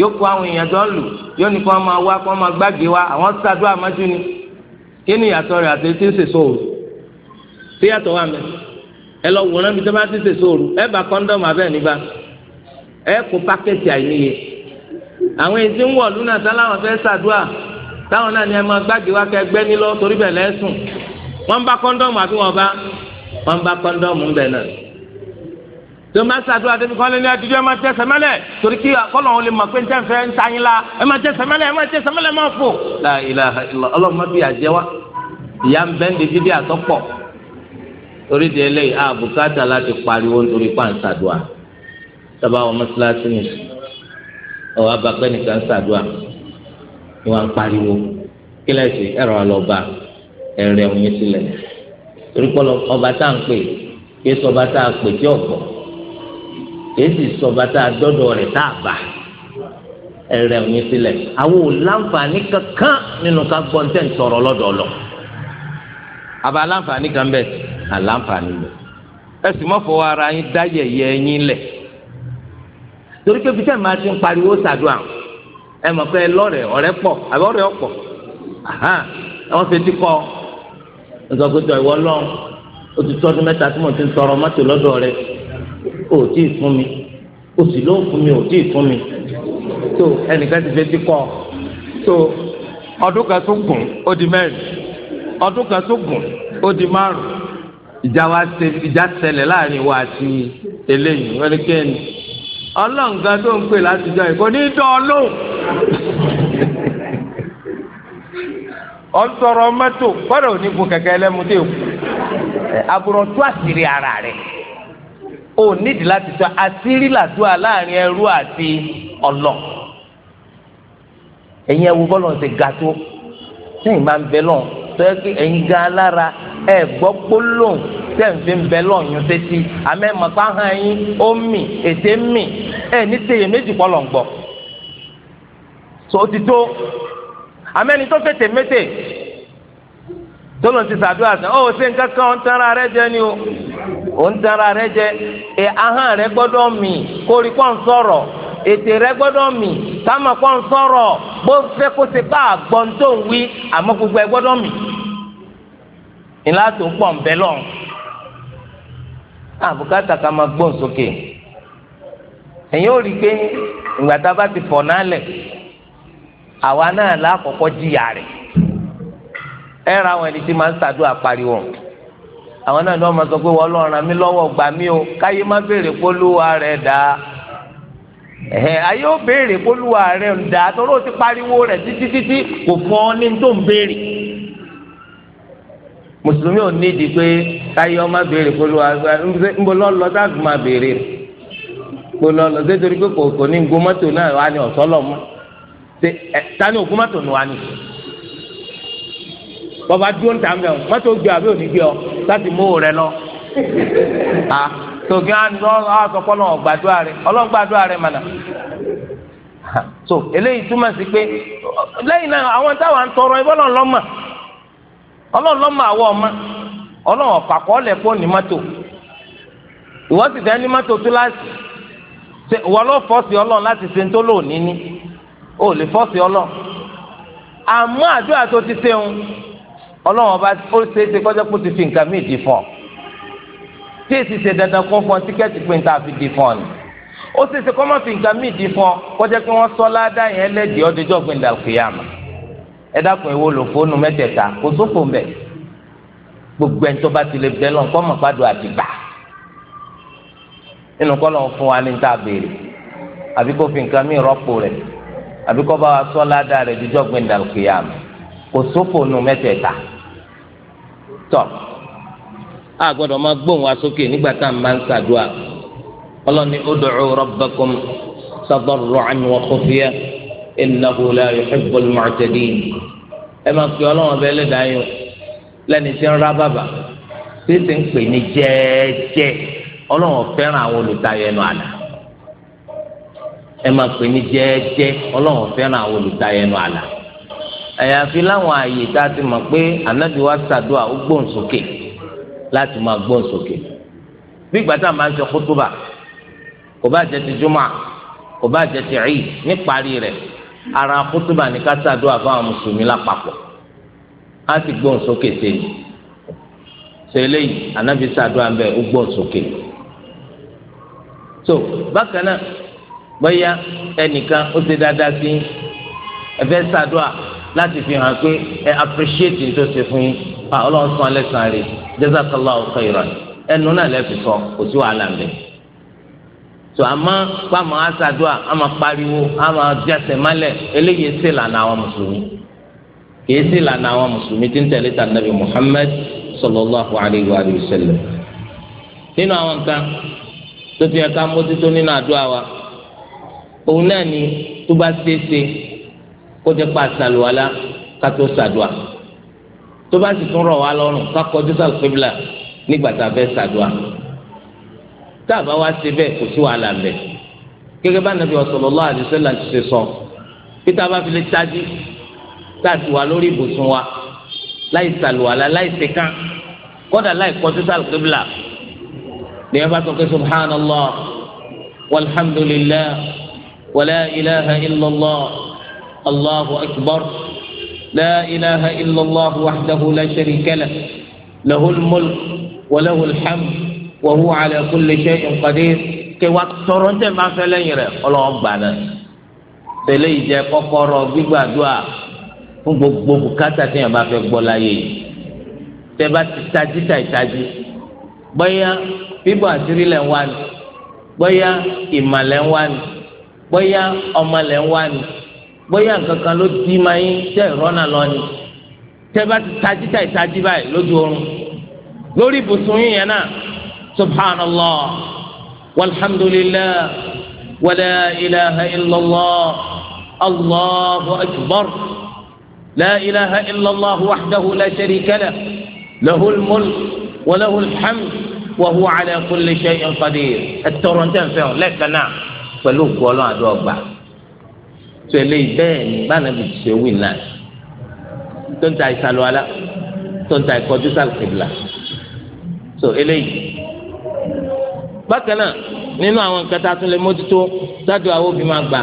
yóò kó àwọn èèyàn tó lù yóò ní kó máa wá kó máa gbàgbé wa àwọn sàdó àmájú ni kí ni ìyàtọ̀ rẹ̀ àti tí ń sèso òru tí yàtọ̀ wà mẹ́ ẹ lọ wòran bí tó ti sèso òru ẹ bá kọ́ńdọ̀mù abẹ́ níbà ẹ kó pákẹ́tì àìníye àwọn èsì ń wọ̀ lúnà sáláwọ̀ fẹ́ sàdúà táwọn náà ní ẹ máa gbági wá kẹgbẹ́ nílọ torí bẹ̀ lẹ́sùn wọ́n bá kọ́ńdọ́ọ̀mù àbí wọ́n bá wọ́n bá kọ́ńdọ́ọ̀mù ń bẹ̀ náà tó máa ṣàdúrà débi kan lẹ́ni àdúgbò ẹ máa tẹ sẹ́mẹ́lẹ̀ torí kí akọ́lọ̀ wọn lè mọ̀ pé ń tẹ́fẹ́ ń ta yín la ẹ máa tẹ sẹ́mẹ́lẹ̀ ẹ máa tẹ sẹ́mẹ́lẹ̀ máa fò. la ilaha illa ọlọ́run má bíi àjẹ wa ìyá ń bẹ́ẹ̀ níbi bí àtọ́pọ̀ torí di eléyìí a bùkátà láti pariwo nítorí pàǹsàdùà tábà wọn mọ́ṣáláṣí ni ọ̀rọ̀ abakẹ́nìkan ni wọ́n ń pariwo kílẹ̀sì ẹ̀rọ ọlọ́ba ẹ̀rẹ̀ ọ̀hún yẹn sílẹ̀ torí pé ọba tá à ń pè kí sọba tá a pè tí ọ̀pọ̀ kì í sì sọba tá a dọ́dọ̀ rẹ̀ tá a bà ẹ̀rẹ̀ ọ̀hún yẹn sílẹ̀ àwọn ò kankan nínú ká gbọ́n tẹ̀ ń tọrọ lọ́dọ̀ lọ àbá láǹfààní kan bẹ́ẹ̀ àláǹfààní lọ ẹ mọ́ fọwọ́ ara yín dá yẹ̀yẹ́ yín lẹ̀ torí pé bí tẹ̀ máa ti ń pariwo ṣàdúrà ẹ mọ̀ pé lọ́rẹ̀ ọ̀rẹ́ pọ̀ àbí ọ̀rẹ́ ọ̀pọ̀ wọ́n fi ti kọ́ ǹsọ̀gbẹ́tọ̀ ìwọ lọ́n o ti tọ́dún mẹ́ta tí mo ti ń tọrọ mọ́tò lọ́dọ̀ rẹ o tí ì fún mi o sì ló fún mi o tí ì fún mi tó ẹnìkan ti fi ti kọ́ tó ọdún kan tó gùn ó di mẹ́rin ọdún kan tó gùn ó di márùn ìjà wa ṣe ìjà ṣẹlẹ̀ láàrin wa àti eléyìí wọ́n ní kéènì ọlọ́ǹgá tó ń pè látijọ́ ẹ̀kọ́ ní dán ọlọ́hùn ọ̀sọ̀rọ̀ mọ́tò gbọ́dọ̀ onígun kẹ̀kẹ́ ẹlẹ́mu tó kù àbùrọ̀ tó àṣírí ara rẹ̀ ó nídìí láti sọ àṣírí làdúrà láàrin ẹrú àti ọlọ́ ẹ̀yin ẹ̀wù bọ́lọ̀ ṣe ga tó sẹ́yìn máa ń tọ́yẹ pé ẹ̀yin gan alára ẹ̀ gbọ́ gbólóhùn tẹ̀ ń fi bẹ́ lọ́ọ̀yún sétí àmọ́ ẹ̀ mọ̀pá hàn yín ó mì ètè mì ẹ̀ ní tẹ̀yẹ méjì pọ̀ lọ́ngbọ̀ so ó ti tó àmọ́ ẹni tó fètè mété tọ́lọ̀ ti sàdúrà sàn ó ṣe nǹkan kan ó ń tanra rẹ jẹ ni o ó ń rẹ jẹ ẹ̀ ahọ́n rẹ gbọ́dọ̀ mì kórìkọ́ ń sọ̀rọ̀ ètè rẹ gbọ́dọ̀ mì káma kọ́ ń sọ̀rọ̀ bó fẹ́ kó ṣe bá àgbọ̀n tó ń wí àmọ́ gbogbo ẹ gbọ́dọ̀ mì ìlà tó ń pọ̀ ń bẹ́ lọ́n àbùkátà ká máa gbọ́n sókè ẹ̀yin ò rí i pé ìgbà tá a bá ti fọ̀ náà lẹ̀ àwa náà lákọ̀ọ́kọ́ jìyà rẹ̀ ẹ ra àwọn ẹni tí máa ń ṣàdúrà pariwo àwọn náà ni wọ́n máa sọ pé wọ́n lọ́ọ́ ràn mí lọ́wọ́ gbà mí o káyé má béèrè polówó rẹ̀ dáa. ẹ̀hẹ́ a ó béèrè polúwa rẹ̀ ń toro ti pariwo rẹ̀ titi titi kò fún ọ ní tó ń béèrè mùsùlùmí ò nídìí pé káyé ọmọ béèrè polúwa ń bọ́ lọ́ọ́ lọ béèrè kpọ́ lọ́ọ́ lọ sétorí pé kò kò ní gun mọ́tò náà wà ní ọ̀sọ́lọ̀ mọ́ tani ògùn mọ́tò nù wá ní bọ́ba dúró ń tà mẹ́wọ̀n mọ́tò gbé àbí gbé ọ tòkí àtọkọlọ ọgbàdúrà rẹ ọlọgbàdúrà rẹ mànà so eléyìí túmọ̀ sí pé lẹ́yìn náà àwọn táwọn ń tọrọ ẹbí ọlọ́run lọ́mọ ọlọ́run lọ́mọ àwọ̀ ọmọ ọlọ́run ọ̀fà kọ́ lẹ̀ pọ̀ ní mọ́tò ìwọ sì fẹ́ ní mọ́tò tó láti ṣe ìwọ lọ fọ́ọ̀sì ọlọ́run láti ṣe tó lò níní o lè fọ́ọ̀sì ọlọ́run àmọ́ àdúrà tó ti ṣeun ọlọ́run ọba ó ṣe é ṣe kọ́jọ́ pé ó ti fi nǹkan míì dì fún ọ tí èsì ṣe dandan kó fún ọ tíkẹ́ẹ̀tì pé nta fi di fún ọ ni ó sì ṣe kó má fi nǹkan míì di fún ọ kó jẹ́ pé wọ́n sọ ládàá yẹn lẹ́dìí ọdẹjọ́ gbẹ̀ndà kìyàmà ẹ dákun ìwo lò fóònù mẹ́tẹ̀ẹ̀ta kò sófò mbẹ̀ gbogbo ẹni tó bá ti lè bẹ́ẹ̀ lọ nǹkan mọ̀ pàdó àtìgbà nínú kọ́ lọ́n fún wa ní nta béèrè àbí kó fi nǹkan míì rọ́pò rẹ̀ àbí kó bá wa sọ ládàá rẹ̀ díjọ́ gbẹ̀ndà kìyàmà kò sófò a gbọ́dọ̀ máa gbóhùn wa sókè nígbà tá à ń bá ń ṣàdúrà ọlọ́ni ud'u rabbakum tadarru'an wa khufya innahu la yuhibbul mu'tadin ẹ máa pe ọlọ́run ọbẹ̀ ẹlẹ́dàá yín lẹ́ni tí ń rá bàbà tí sì ń pè ní jẹ́ẹ́jẹ́ ọlọ́run fẹ́ràn àwọn olùtayọ ẹnu àlà ẹ máa pè ní jẹ́ẹ́jẹ́ ọlọ́run fẹ́ràn àwọn olùtayọ ẹnu àlà àyàfi láwọn àyè tá a ti mọ̀ pé ànábì wa ó gbóhùn sókè. So láti máa gbọ́n sókè bí ìgbà tá a máa ń ṣe kútúbà kò bá jẹ́ ti júmọ̀ kò bá jẹ́ ti rí níparí rẹ̀ ara kútúbà ní ká ṣàdúrà mùsùlùmí lápapọ̀ á gbọ́n sókè sẹ́yìn sọ eléyìí anábì ṣàdúrà ń ó gbọ́n sókè so bákan náà bóyá ẹnìkan ó ṣe dáadáa sí ẹ fẹ́ ṣàdúrà láti fi hàn pé ẹ appreciate ní tó ṣe fún yín ọlọ́run sún alẹ́ sàn rèé jazakallahu khairan ẹnu náà lẹ́ẹ̀fi sọ kò sí wàhálà ń bẹ̀. tó àmọ́ pàmò àṣàdúà àmọ́ pariwo àmọ́ jẹsẹ̀ mọ́lẹ̀ eléyìí sì lànà àwọn mùsùlùmí kìí sì lànà àwọn mùsùlùmí tí ń tẹ̀lé ta nàbì Muhammad sallallahu alayhi wa sallam. nínú àwọn nǹkan tó fi ẹ̀ka mójútó nínú àdúrà wa òun náà ni tó bá kó ti pa àṣàlùwàlá ká tó tó bá sì tún rọ̀ wá lọ́rùn ká kọjú sí àlùkébílà nígbà tá a fẹ́ ṣàdúrà tá a bá wá ṣe bẹ́ẹ̀ kò sí wàhálà mẹ́ gẹ́gẹ́ bá nàbí sallallahu alaihi wasallam ti ṣe sọ pé tá a bá fi lè tají tá a ti wà lórí ibùsùn wa láì ṣàlùwàlà láì ṣe kán kódà láì kọjú sí àlùkébílà lèyìn bá sọ pé subhanallah walhamdulillah wala ilaha illallah allahu akbar. لا إله إلا الله وحده لا شريك له له الملك وله الحمد وهو على كل شيء قدير كي وقترون تما فلنيرا الله أبانا tẹ́lẹ̀ jẹ́ kọ́kọ́rọ́ gbígbàdúrà fún gbogbo bùkátà tí yẹn bá fẹ́ gbọ́ láyé tẹ́ bá ti tají ta ìtají bóyá bíbọ àṣírí lẹ ń wá ni bóyá ìmàlẹ ń wá ni bóyá ọmọ lẹ ń wá ni bóyá nǹkan kan ló di ma yín tẹ ìrọ́nà lọ ni tẹ bá ti tají tà ìtají báyìí lójú oorun lórí ibùsùn yín yẹn náà subhanallah walhamdulillah wala ilaha illallah allahu akbar la ilaha illallah wahdahu la sharika lah lahul mulk wa lahul hamd wa huwa ala kulli shay'in ẹ tọrọ ntẹ nfẹ ọ lẹ́ẹ̀kan náà pẹ̀lú gbọlọ àdó ọgbà. tó eléyìí bẹ́ẹ̀ ni bánabi ti ṣe wí náà tó ń ta ìsàlù ala tó ń ta ìkọjú sàlùkìbìlà tó eléyìí. bákan náà nínú àwọn nǹkan tá a tún lè mójútó sáájú àwọn òbí máa gbà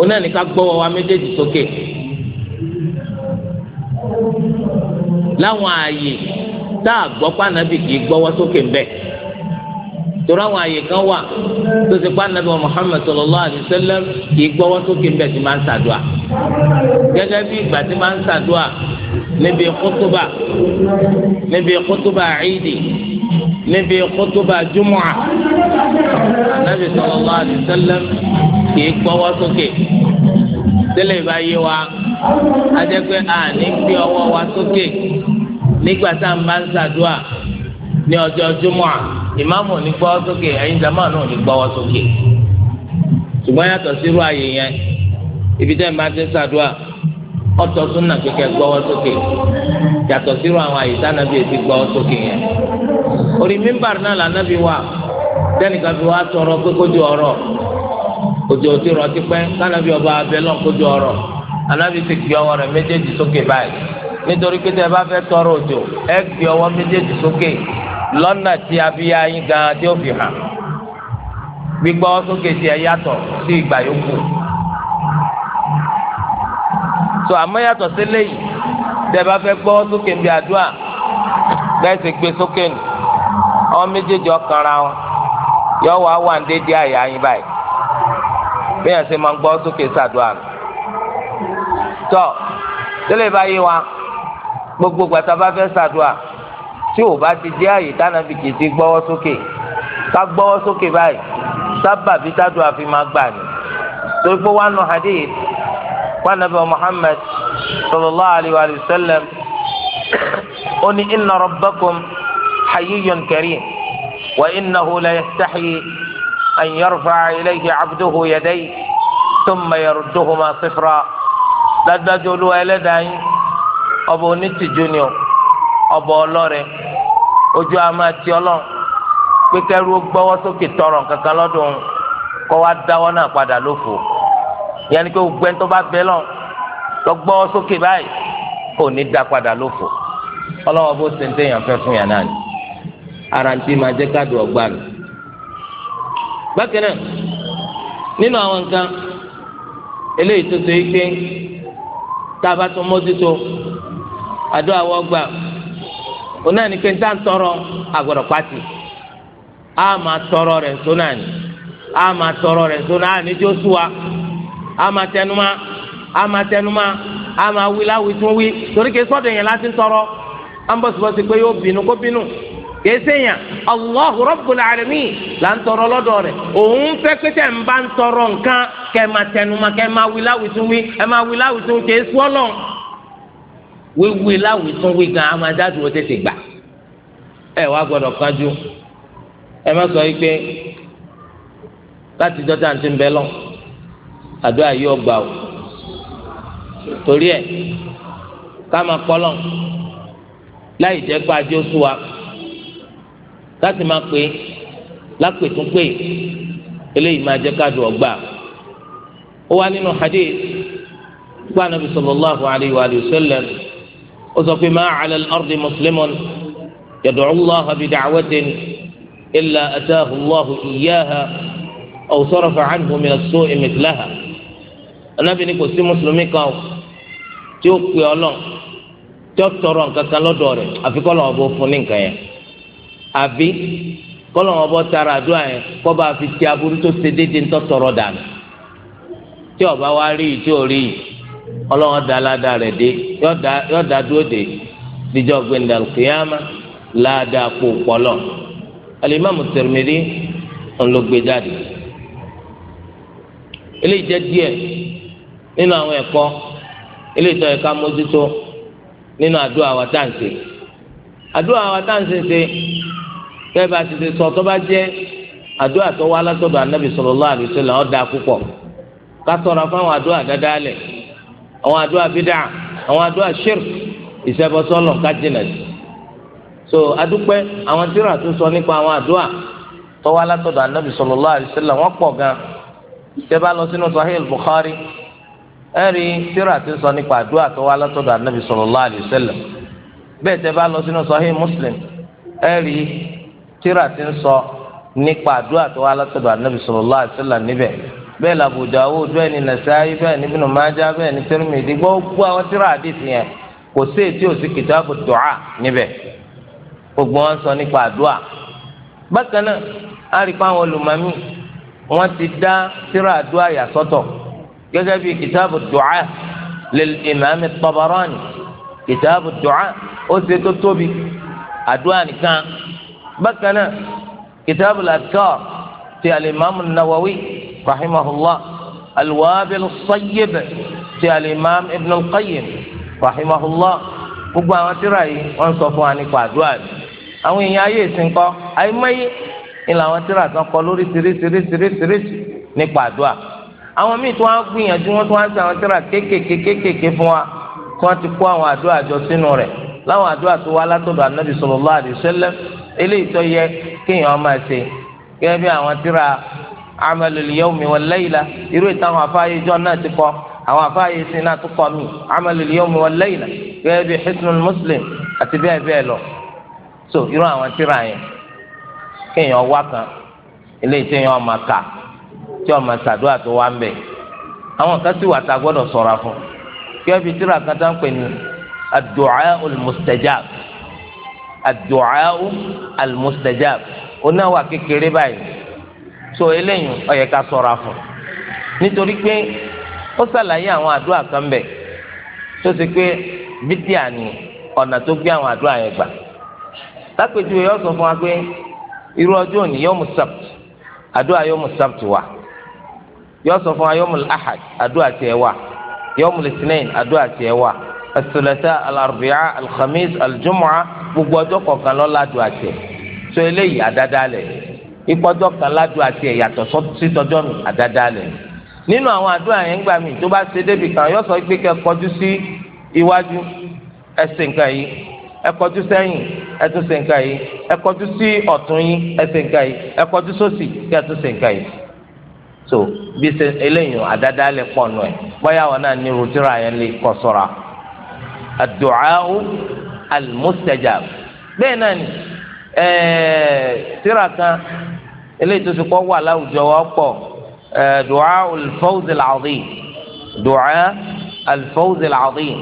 ó náà ní gbọ́wọ́ wa méjèèjì sókè láwọn ààyè tá a gbọ́ pàànàbì kì í gbọ́wọ́ sókè ń bẹ́ẹ̀ torí àwọn àyè kan wà tó ti pa anabi muhammed sallallahu alayhi wa sallam kì í gbọ́wọ́ sókè ń bẹ̀ tí máa ń ṣàdúà gẹ́gẹ́ bí ìgbà tí máa ń ṣàdúà níbi kótóbà níbi kótóbà ìdì níbi kótóbà jumu'a anabi sallallahu alayhi wa kì í gbọ́wọ́ sókè tẹ́lẹ̀ ìbá yé wa adẹ́gbẹ́ àní gbé ọwọ́ wa sókè nígbà tá a máa ń ṣàdúà ní ọjọ́ jumu'a. ìmáàmù ní gbọ́wọ́ sókè ẹ̀yin jàmáà náà ní gbọ́wọ́ sókè ṣùgbọ́n yàtọ̀ sírú ààyè yẹn ibi tẹ́ ẹ̀ máa ti ṣàdúrà ọ̀tọ̀ súnà kíkẹ́ gbọ́wọ́ sókè yàtọ̀ sírú àwọn àyè sànàbí èsì gbọ́wọ́ sókè yẹn orí mímbàr náà lànàbí wà tọrọ pé kójú ọ̀rọ̀ òjò òtí rọ ti sànàbí ọba abẹ náà kójú ọ̀rọ̀ ànàbí ti gbé ọwọ́ rẹ̀ méjèèjì sókè báyìí nítorí pé lọ́nà tí a fi ya yín gan tí ó fi hàn gbígbọ́ sókè tí ẹ yàtọ̀ sí ìgbà yòókù tó àmọ́ yàtọ̀ sí léyìí tẹ́ bá fẹ́ gbọ́ sókè bí àdúrà bẹ́ẹ̀ sì gbé sókè nù àwọn méjèèjì ọkànra wọn yọ wá wà ní dédé àyà yín báyìí bí yàn ṣe máa ń gbọ́ sókè sàdúrà nù tó tẹ́lẹ̀ bá wa gbogbo gbàtà bá fẹ́ sàdúrà tí ò bá ti jẹ́ àyè tánàbì kì í ti gbọ́wọ́ sókè ká gbọ́wọ́ sókè báyìí sábàbí tádùn àfi máa gbà ní. torí pé wọn nù hadith pànàbì Muhammad sallallahu alayhi wa sallam ó ní inna rabbakum hayyun karim wa innahu la yastahi an yarfa'a ilayhi abduhu yadayhi thumma yarudduhuma sifra dájúdájú olúwa ẹlẹ́dàá yín ọba onítìjú ni o. Ọbọ ojú a máa ti ọlọ́run sókè tọrọ kankan lọ́dún kọ́ wa náà padà lófo yẹn ni pé tó bá bẹ lọ tó sókè báyìí kò ní dá padà lófo ọlọwọ bó ṣe ń fún yàn náà ni ara káàdù ọgbà mi. nínú àwọn nǹkan eléyìí tó O pé ntọrọ A tọrọ rẹ náà ni máa tọrọ rẹ nsọ tí ó sú wa A máa máa máa wí láwí tún wí torí yẹn láti tọrọ á ń bọ̀ síbọ̀ pé yóò bínú kó bínú kìí sèyàn Allahu Rabbul Alamin là ń tọrọ lọ́dọ̀ rẹ̀ òun fẹ́ pé ń bá ń tọrọ nǹkan máa máa wíwí láwùí tún wí gan àwọn adádúró tètè gbà ẹ wá gbọ́dọ̀ kánjú ẹ má sọ wípé láti dọ́tà ti ń bẹ lọ àdúrà yóò gbà o torí ẹ ká máa kọ́lọ̀ láì jẹ́ pé ajé ó sú wa láti máa pè é lápètúnpè eléyìí máa jẹ́ káàdùn ọgbà ó wá nínú hadith gba anabi sallallahu alayhi wa sallam ó sọ pé má ala al-ardi muslimun yad'u Allah bi da'watin illa ataahu Allah iyyaha aw sarafa anhu min as-su'i mithlaha Ànábì ní kò sí mùsùlùmí kan o tí ó pè Ọlọ́run tí ó tọrọ nǹkan kan lọ́dọ̀ rẹ̀ àfi kí Ọlọ́run bó fún ní nǹkan yẹn àbí kí Ọlọ́run bó tara àdúrà yẹn kó bá fi ti aburú tó ṣe déédéé ń tọ́ tọrọ dànù tí ó bá wá rí yìí tí ò rí yìí ọlọ́run da ládàá rẹ̀ dé yọ da dúró dé níjọ́ gbẹ̀ndà kìyàmá ládàá kó pọ̀lọ́ alimami Tirmidhi ọlọgbẹjáde eléyìí jẹ́ díẹ̀ nínú àwọn ẹ̀kọ́ eléyìí tó yẹ mójútó nínú táǹsì táǹsì ṣe bá ti ṣe sọ tó bá jẹ́ anábì púpọ̀ ká fáwọn àwọn àdúrà bídà àwọn àdúrà ṣírk ìṣẹ́bọsọ́lọ̀ kájínà sí. so adúpẹ́ àwọn tíra tún sọ nípa àwọn àdúrà tọ́wọ́ alátọ̀dọ̀ anábì sallallahu alaihi wasallam wọ́n pọ̀ gan tẹ́ bá lọ sínú sahih bukhari ẹ̀rí tíra tún sọ nípa àdúrà tọ́wọ́ alátọ̀dọ̀ anábì sallallahu alaihi wasallam bẹ́ẹ̀ tẹ́ bá lọ sínú sahih muslim ẹ̀rí tíra tún sọ nípa àdúrà tọ́wọ́ alátọ̀dọ̀ anábì sallallahu alaihi wasallam níbẹ̀ bẹ́ẹ̀ ni Abu Dawud bẹ́ẹ̀ ni Nasa'i bẹ́ẹ̀ ni Ibn Majah bẹ́ẹ̀ ni Tirmidhi gbogbo àwọn tíra àdìsí yẹn kò sí ètí òsì kìtàbù du'a níbẹ̀ gbogbo wọn sọ nípa àdúà bákan náà a rí pa àwọn olùmọ̀mí wọn ti dá tíra àdúà yà sọ́tọ̀ gẹ́gẹ́ bí kìtàbù du'a lil Imam Tabarani kìtàbù du'a ó ṣe tó ti rahimahullah alwaabil sayyib ti alimam ibn alqayyim rahimahullah gbogbo àwọn tíra yìí wọ́n sọ fún wa nípa àdúrà rẹ̀ àwọn èèyàn ayé ìsìnkọ àìmọye ni làwọn tíra kan kọ lórí tìrìtìrìtìrìtìrìtì nípa àdúrà àwọn míì tí wọ́n gbìyànjú wọ́n tí wọ́n ṣe àwọn tíra kéékèèké kéékèèké fún wa tí wọ́n ti kó àwọn àdúrà jọ sínú rẹ̀ láwọn àdúrà tó wá látọ̀dọ̀ anabi sallallahu alaihi wasallam eléyìí tó yẹ kéèyàn máa ṣe gẹ́gẹ́ bí àwọn tíra amalul yawmi wal layla irú ìtàwọn afáàyè ìjọ náà ti kọ àwọn afáàyè sin náà tó kọ mí amalul yawmi wal layla gẹ́gẹ́ bí muslim àti bẹ́ẹ̀ bẹ́ẹ̀ lọ so irú àwọn tíra yẹn kéèyàn wá kan eléyìí téèyàn ọmọ kà tí ọmọ sàdúrà tó wá ń bẹ àwọn kan sì wà tá a gbọ́dọ̀ ṣọ́ra fún gẹ́gẹ́ tíra kan ń pè ní adu'a al adu'a al-mustajab onáwà kékeré báyìí so eléyìí ó yẹ ká ṣọ́ra fún nítorí pé ó ṣàlàyé àwọn àdúrà kan bẹ̀ tó ṣe pé bídíà ni ọ̀nà tó gbé àwọn àdúrà yẹn gbà lápèjúwe yóò sọ fún wa pé irú ọjọ́ òní yóò mú sábt àdúrà yóò mú sábt wà yóò sọ fún wa yóò mú ahad àdúrà tiẹ̀ wà yóò mú lisinain àdúrà tiẹ̀ wà asulata alarbiya alhamis aljumua gbogbo ọjọ́ kọ̀ọ̀kan lọ́la àdúrà tiẹ̀ so eléyìí àdádálẹ̀ ìpọ́jọ́ kan ládùú àti ẹ̀yàtọ̀ sítọ́jọ́ mi àdáadáa lẹ̀ nínú àwọn àdúrà yẹn gbà mí tó bá ṣe débi kan yóò sọ pé kẹ́ kọjú sí iwájú ẹ ṣe nǹkan yìí ẹ kọjú sẹ́yìn ẹ tún ṣe nǹkan yìí ẹ kọjú sí ọ̀tún yín ẹ ṣe nǹkan yìí ẹ sósì kí ẹ ṣe nǹkan yìí so bí ṣe eléyìí àdáadáa lẹ̀ pọ̀ nù ẹ̀ bóyá wọn náà ní rotira yẹn lè kọ́ sọ́ra àdùá al bẹ́ẹ̀ náà ni ẹ̀ẹ́ eléyìí tó ti kọ́ wà láwùjọ wa pọ̀ dùá alfawzi al-azim dùá alfawzi al-azim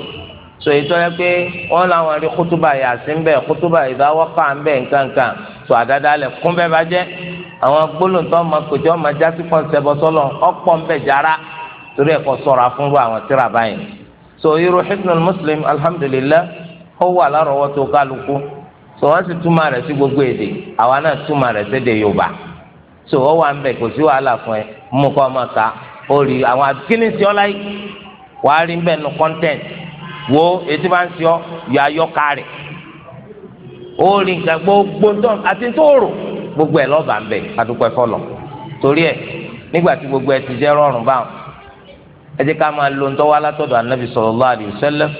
so ètò yẹ pé wọn làwọn rí kútúbà yàtí ń bẹ kútúbà ìdáwọ́ kà ń bẹ nkankan tó àdáda lẹ kún bẹ́ẹ̀ bá jẹ́ àwọn gbólóńtọ́ máa kòjọ́ máa jásí pọ̀ ṣẹbọ sọ́lọ̀ ọ̀pọ̀ ń bẹ jára torí ẹ̀kọ́ sọ̀rọ̀ fún àwọn tíra báyìí so irú Hisnul Muslim alhamdulillah ó wà lárọ̀ọ́wọ́tó kálukú so wọ́n sì túmọ̀ rẹ̀ sí gbogbo èdè àwa náà túmọ̀ rẹ̀ sédè Yorùbá so ọ wà ń bẹ kò sí wàhálà fún ẹ mú kọ́ ọmọ ká ó rí àwọn akíní sí ọ láyé wàá rí ń bẹ nu content wo etí bá ń sí ọ yọ ayọ́ká rẹ̀ ó rí nǹkan gbogbo tó àti tó rò gbogbo ẹ̀ lọ́ba ń bẹ adúpẹ́ fọlọ́ torí ẹ nígbà tí gbogbo ẹ ti jẹ́ rọrùn báwọn ẹ jẹ́ ká máa lo ntọ́wọ́ alátọ̀dọ̀ anabi sallallahu alaihi wasallam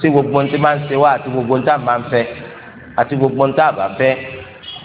sí gbogbo ntí máa ń ṣe wá àti gbogbo ntá máa ń fẹ́ àti gbogbo ntá àbá fẹ́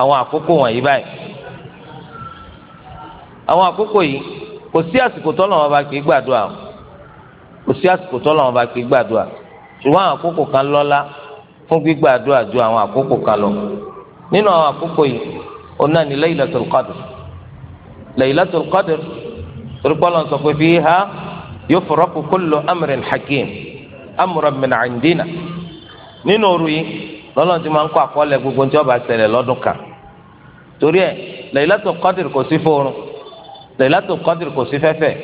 àwọn àkókò wọ̀nyí báyìí àwọn àkókò yìí kò sí àsìkò tọ́lọ̀ wọn bá kì í gbàdúrà kò sí àsìkò tọ́lọ̀ wọn bá kì gbàdúrà ṣùgbọ́n àwọn àkókò kan lọ́lá fún gbígbàdúrà ju àwọn àkókò kan lọ nínú àwọn àkókò yìí ọ̀nà ni sọ pé amrin hakim nínú òru yìí ti torí ẹ Laylatul Qadr kò sí fóorùn Laylatul Qadr kò sí fẹ́fẹ́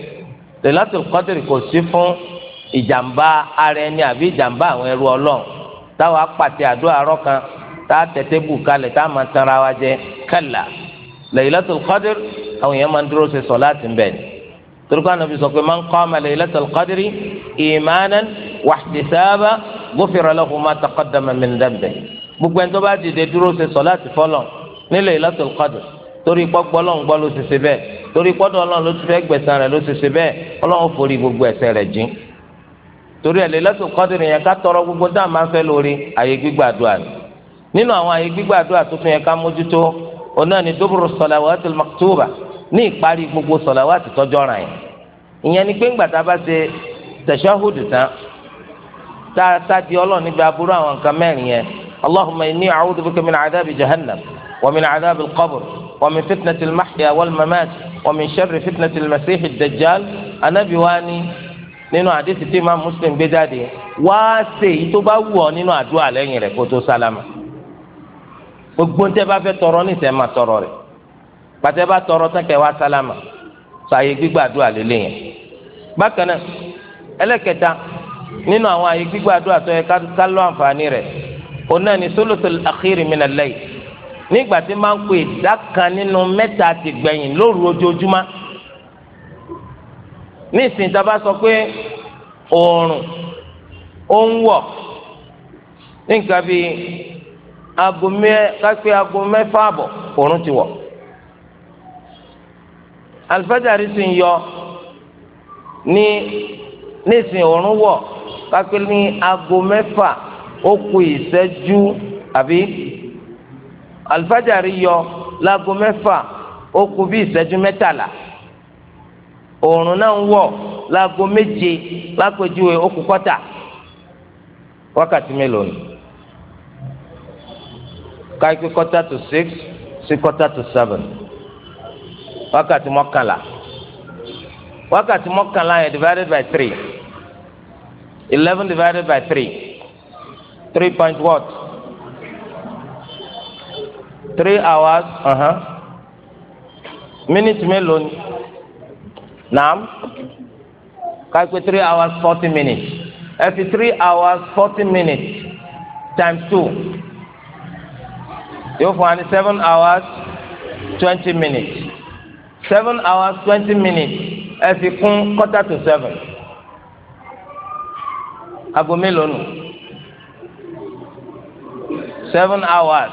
Laylatul Qadr kò sí fún ìjàmbá ara ẹni àbí ìjàmbá àwọn ẹrú Ọlọ́run táwa pàtẹ àdó àárọ̀ kan tá a tẹtẹ bù kalẹ̀ tá a máa tan ara wa jẹ kàlà Laylatul Qadr àwọn èèyàn máa ń dúró ṣe sọ̀láàtì ń bẹ̀ ni toríko Ànábì sọ pé man qama Laylatul Qadri imanan wahtisaban ghufira lahu ma taqaddama min dhanbihi gbogbo ẹni nílẹ̀ Lailatul Qadr torí pọ́pọ́ ọlọ́run gbọ́ ló ti ṣe bẹ́ẹ̀ torí pọ́dọ̀ ọlọ́run ló ti fẹ́ gbẹ̀san rẹ̀ ló ti ṣe bẹ́ẹ̀ ọlọ́run forí gbogbo ẹ̀ṣẹ̀ rẹ̀ jìn torí ẹ̀ Lailatul Qadr yẹn ká tọrọ gbogbo dáa máa ń fẹ́ lórí àyè gbígbàdúrà ni nínú àwọn àyè gbígbàdúrà tuntun yẹn ká mójútó òun ni duburu salawatil maktuba ní ìparí gbogbo sọ̀làwátì tọ́jọ́ ni pé ńgbà tá a bá ṣe tẹ̀síọ́hùdù tán tá a tá di ọlọ́run níbi aburú àwọn nǹkan mẹ́rin yẹn allahumma inni ومن عذاب القبر ومن فتنة المحيا والممات ومن شر فتنة المسيح الدجال Ànábì wa ní nínú àdìsí tí Imam Muslim gbé jáde wá ṣe èyí tó bá wù ọ́ nínú àdúrà lẹ́yìn rẹ̀ kó tó sálámà gbogbo ntẹ bá fẹ́ tọrọ níṣẹ máa tọrọ rẹ̀ pàtẹ bá tọrọ tẹkẹ wá sálámà sọ àyè gbígbà àdúrà lélẹ̀ yẹn bákan náà ẹlẹ́kẹta nínú àwọn àyè gbígbà àdúrà tó yẹ ká lọ àǹfààní rẹ̀ òun náà ni sulusul akhiri minal layl nígbà tí máa ń kó ìdá kan nínú mẹ́ta ti gbẹ̀yìn lóru ojoojúmọ́ ní ìsìn tá a bá sọ pé oòrùn ó ń wọ̀ ní nǹkan bíi aago mẹ́ kápẹ́ aago mẹ́fà àbọ̀ oòrùn ti wọ̀ alifájàrí sì ń yọ ní ní ìsìn wọ̀ kápẹ́ ní aago mẹ́fà ó kù ìṣẹ́jú àbí alifájàrí yọ láago mẹ́fà ó kù bí ìṣẹ́jú mẹ́tàlá òòrùn náà ń wọ̀ láago méje lápèjúwe ó kù wakati wákàtí mélòó ni káyipé kọ́tà tó six sí kọ́tà tó seven wakati mọ́kànlá wakati mọ́kànlá yẹn divided by three eleven divided by three three point what three hours uh-huh. minute mélòó ni naam káyipé three hours forty minutes ẹ three hours forty minutes times two yóò fún wa seven hours twenty minutes seven hours twenty minutes ẹ fi kún quarter to seven aago mélòó nù seven hours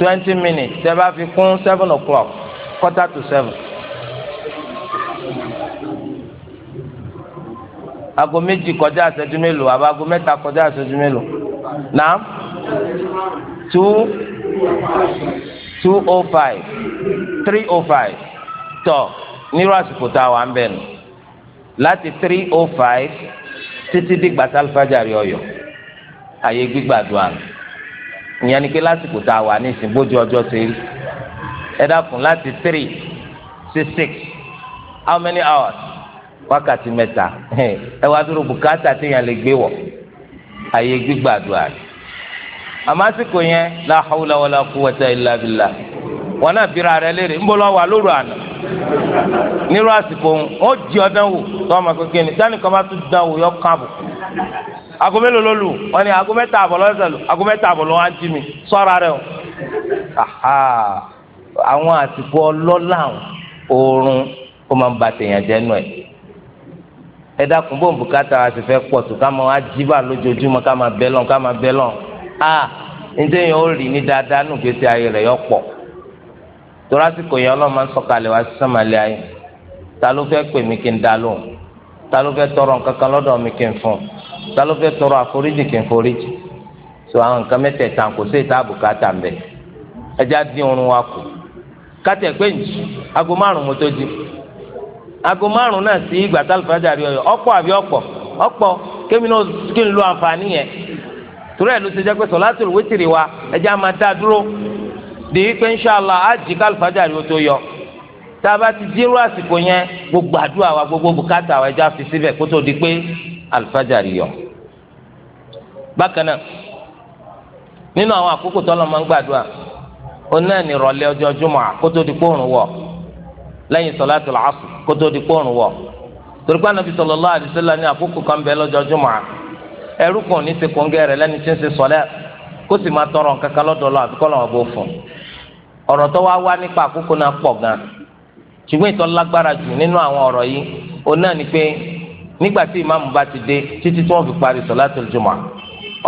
twenty minutes tẹ́ bá fi kún seven o'clock quarter to seven. aago méjì kọjá àṣẹjú mélòó àbá aago mẹ́ta kọjá àṣẹjú mélòó náà two two o oh five three o oh five tọ nírú àsìkò tá a wà ń bẹ̀ nù láti three oh five títí dìgbà sálfàjàrí ọyọ àyè gbígbàdúrà nù ìyẹn ni pé lásìkò tá a wà ní ìsìn bójú ọjọ́ ṣe rí ẹ dákun láti three sí six how many hours wákàtí mẹ́ta ẹ wá dúró bùkátà téèyàn lè gbé wọ̀ àyè gbígbàdúrà àmásìkò yẹn la hawla wala quwwata illa billah. wọn náà bira rẹ léèrè ńbọ lọ wà lóru àná nírú àsìkò ó jí ọdán wò tọ́ kékeré sani kọ́ bá tún dán wò yọ káàbù aago mélòó ló lù wọn ni aago mẹ́ta àbọ̀ lọ́sẹ̀ lù àbọ̀ lọ́wọ́ mi sọ́ra àwọn àsìkò ọlọ́lá oorun máa ń ba tèèyàn ẹ̀ ẹ dákun bóun bùkátà àti fẹ́ pọ̀ tó ká ǹjẹ́ torásìkò yẹn ọlọ́run máa wa sọ̀kalẹ̀ ayé ta pè mí kí n dá lóhùn tọrọ nǹkan kan mi kí n fún ta tọrọ àforíjì kí n foríjì so àwọn nǹkan mẹ́tẹ̀ẹ̀ta kò sí ìta àbùkátà ń bẹ̀ dín oorun wa kù kátẹ pé njì aago márùn mo tó di aago márùn náà sí ìgbà ọyọ àbí kémi náà kí n lo àǹfààní yẹn torí dèyí pé inṣàlá á jí kálífàjà rí o tó yọ tá a bá ti dírú àsìkò yẹn gbogbo àdúrà wa gbogbo bùkátà wa ẹja fi síbẹ̀ kó tó di pé àlùfàjà rí yọ. bákan náà nínú àwọn àkókò tó lọ́ọ́ ń gbàdúrà ó náà ní ìrọ̀lẹ́ ọjọ́ kó tó di pòrùn wọ̀ lẹ́yìn sọ̀láàtì làásù kó tó di pòrùn wọ̀ torípa nàbí sallallahu alaihi wasallam ní àkókò kan bẹ́ẹ̀ lọ́jọ́ jùmọ̀ ẹrú kan ní sekòǹgẹ́ rẹ̀ lẹ́ni tí ń ṣe sọ̀lẹ́ kó sì máa tọrọ nǹkan kan lọ́dọ̀ àbíkọ́ lọ́wọ́ bó fún un ọ̀rọ̀ tó wá wá nípa àkókò náà pọ̀ gan ṣùgbọ́n ìtọ́ lágbára jù nínú àwọn ọ̀rọ̀ yìí òun náà ni pé nígbà tí ìmáàmù bá ti dé títí tí wọ́n fi parí sọ̀látul jùmọ̀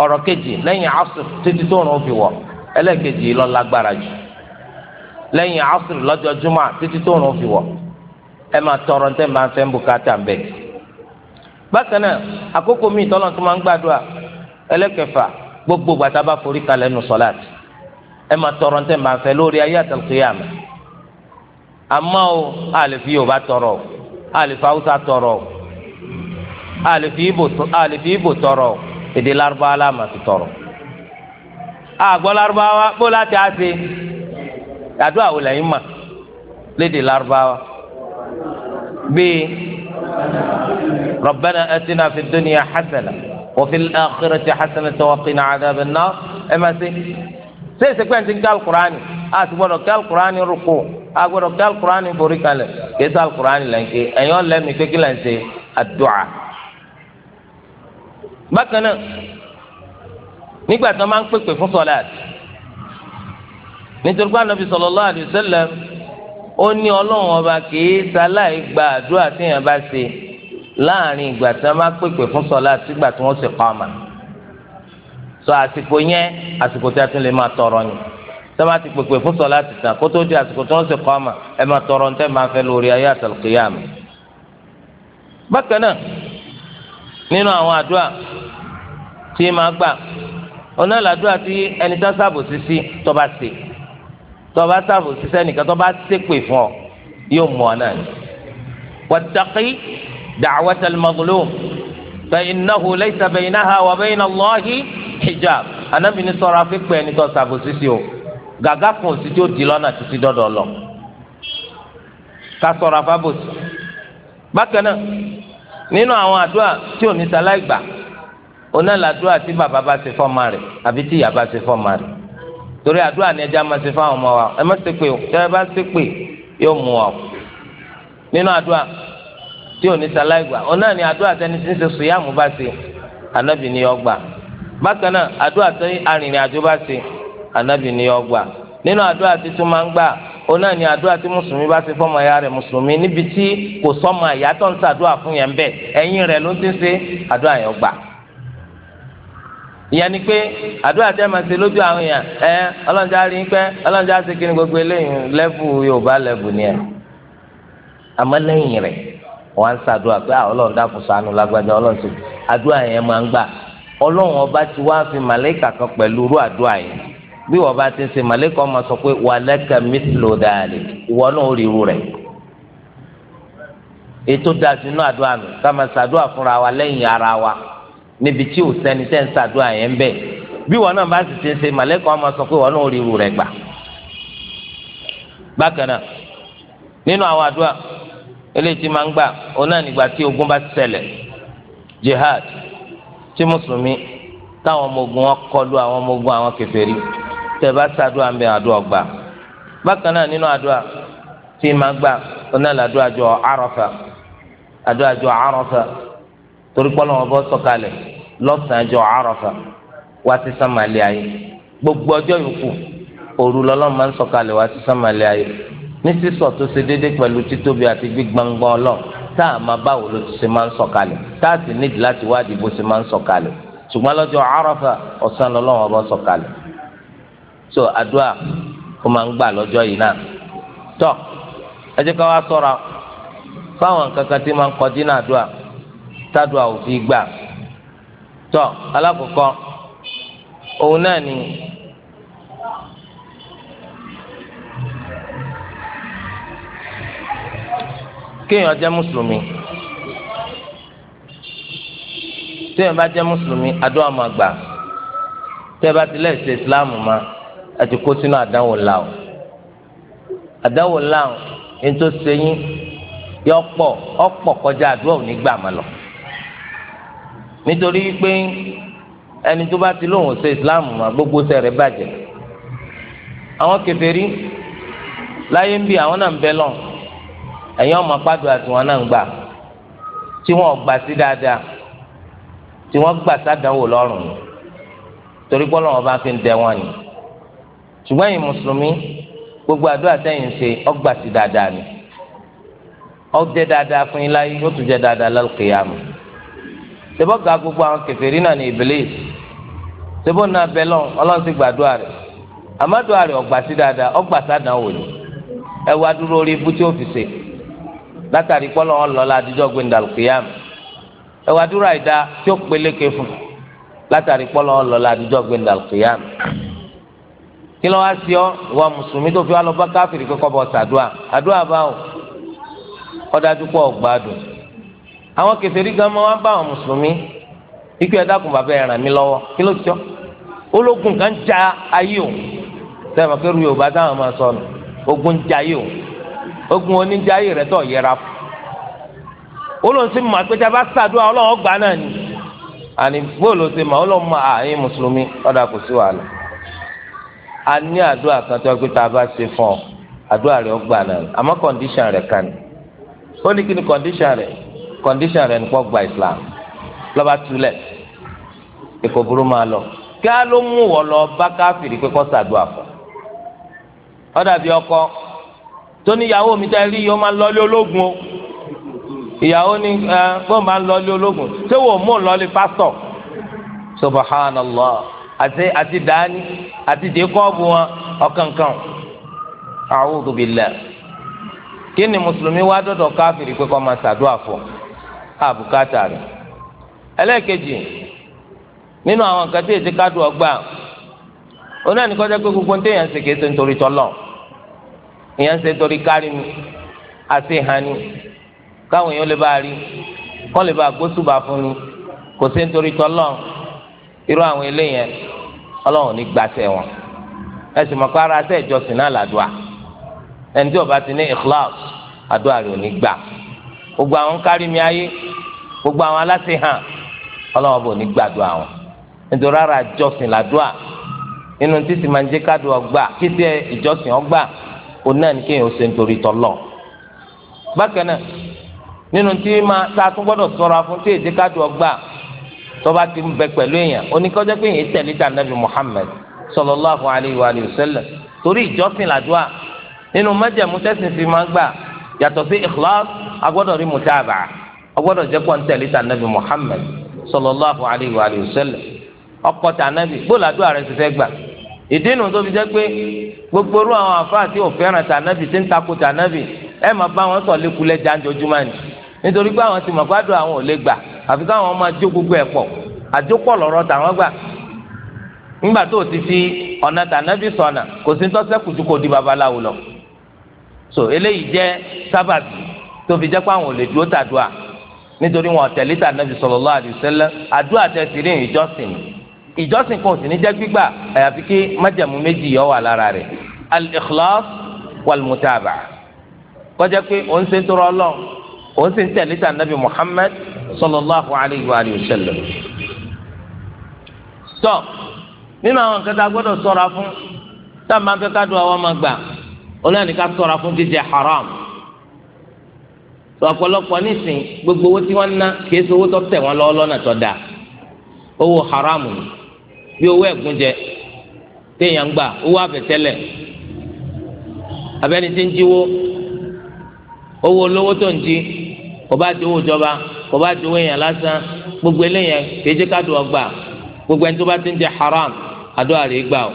ọ̀rọ̀ kejì lẹ́yìn asr títí tó rùn fi wọ̀ ẹlẹ́ẹ̀kejì lọ lágbára jù lẹ́yìn asr lọ́jọ́ jùmọ̀ títí tó rùn fi wọ̀ ẹ máa tọrọ ní tẹ́lẹ̀ máa fẹ́ ń bùkátà ń bẹ̀. bákan náà àkókò míì tọ́lọ́ tó máa ń gbàdúrà ẹlẹ́kẹfà gbogbo gbàtà bá forí kalẹ̀ nù sọ̀láàtì ẹ máa tọrọ ntẹ máa fẹ́ lórí ayé àtàlùkìyàmù àmọ́ o a lè fi Yorùbá tọrọ o a fi Haúsá tọrọ o a lè fi Ìbò tọrọ o èdè Lárúbáwá la mà ti tọrọ àgbọ̀ Lárúbáwá kó láti á se àdó àwọn lẹ́yìn mà lédè Lárúbáwá bíi Rabbana atina fid dunya hasana wa fil akhirati hasana wa qina adhaban nar ẹ máa se. ṣé ìsèpẹ́ǹtì ń ká alukur'ani a ti gbọ́dọ̀ ká alukur'ani rúkú a gbọ́dọ̀ ká alukur'ani borí kalẹ̀ kì í sá alukur'ani lẹ́ǹkì ẹ̀yin ọ̀lẹ́mì pé kí lẹ́ ń ṣe àdúà. bákan náà nígbà tí wọ́n máa ń pèpè fún sọ́láàtì nítorí pé Ànábì sallallahu alaihi wasallam ó ní ọlọ́run ọba kì í sáláì tí èèyàn bá ṣe láàrin ìgbà tí wọ́n máa pèpè fún sọ́láàtì ìgbà tí wọ́n sì pa ọmọ sọ àsìkò yẹn àsìkò tí a tún lè máa tọrọ ni sọ́mà ti pèpè fún sọ̀lá ti tàn kó tó di àsìkò tí wọ́n sì kọ́ ọmọ ẹ máa tọrọ ní tẹ́ máa fẹ́ lórí ayé àtàlùkìyàmù. bákan náà nínú àwọn àdúrà tí máa gbà ọ̀nà làdúrà tí ẹni tó sábò sísí tó bá ṣe tó bá sábò sísẹ́ nìkan tó bá ṣépè fún ọ yóò mú ọ náà ni. wàtàkì da'watal فإنه ليس بينها وبين الله حجاب Ànábì ní ṣọ́ra fi pé ẹni tó ṣàbòsí sí o gàgà kan òsì tí ó di lọ́nà títí dọ́dọ̀ lọ ká ṣọ́ra fábòsí. bákan náà nínú àwọn àdúrà tí ò ní sáláì gbà oná làdúrà tí bàbá bá ṣe fọ́ọ̀mà rẹ̀ àbí tí ìyá bá ṣe fọ́ọ̀mà rẹ̀ torí àdúrà ni ẹja máa ṣe fáwọn ọmọ wa ẹ má ṣe pé o tẹ́ ẹ bá ṣe pé yóò mú wa o nínú àdúrà tí ò ní sáláì gbà ọ náà ni àdúrà tẹni tí ń ṣe sùyàmù bá ṣe ànábì ni yọ gbà bákan náà àdúrà tẹni arìnrìn àjò bá ṣe ànábì ni yọ gbà nínú àdúrà tí tún máa ń gbà ọ náà ni àdúrà tí mùsùlùmí bá ṣe fọmọ ẹ̀yà rẹ̀ mùsùlùmí níbi tí kò sọmọ ẹ̀yà tó ń ṣàdúrà fún yẹn bẹ́ẹ̀ ẹ̀yìn rẹ̀ ló ti ń ṣe àdúrà yẹn gbà ìyẹn ni pé àdúrà tẹ́ máa ṣe lójú àwọn èèyàn ẹ ọlọ́njà ni gbogbo eléyìí ni ẹ wọn á ń ṣàdúrà pé ah, ọlọ́run dákun ṣàánú lágbájá ọlọ́run ti àdúrà yẹn máa ń gbà ọlọ́run ọba ti wá fi màlẹ́kà kan pẹ̀lú irú àdúrà yẹn bí wọ́n bá ti ṣe màlẹ́kà ọmọ sọ pé wàlẹ́kà mítìlò dàlẹ́ ìwọ náà rí irú rẹ̀ ètò dájú inú àdúrà nù ká máa ṣàdúrà fúnra wa lẹ́yìn ara wa níbi tí ò sẹ́ni tẹ́ ń ṣàdúrà yẹn bẹ́ẹ̀ bí wọ́n náà bá ti ṣe màlẹ́kà ọmọ sọ pé wọ́n náà rí irú rẹ̀ gbà bákan náà nínú àwọn àdúrà eléyìí tí máa ń gbà òun náà nígbà tí ogun bá ṣẹlẹ̀ jihad tí mùsùlùmí táwọn ọmọ ogun wọn kọlu àwọn ọmọ ogun àwọn kèfèrí tẹ́ bá ṣàdúrà ń bẹ àdúrà gbà bákan náà nínú àdúrà tí máa gbà òun náà làdúrà jọ àràfà àdúrà jọ àràfà torí pọ́lọ́ wọn bọ́ sọ̀kalẹ̀ lọ́sàn-án jọ àràfà wá sí sàmàlẹ́ ayé gbogbo ọjọ́ yòókù òru lọ́lọ́ máa ń sọ̀kalẹ̀ wá sí sàmàlẹ́ ayé ní sísọ tó ṣe déédéé pẹ̀lú títóbi àti gbígbàngbọ́n ọlọ́ tá a máa báwo ló ti ṣe máa ń sọ̀kalẹ̀ tá a sì nídìí láti wádìí bó ṣe máa ń sọ̀kalẹ̀ ṣùgbọ́n lọ́jọ́ Àrafà ọ̀sán lọ́lọ́wọ́ bá sọ̀kalẹ̀ so àdúrà kó máa ń gbà lọ́jọ́ yìí náà tọ́ ẹ jẹ́ ká wá sọ̀ra fáwọn nǹkan kan tí máa ń kọjú náà àdúrà tádùá ò fi gbà tọ́ alákọ̀ọ́kọ́ òun náà ni kéèyàn jẹ́ mùsùlùmí téèyàn bá jẹ́ mùsùlùmí adó àmọ́ gbà tẹ́ẹ̀ bá tilẹ̀ ṣe islam ma àti kó sínú àdánwò ńlá o àdánwò ńlá o ní tó ṣe yín yọ pọ̀ ọ̀pọ̀ kọjá àdúrà ò ní gbà má lọ nítorí pé ẹni tó bá ti lóun ṣe islam ma gbogbo sẹ̀rẹ̀ bàjẹ́ àwọn kèfèrí láyé ń bí àwọn náà ń bẹ lọ́n ẹ̀yin ọmọ pàdùn àtiwọn náà ń gbà tí wọ́n gbà sí dáadáa tí wọ́n gbà sádánwò lọ́rùn ni torí gbọ́dọ̀ wọn bá fi ń dẹ wọn ni ṣùgbọ́n ẹ̀yin mùsùlùmí gbogbo àdúrà tẹ̀yìn ṣe ọgbà sí dáadáa ni ó dáadáa fún yín láyé yóò tún jẹ́ dáadáa lálùkìyàmù ṣebọ́ ga gbogbo àwọn kèfèrí náà ní Iblis ṣebọ́ náà bẹ́ẹ̀ lọ́n ọlọ́run sì gbàdúrà rẹ̀ àmọ́ àdúrà rẹ̀ ọgbà sí dáadáa ọgbà sádánwò ni ẹ wá dúró orí ibú tí ó fi ṣe látàrí pọ́lọ́ ọlọ́lá àdìjọ́ gbẹndàlùkìyàm ẹwà dúró ìdá tí ó peléke fún látàrí pọ́lọ́ ọlọ́lá àdìjọ́ gbẹndàlùkìyàm kí ló wá sí ọ ìwà mùsùlùmí tó fi wá lọ bá káfíìrì pé kọ́ bọ̀ ṣàdúà àdúà báwò ọ̀dájú pọ̀ gbádùn àwọn kẹsìrì gan máa ń bá àwọn mùsùlùmí ikú ẹ dákun bàbá ẹ ràn mí lọ́wọ́ kí ló sọ ológun kan já ayé o sẹ́wọ̀n kẹ́rù yorùbá táwọn máa sọ nù ogun oníjà ayé rẹ tó yẹra fún olóòsì mọ àpéjà bá sàdúrà ọlọ́run ọgbà náà ni àní bóòlù ti mọ ọlọ́run mọ àyín mùsùlùmí ọ̀dà kò sí wàhálà a ní àdúrà kan tó ẹgbẹ́ tá a bá ṣe fún ọ àdúrà rẹ ọgbà náà àmọ́ kọ́ndíṣàn rẹ kan ni ó ní kí ni kọ́ndíṣàn rẹ kọ́ndíṣàn rẹ nìkan gba Islam lọ́ba túlẹ̀ èkó burú máa lọ kí á ló mú wọ lọ bá káfíìrì pé kọ́ sàdúrà fún ọ dàbí ọkọ tó ní ìyàwó mi tẹ́ rí yìí ó máa ń lọlé ológun o ìyàwó ni ẹ bọ́ọ̀ máa ń lọlé ológun ṣé wò mú un lọlé pásítọ̀ subhanallah àti àti dání àti dèkọ́ọ̀bù wọn ọ̀kankan a'udhu billah kí ni mùsùlùmí wá dọ̀dọ̀ káfíìrì pé kọ́ máa ṣàdúrà fún àbùkátà rẹ̀ ẹlẹ́ẹ̀kejì nínú àwọn nǹkan tí èsì kádùn ọgbà onáà ní kọjá pé gbogbo ń téèyàn ṣèké ṣe nítorí tọ́lọ́ọ̀ ìyẹn ń ṣe torí kárí mi àti ìhànì káwọn èèyàn lè bá rí kọ́ lè bá gbósùbà fún mi kò sí nítorí tọ́lọ́ irú àwọn eléyẹn ọlọ́run ní gbàtẹ́ wọn ẹsìn mọ̀kọ́ ara tẹ́ ìjọsìn náà làdùà ẹni tí ó bá ti ní ikhlas àdúrà rẹ̀ ò ní gbà gbogbo àwọn kárí mi ayé gbogbo àwọn aláṣẹ hàn ọlọ́run bò ní gbàdúrà wọn nítorí ara ìjọsìn làdùà nínú títí máa ń jẹ́ kádùn ọgbà kí ìjọsìn ọgbà òun náà ní kéèyàn ó ṣe nítorí tọlọ bákan náà nínú tí máa tá a tún gbọ́dọ̀ ṣọ́ra fún tí èdè kájọ gbà tọba ti ń bẹ pẹ̀lú èèyàn oníkọjọ pé èèyàn tẹ̀lé ta nabi Muhammad sallallahu alayhi wa sallam torí ìjọsìn làdúrà nínú májẹ̀mú tẹsán fi máa gbà yàtọ̀ sí ikhlas agbọ́dọ̀ rí mutaba agbọ́dọ̀ jẹ́ kó ń tẹ̀lé ta nabi Muhammad sallallahu alayhi wa sallam ọkọ ta nabi gbọ́dọ̀ àdúrà rẹ ti fẹ́ gbà ìdí nu tó fi jẹ́ pé gbogbo orú àwọn àfáà tí ò fẹ́ràn tànàbì tí ń takò tànàbì ẹ máa bá wọn sọ lékulẹ̀ jáńjọ́júmọ́ ni nítorí pé àwọn ti mọ̀ gbádùn àwọn ò lè gbà àfi káwọn máa jó gbogbo ẹ̀ pọ̀ àjókọ̀ lọ́rọ̀ tàwọn gbà ńgbà tó ti fi ọ̀nà tànàbì sọ̀nà kò sí tọ́sẹ̀ kùtù kò di babaláwo lọ so eléyìí jẹ́ sábàbí tó fi jẹ́ pé àwọn ò lè dúró tàdúà nítorí wọn ọ̀tẹ̀lẹ́tà nàbì sallallahu ìjọsìn kan ò sì ní jẹ́ gbígbà àyàfi kí májẹ̀mú méjì yọ wà lára rẹ̀ al-ikhlas wal-mutaba'ah kọjá pé òun ṣe ń tọrọ ọlọ́run òun sì ń tẹ̀lé tà nàbì Muhammad sallallahu alayhi wa sallam. tọ́ nínú àwọn nǹkan tá a gbọ́dọ̀ sọ̀ra fún tá a máa fẹ́ ká àwọn ọmọ gbà olóyè ní ká sọ̀ra fún jíjẹ haram ọ̀pọ̀lọpọ̀ nísìn gbogbo owó tí wọ́n ná kìí ṣe owó tó tẹ̀ wọ́n lọ́wọ́ lọ́nà tó dáa owó haram ni bí owó ẹ̀gúnjẹ téèyàn ń gbà owó àbẹ̀tẹ́lẹ̀ abẹ́ni tí ń jíwó owó olówó tó ń jí kò bá di owó jọba kò bá di owó èèyàn lásán gbogbo eléyẹn kì í ọgbà gbogbo ẹni tó bá ti ń jẹ haram àdúrà gbà o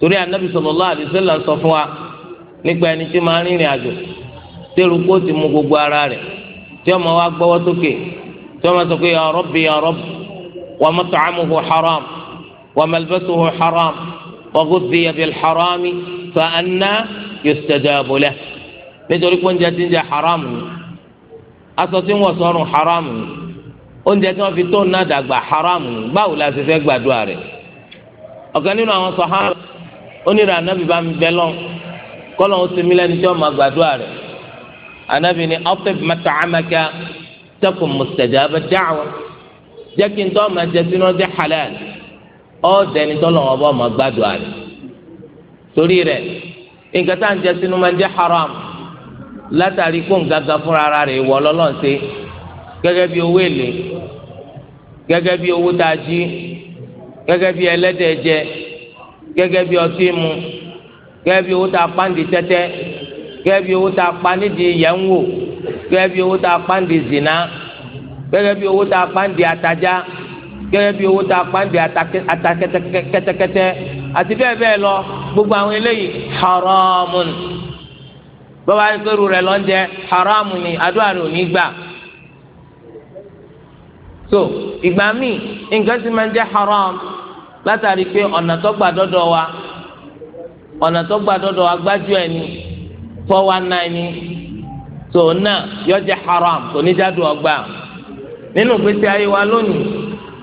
torí anabi salallu alaihi wasallam sọ fún wa nípa ẹni tí máa ń rìnrìn àjò kó ti mu gbogbo ara rẹ̀ tí ọmọ wa gbọ́wọ́ tí ọmọ sọ pé ya Rabbi ya ومطعمه حرام وملبسه حرام وغذي بالحرام فأنا يستجاب له nítorí pé oúnjẹ tí ń jẹ haram ni aṣọ tí ń wọ̀ sọ́rùn haram ni oúnjẹ tí wọ́n fi tó náà dàgbà haram ni báwo la ṣe fẹ́ gbàdúrà rẹ̀ ọ̀kan nínú àwọn sàhábà onírà anábì bá mi bẹ́ lọ́n kọ́lọ̀ ó ti mí lẹ́ni tí wọ́n máa gbàdúrà rẹ̀ anábì ni atib mat'amaka takun mustajaba da'wa jẹ́ kí n tọ́ ọmọ jẹ sínú ọjọ́ halal ọ̀ọ́dẹni tọ́lọ̀ wọn bá ọmọ gbádùn àrẹ torí rẹ̀ nǹkan tá à ń jẹ sínú máa jẹ́ haram látàrí kó nǹkankan fúnra ara rẹ̀ wọ lọ́lọ́n ṣe gẹ́gẹ́ bí owó èlé gẹ́gẹ́ bí owó tá a jí gẹ́gẹ́ bí ẹlẹ́dẹ̀ jẹ gẹ́gẹ́ bí ọtí mu gẹ́gẹ́ bí owó tá a pa ń di tẹ́tẹ́ gẹ́gẹ́ bí owó tá a pa nídìí yẹn wò gẹ́gẹ́ bí owó tá a pa ń di zina gẹ́gẹ́ bí owó tá a pa ń di atajà gẹ́gẹ́ bí owó tá a pa ń di ata kẹ́tẹ́kẹ́tẹ́ àti bẹ́ẹ̀ bẹ́ẹ̀ lọ gbogbo àwọn eléyìí haramun bọ́ba akérò rẹ̀ lọ́n jẹ́ haramu ni àdúrà rẹ̀ ní gbà so ìgbà míì nǹkan sì máa ń jẹ́ haram látàrí pé ọ̀nà tó gbà dọ́dọ̀ wa ọ̀nà tó gbà dọ́dọ̀ wa gbájú ẹ̀ ni four one nine ni so náà yọ jẹ́ haram kò ní jádùn ọgbà. So, nínú ìgbésí ayé wa lónìí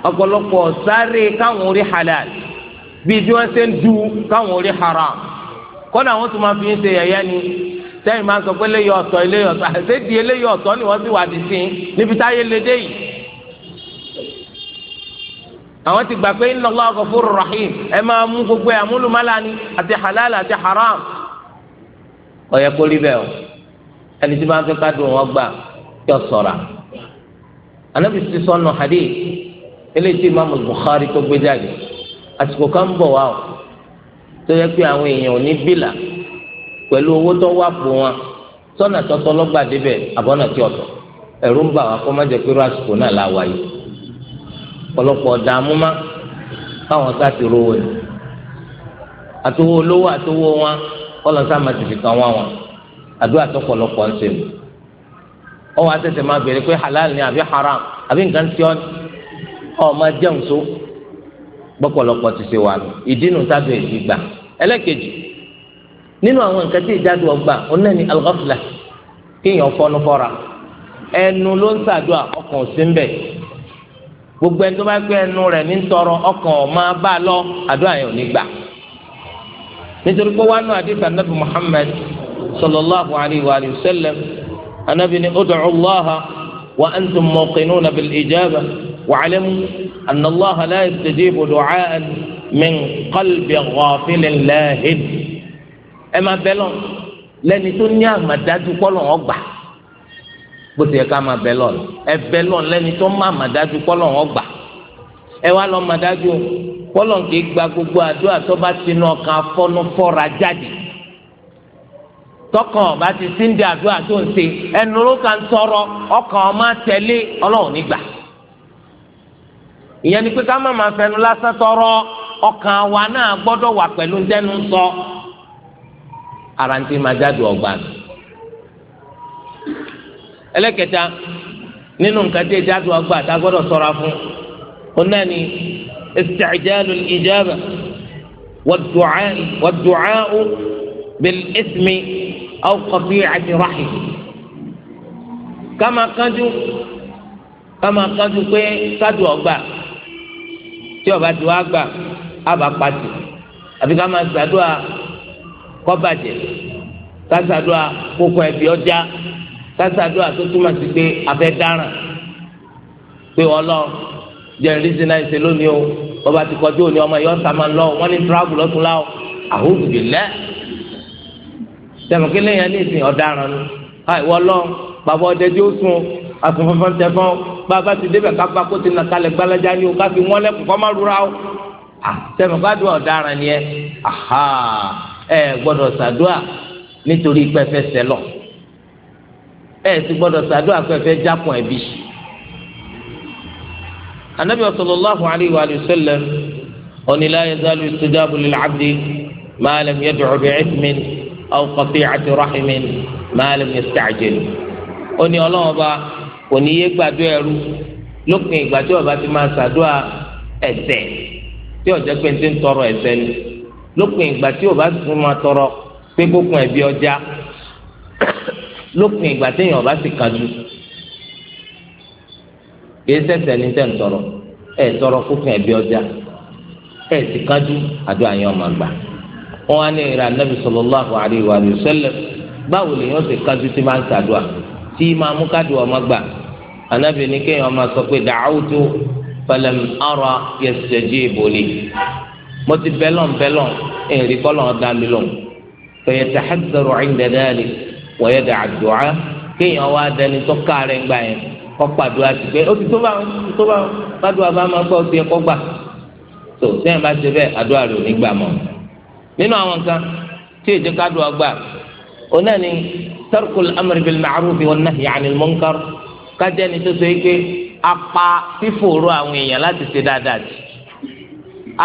ọ̀pọ̀lọpọ̀ sáré káwọn orí halal bíi bí wọ́n ṣe ń du káwọn orí haram kọ́dà wọ́n tún máa fi ń ṣe yẹ̀yẹ́ ni sẹ́yìn máa sọ pé eléyìí ọ̀tọ̀ eléyìí ọ̀tọ̀ àṣẹ́dì eléyìí ọ̀tọ̀ ni wọ́n sì wà dì sí níbi táyé lédè yìí. àwọn ti gbà pé inna Allahu ghafurur rahim ẹ máa mú gbogbo ẹ àmúlùmálà àti halal àti haram. ọ̀yẹ́ kórìí ẹni tí máa ń fẹ́ ká dùn wọ́n gbà kí sọ̀rọ̀ anabi ti sọnù hadi eléyìí imaamu bukhari tó gbé jáde àsìkò kan bọ̀ wá o tó yẹ pé àwọn èèyàn ò ní bìlà pẹ̀lú owó tó wà pò wọn sọ́nà tọ́tọ́ lọ́gbà débẹ̀ àbọ̀nà tí ọ̀tọ̀ ẹ̀rú ń bà wá kó má jẹ́ pé irú àsìkò náà la wáyé ọ̀pọ̀lọpọ̀ dààmú má káwọn sá ti rówó ni àtòwó olówó àtòwó wọn kọ́lọ́sá ma ti fi kan wá wọn àdúrà tó pọ̀lọpọ̀ ń sèlú ọ wá tẹsẹ̀ máa béèrè pé halal ni àbí haram àbí nǹkan tí ọ ọ máa jẹun so gbọ́pọ̀lọpọ̀ ti ṣe wà lọ ìdínú tábìlì èyí gbà ẹlẹ́kejì nínú àwọn nǹkan tí ìjádù ọgbà ọ̀nà ni al-ghafla kéèyàn fọnú fọ́ra ẹnu ló ń ṣàdúà ọkàn sí ń bẹ gbogbo ẹni tó bá gbé ẹnu rẹ̀ ní tọrọ ọkàn máa bá a lọ àdúrà yẹn ò ní gbà nítorí pé wánú àdìsá nàbì Muhammad sallallahu alayhi wa sallam anabi ni ud'u allaha wa antum muqinuna bil ijaba wa'lamu anna allaha la yastajibu du'aan min qalbi ghafilin lahin ẹ máa bẹ lọ lẹni tó ní àmàdájú kọlọ wọn gbà bó ti yẹ ká máa bẹ lọ ẹ bẹ lọ lẹni tó má àmàdájú kọlọ wọn gbà ẹ wá lọ àmàdájú kọlọ kì í gba gbogbo àdúrà tó bá tinú ọkàn afọnufọra jáde. tọkàn ọba ti sí àdúrà tó ń ṣe ẹnu ló kà ń ọkàn ọmọ tẹ̀lé Ọlọ́run nígbà ìyẹn ni pé ká má fẹnu lásán ọkàn wa náà gbọdọ wà pẹ̀lú dẹnu sọ ara ń tí máa jáde ọgbà ẹlẹ́kẹta nínú nǹkan jáde ọgbà tá a ijaba aw qati'ati rahim kama kanju kama kanju pé kadu ọgbà tí ọba tó àgbà àbá pàtì àbí kama gbàdúrà kọbàjẹ kásádùá kókó ẹbí ọjà kásádùá tó túmọ̀ sí pé abẹ́ dáràn pé ọlọ jẹrìí sí náà ṣe lónìí o bàbá ti kọjú òní ọmọ yọ sàmà lọ wọn ní tíráàbù lọtún láwọn àhóògùn lẹ sẹ́mi kí lẹ́yìn alẹ́ ìsìn ọ̀daràn ni àìwọ́ lọ bàbá ọdẹ tí ó sun àtúnfọ́fọ́n tẹ̀fọ́n bàbá ti débẹ̀ kápá kó ti nàkalẹ̀ gbalaja ni o ká fi wọ́n lẹ́kùn kọ́ má rúra o sẹ́mi kó àdúrà ọ̀daràn ni ẹ ẹ gbọ́dọ̀ ṣàdúà nítorí pẹ́fẹ́ sẹ́lọ̀ ẹ ti gbọ́dọ̀ ṣàdúà pẹ́fẹ́ jápọ̀ ẹ̀bí. anabi sallallahu alayhi wa sallam ó ní la yazalu yustajabu lil abdi ma lam yad'u aw qati'ati rahimin ma lam yasta'jil ó ní ọlọ́wọ́n bá kò ní yé gbàdúrà ẹrú lópin ìgbà tí ọba ti máa ṣàdúrà ẹ̀ṣẹ̀ tí ọjọ́ pé ti ń tọrọ ẹ̀ṣẹ̀ ni lópin ìgbà tí ọba ti máa tọrọ pé kókun ẹ̀bi ọjà lópin ìgbà tí èèyàn ọba ti kàdú kìí ṣẹ̀ṣẹ̀ ní tẹ̀ ń tọrọ ẹ̀ tọrọ kókun ẹ̀bi ọjà ẹ̀ ti kàdú àdúrà yẹn ọmọ gbà wọn á ní ìrẹ anabi sallallahu alayhi wa sallam báwo lèèyàn ṣe kájú tí máa ń ṣàdúà tí máa mú kádùá ọmọ gbà anabi ní kéèyàn máa sọ pé da'awtu falam ara yastajibu li mo ti bẹlọ̀n bẹlọ̀n èrè kọ́lọ̀ dá mi lọ fayatahadharu 'inda dhalik wa yada'u ad-du'a kéèyàn wá dẹni tó káàárẹ̀ gbà yẹn kọ́ pàdúrà ti pé ó tó bá tó bá wọn bá máa gbọ́ ọ ti ẹ̀kọ́ gbà tó sẹ́yìn bá ti bẹ́ẹ̀ àdúrà rẹ̀ ò nínú àwọn nǹkan tí èjì ká dùn àgbà ọ̀nà ni tarkul amr bil ma'ruf wan nahy 'anil munkar kájẹ́ ni tó so yìí pé apá fífòrò àwọn èèyàn láti ṣe dáadáa jì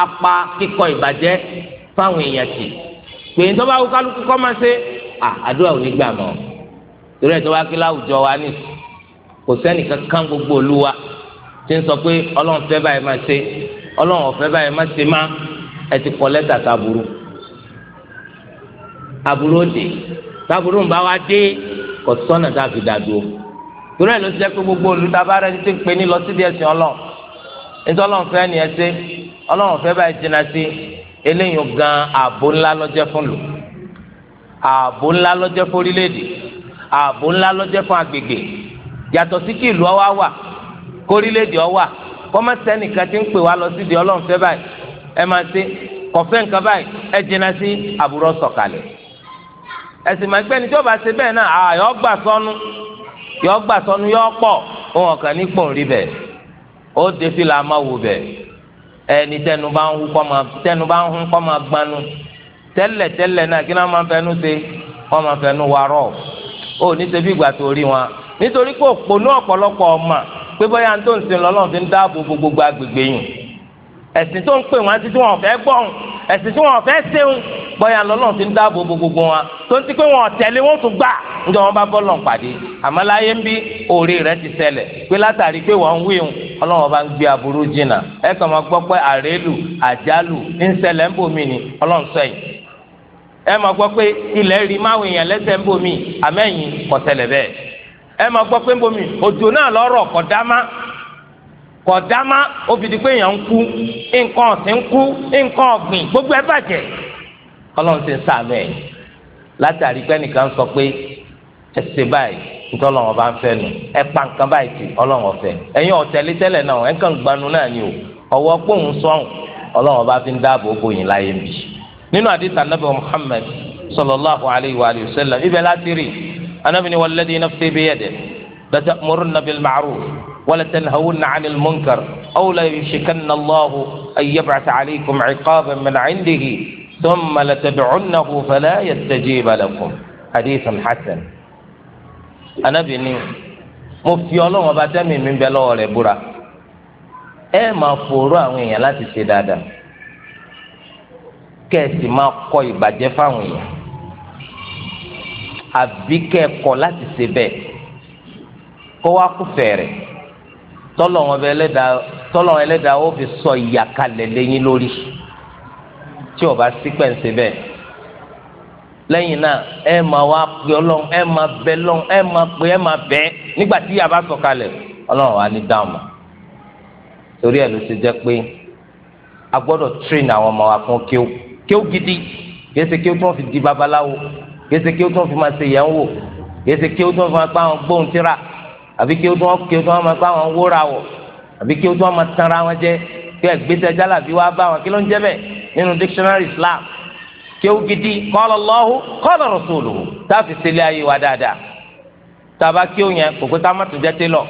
apá kíkọ ìbàjẹ́ fáwọn èèyàn jì pé ní tó bá wù kálukú kọ́ máa ṣe àdúrà ò ní gbà mọ́ torí tó bá kí láwùjọ wa ní kò sẹ́nì kankan gbogbo olúwa ti ń sọ pé ọlọ́run fẹ́ báyìí máa ṣe ọlọ́run ọ̀fẹ́ báyìí máa ṣe má ẹ ti kọ́ lẹ́tà tá a burú aburú òde táburú ń bá wa dé kò sọ́nà tá a fi dà dúró torí ẹ̀ ló ti jẹ́ pé gbogbo olùdábàárẹ̀ ti ń pè ní lọ sí díẹ̀ sí ọlọ́run nítorí ọlọ́run fẹ́ ni ẹ ṣe ọlọ́run fẹ́ báyìí jìnnà sí eléyìí gan ààbò ńlá lọ́jẹ́ fún lò ààbò ńlá lọ́jẹ́ fún orílẹ̀ ààbò ńlá lọ́jẹ́ fún agbègbè yàtọ̀ sí kí ìlú ọwá wà kórílẹ̀-èdè ọwà kọ́mọ́sẹ́nìkan ti ń pè wá lọ sí di ọlọ́run fẹ́ báyìí ẹ máa ṣe kọ̀fẹ́ nǹkan báyìí ẹ jìnnà sí àbúrò sọ̀kalẹ̀ ẹ̀sìn máa gbẹ́ni tí ó bá ṣe bẹ́ẹ̀ náà à yọ gbà sọnù yọ gbà sọnù yọ pọ̀ òun ọ̀kan ní pọ̀ rí bẹ́ẹ̀ ó dé fìlà máa wù bẹ́ẹ̀ ẹni tẹnu bá ń hu kọ́ máa tẹnu bá ń hu kọ́ máa gbanu tẹ́lẹ̀ tẹ́lẹ̀ náà kí náà máa fẹnu ṣe wọ́n máa fẹnu wa rọ̀ ó ní ṣe bí ìgbà tó rí wọn nítorí pé òpònú ọ̀pọ̀lọpọ̀ ọmọ pé bóyá tó ń sin lọ́lọ́run fi ń dáàbò gbogbo agbègbè yìí ẹ̀sìn tó ń pè wọ́n títí wọn ò fẹ́ gbọ́n ẹ̀sìn tí wọn fẹ́ ṣeun bọ́yá lọ́lọ́run ti ń dáàbò bo gbogbo wọn tó ń ti pé wọn tẹ̀lé wọn tún gbà ńjọ wọn bá bọ́lọ̀ pàdé àmọ́ láyé ń bí òòrè rẹ ti ṣẹlẹ̀ pé látàrí pé wọn ń wíhun ọlọ́run bá ń gbé aburú jìnnà ẹ kàn máa pé àrélù àjálù ń ń bòmí ni sọ yìí ẹ máa pé ilẹ̀ rí èèyàn lẹ́sẹ̀ ń bòmí àmẹ́yìn bẹ́ẹ̀ ẹ kọ̀dámá obìnrin pé èèyàn ń kú nǹkan ọ̀sìn ń kú nǹkan ọ̀gbìn gbogbo ẹ̀ bàjẹ́ ọlọ́run ti ń sàánú ẹ̀ látàrí pé ẹnìkan sọ pé ẹ ṣe báyìí nítorí ọlọ́run ọba ń fẹ́ nu ẹ pa nǹkan báyìí tì ọlọ́run ọ̀fẹ́ ẹ̀yin ọ̀tẹ̀lẹ̀ tẹ́lẹ̀ náà ẹ̀ kàn gbanu náà ni o ọwọ́ pòun sọ̀hún ọlọ́run ọba fi ń dáàbò bò yín láyé mi nínú àdìsá anábì Muhammad sallallahu alayhi wa sallam ibẹ̀ láti rí anábì ni walladhi nafsi biyadihi la ta'murunna bil ma'ruf ولا تنهون عن المنكر أو لا يشكن الله أن يبعث عليكم عقابا من عنده ثم لتدعنه فلا يستجيب لكم حديث حسن أنا بني mo fi ọlọ́wọ́n bá tẹ́mi mi bẹ lọ́wọ́ rẹ̀ búra ẹ máa fòrò àwọn èèyàn láti ṣe dáadáa kẹ́ ẹ sì máa kọ ìbàjẹ́ fáwọn èèyàn àbí kẹ́ ẹ kọ̀ láti ṣe bẹ́ẹ̀ kó wá kú fẹ̀rẹ̀ tọ́lọ̀ wọn bẹ ẹlẹ́dàá tọ́lọ̀ wọn ẹlẹ́dàá ó fi sọ ìyàkalẹ̀ lẹ́yìn lórí tí o bá sí pẹ̀nsẹ̀ bẹ́ẹ̀ lẹ́yìn náà ẹ máa wá pé ọlọ́run ẹ máa bẹ lọ́run ẹ máa pé ẹ máa bẹ́ nígbà tí yàrá sọ̀kalẹ̀ ọlọ́run wa ní dáhùn torí ẹ̀ ló ṣe jẹ́ pé a gbọ́dọ̀ train àwọn ọmọ wa fún kéw kéw gidi kése kéw tí wọ́n fi di babaláwo kése kéw tí wọ́n fi máa ṣe yẹn wò kése kéw tí wọ́n fi máa gbá wọn tíra àbí kí ó tún kí ó tún wọn máa bá wọn wóra wọ àbí kí ó tún wọn máa tanra wọn jẹ kí ẹgbẹ́sẹ̀ jálàbí wá bá wọn kí ló ń jẹ́ bẹ́ẹ̀ nínú dictionary Islam kí ó gidi qala Allahu qala rasuluhu táàfin sílé ayé wa dáadáa tàbá kí ó yẹn kò pé ká má tún jẹ́ télọ̀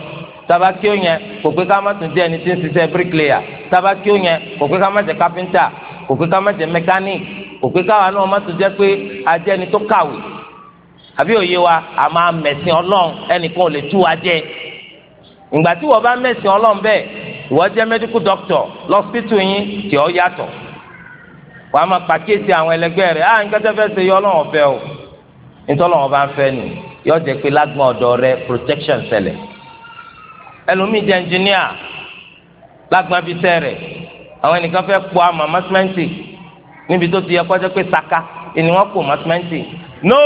tàbá kí ó yẹn kò pé ká má tún jẹ́ ẹni tí ń ṣiṣẹ́ bricklayer tàbá kí ó yẹn kò pé ká má jẹ́ carpenter kò pé ká má jẹ́ mechanic kò pé káwa náà má tún jẹ́ pé ajẹ́ni tó kàwé àbí òye wa a máa mẹ̀sìn ọlọ́run ẹnìkan ò lè tú wa jẹ ìgbà tí wọ́n bá mẹ̀sìn ọlọ́run bẹ́ẹ̀ ìwọ jẹ́ medical doctor lọ́sítù yín tí ó yàtọ̀ wàá máa pàkíyèsí àwọn ẹlẹgbẹ́ rẹ̀ ah nǹkan tẹ́ fẹ́ ṣe yọ ọlọ́run ọ̀fẹ́ o nítorọ̀wọ́n bá ń fẹ́ nì yọ jẹ́ pé lágbọ́n ọ̀dọ̀ rẹ protection ṣẹlẹ̀ ẹlòmíì jẹ́ engineer lágbọ́n abisẹ́ rẹ̀ àwọn ẹnìkan fẹ́ pọ̀ àmọ́ mathematics níbi tó ti yẹ kó pé saka ni wọ́n pọ̀ no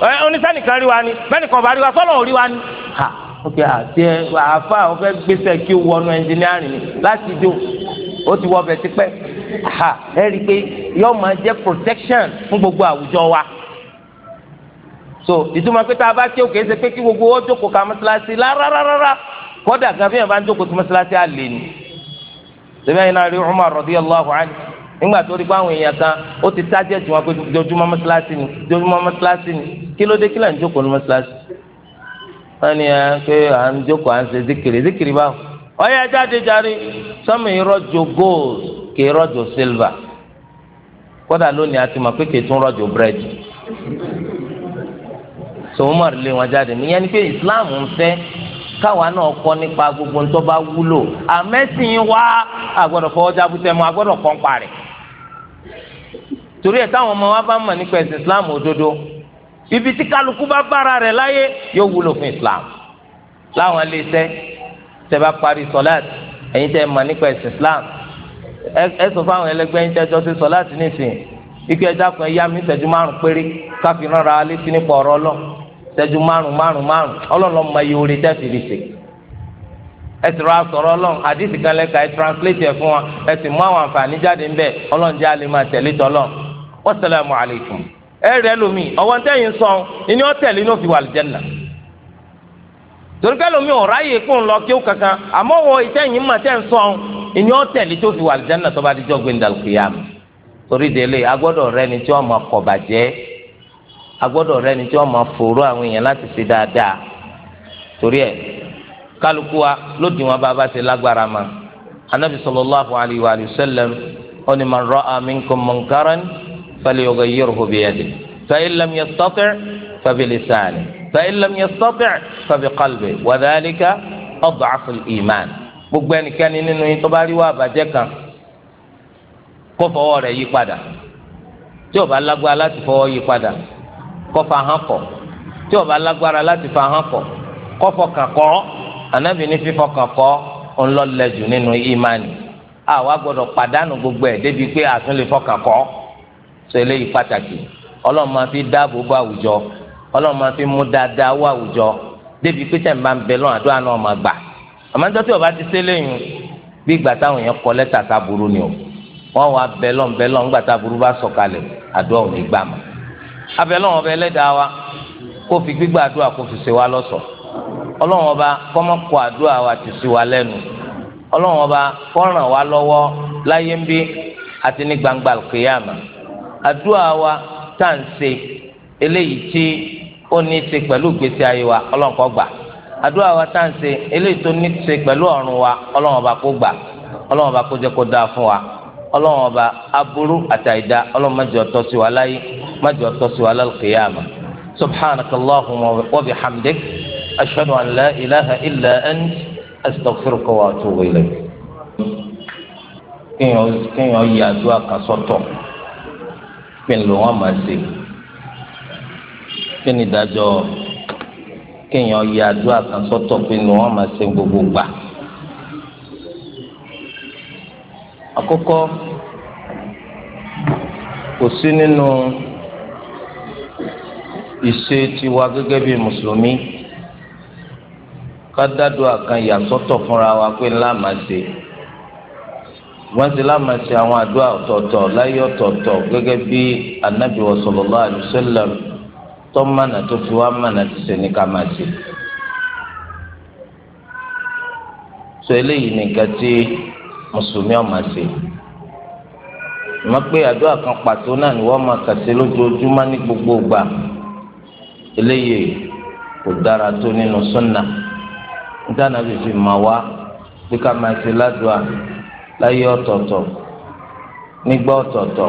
ẹ onísẹ́nìkan rí wa ni bẹ́ẹ̀nìkan bá rí wa sọ́nà ò rí wa ni. ha ok àti ẹ àáfà wọn fẹ́ gbèsè kí o wọnú ẹnjìnírìn ni láti dùn ó ti wọ ọbẹ̀ tipẹ́ ha ẹ rí i pé yóò máa jẹ́ protection fún gbogbo àwùjọ wa so ìtumọ̀ pé tá a bá kí o kìí ṣe pé kí gbogbo ó jókòó ka mọ́ṣáláṣí rárárárá kọ́dà gan fi hàn bá ń jókòó tó mọ́ṣáláṣí àlè ni. sẹ́fẹ̀ẹ́ yìí náà rí Umar radiyallahu anhu nígbà tó rí pé àwọn èèyàn kan ó ti tájẹ́ tí wọ́n pé dojúmọ́ mọ́sálásí ni dojúmọ́ mọ́sálásí ni kí ló dé kí là ń jókòó ní mọ́sálásí. wọ́n ní ẹ pé à ń jókòó à ń ṣe zikiri zikiri báwo. ọyọ ẹja ti jarí sọmi ìrọjò gold kì í rọjò silver kódà lónìí a ti mọ̀ pé kì í tún rọjò búrẹ́dì sòwòmọ̀rì lé wọn jáde nìyẹn ni pé Islam ń fẹ́ káwa náà kọ́ nípa gbogbo ń tó bá wúlò àmẹ́sìn wa àgbọ̀dọ̀ fọwọ́ jábútẹ́ mu àgbọ̀dọ̀ kọ́ ń parẹ́ torí ẹ̀ táwọn ọmọ wa bá mọ̀ nípa ẹ̀sìn islam òdodo ibi tí kálukú bá bára rẹ̀ láyé yóò wúlò fún islam láwọn iléeṣẹ́ tẹ́ bá parí sọláàt ẹ̀yin tẹ́ mọ̀ nípa ẹ̀sìn islam ẹ sọ fáwọn ẹlẹgbẹ́ ẹ̀yin tẹ́ jọ sí sọláàt nísìnyí ikú ẹja kan ẹyá mi ṣẹ́jú márùn péré káfí rárá létí nípa ọ̀rọ̀ ọlọ́ ṣẹ́jú márùn márùn márùn ọlọ́ọ̀lọ́ mọ iye orí tẹ́ fi lè ẹ ti ra sọ̀rọ̀ ọlọ́run àdìsí kan lẹ́ka ẹ translate ẹ̀ fún wa ẹ sì mú àwọn àǹfààní jáde ńbẹ ọlọ́run jẹ́ àlè máa tẹ̀lé tọ́lọ́run wasalaamu alaykum ẹ rẹ lomi ọwọ́ ntẹ́yìn sọ ìní ọ̀tẹ̀lẹ̀ ní òfin alijanna. lìjẹ́nà lomi ọ̀rá yìí ń lọ kí ó kankan àmọ́ wọ ìtẹ́yìn mà tẹ́ ń sọ ìní ọ̀tẹ̀lẹ̀ tó fi wà lìjẹ́nà ni tí ni tí fòrò àwọn èèyàn láti dáadáa torí kálukú wa wọn bá bá ma anabi alayhi wa فليغيره بيده فإن لم يستطع فبلسانه فإن لم يستطع فبقلبه وذلك أضعف الإيمان gbogbo ẹnikẹ́ni nínú yín tó bá rí wá àbàjẹ́ kan kó fọwọ́ rẹ̀ yí padà tí ó bá lágbára láti fọwọ́ yí padà kó fa hàn kọ̀ tí ó bá lágbára láti fa hàn kọ̀ kó fọkàn kọ̀ ànábì ní fífọkàn kọ̀ ńlọ́lẹ̀ jù nínú ìmánì àwa gbọ́dọ̀ pàdánù gbogbo ẹ̀ débi pé àtúnlẹ̀ fọkàn kọ̀ ọ́ sọ eléyìí pàtàkì ọlọ́run máa fi dáàbò bá àwùjọ ọlọ́run máa fi mú dáadáa wá àwùjọ débi pé tẹ̀ ń bá ń bẹ lọ́run àdúrà náà máa gbà àmọ́ nítorí ọba ti sẹ́lẹ̀yìn bí ìgbà táwọn èèyàn kọ lẹ́tà sábúrú ni o wọ́n wá bẹ lọ́n bẹ lọ́n gbà sábúrú bá sọ̀kalẹ̀ àdúrà ò ní gbà mọ́ abẹ́lọ́run ọba ẹlẹ́dàá wa kó fi gbígbà àdúrà kó fi ṣe wá lọ́ṣọ̀ọ́ ọlọ́run ọba kọ́mọ́ wa ti sí ọba kó àdúrà wa tá à ń ṣe eléyìí tí ó ní í ṣe pẹ̀lú ìgbésí ayé wa ọlọ́run kó gbà àdúrà wa tá à ń ṣe eléyìí tó ní í ṣe pẹ̀lú ọ̀run wa ọlọ́run ọba kó gbà ọlọ́run ọba kó jẹ́ kó dáa fún wa ọlọ́run ọba aburú àtàìdá ọlọ́run má jẹ́ ó sí wa láyé má jẹ́ ó sí wa lálùkìyàmà subhanaka wa bihamdik kí ni wọn máa ṣe kí ni ìdájọ́ kéèyàn yẹ àdúrà kan sọ́tọ̀ kí ni wọn máa ṣe gbogbo gbà. àkọ́kọ́ kò sí nínú ìṣe tiwa gẹ́gẹ́ bíi mùsùlùmí ká dá àdúrà kan yà sọ́tọ̀ fúnra wa pé ńlá máa ṣe wọ́n ti láma ṣe àwọn àdúrà ọ̀tọ̀ọ̀tọ̀ láyé ọ̀tọ̀ọ̀tọ̀ gẹ́gẹ́ bí anabi wa sallallahu alaihi wasallam tọ́mánà tó fi wá mánà ti ṣe ní ká máa ṣe. sọ eléyìí nìkan tí mùsùlùmí ọ̀ máa ṣe. mọ̀ pé àdúrà kan pàtó náà ni wọ́n máa kà sí lójoojúmọ́ ní gbogbo gbà eléyìí kò dára tó nínú súnà nítorí ànábì fi máa wá pé ká máa ṣe ládùúgbà láyé ọ̀tọ̀ọ̀tọ̀ nígbà ọ̀tọ̀ọ̀tọ̀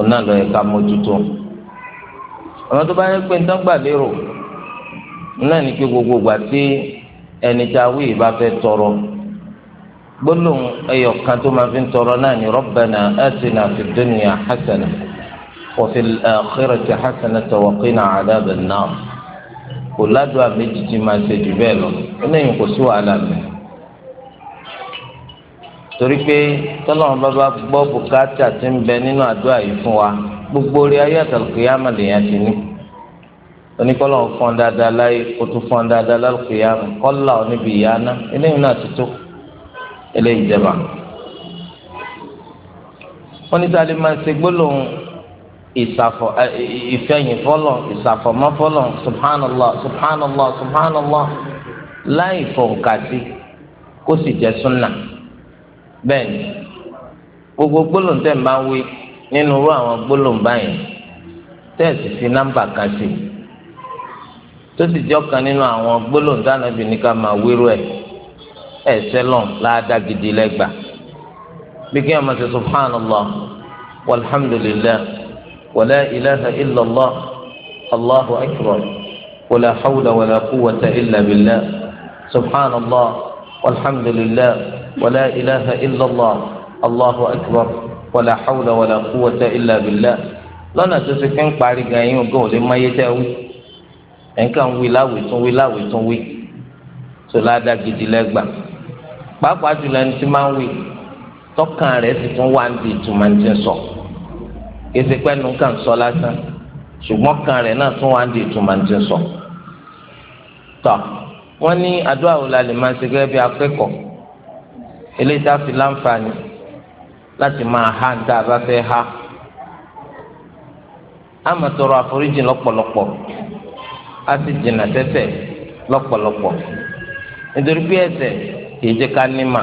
ọ̀nà lọ ẹ̀ka mójútó àwọn tó bá yẹ pé nǹkan gbà lérò náà ní kí gbogbo gbà tí ẹni tá a wí ìbá fẹ́ tọrọ gbólóhùn ẹyọ kan tó máa fi ń tọrọ náà ní rabbana atina fid hasana wa fil akhirati hasanatan wa qina kò ládùá méjì tí máa ṣe jù bẹ́ẹ̀ lọ ẹlẹ́yìn kò sí wàhálà mi torí pé tọ́lọ́run bàbá gbọ́ bùkátà ti ń bẹ nínú àdúrà yìí fún wa gbogbo orí ayé àtàlùkìyàmà lèèyàn ti ní oníkọ́lọ́run fọ́n dáadáa láyé kó tún fọ́n dáadáa lálùkìyàmà kọ́là oníbi ìyá ná eléyìí náà ti tó eléyìí jẹba. wọ́n ní sáà máa ṣe gbólóhùn ìsàfọ̀ ìfẹ̀yìn fọ́lọ̀ ìsàfọ̀mọ́ fọ́lọ̀ subhanallah subhanallah subhanallah láì fọ̀nkàtì kó sì jẹ́ sunnah bẹ́ẹ̀ ni gbogbo gbólóhùn tẹ̀ máa ń wí nínú irú àwọn gbólóhùn báyìí tẹ́ẹ̀sì fi nọ́mbà kan sí i tó sì jẹ́ ọ̀kan nínú àwọn gbólóhùn táwọn ẹbí ní ká máa wérú ẹ̀ ẹ̀ sẹ́lọ̀n láàdá gidi lẹ́gbà bí kí wọ́n máa ṣe subhanallah walhamdulillah wala ilaha illallah allahu akbar wala hawla wala quwwata illa billah subhanallah walhamdulillah. ولا إله إلا الله الله أكبر ولا حول ولا قوة إلا بالله lọ́nà tó ṣe fi ń parí gan yín ogún ò lè máyé tẹ́ wí nǹkan wí láwì tún wí láwì tún wí tó ládàá gidi lẹ́gbàá pàápàá jùlọ ẹni tí máa ń wí tọ́kàn rẹ̀ sì tún wá ń di ìtumọ̀ ní ti ń sọ kése pẹ́ẹ́nu kàn sọ lásán ṣùgbọ́n kan rẹ̀ náà tún wá ń di ìtumọ̀ ní ti ń sọ. tọ́ wọ́n ní àdúrà wo la lè máa ṣe gẹ́gẹ́ bí akẹ́kọ̀ọ́ eléyìí tá a fi láǹfààní láti máa ha a bá ha a tọrọ àforíjì lọ́pọ̀lọpọ̀ a ti jìnnà tẹ́tẹ̀ lọ́pọ̀lọpọ̀ nítorí pé ẹ̀ṣẹ̀ kìí jẹ́ ká ní mà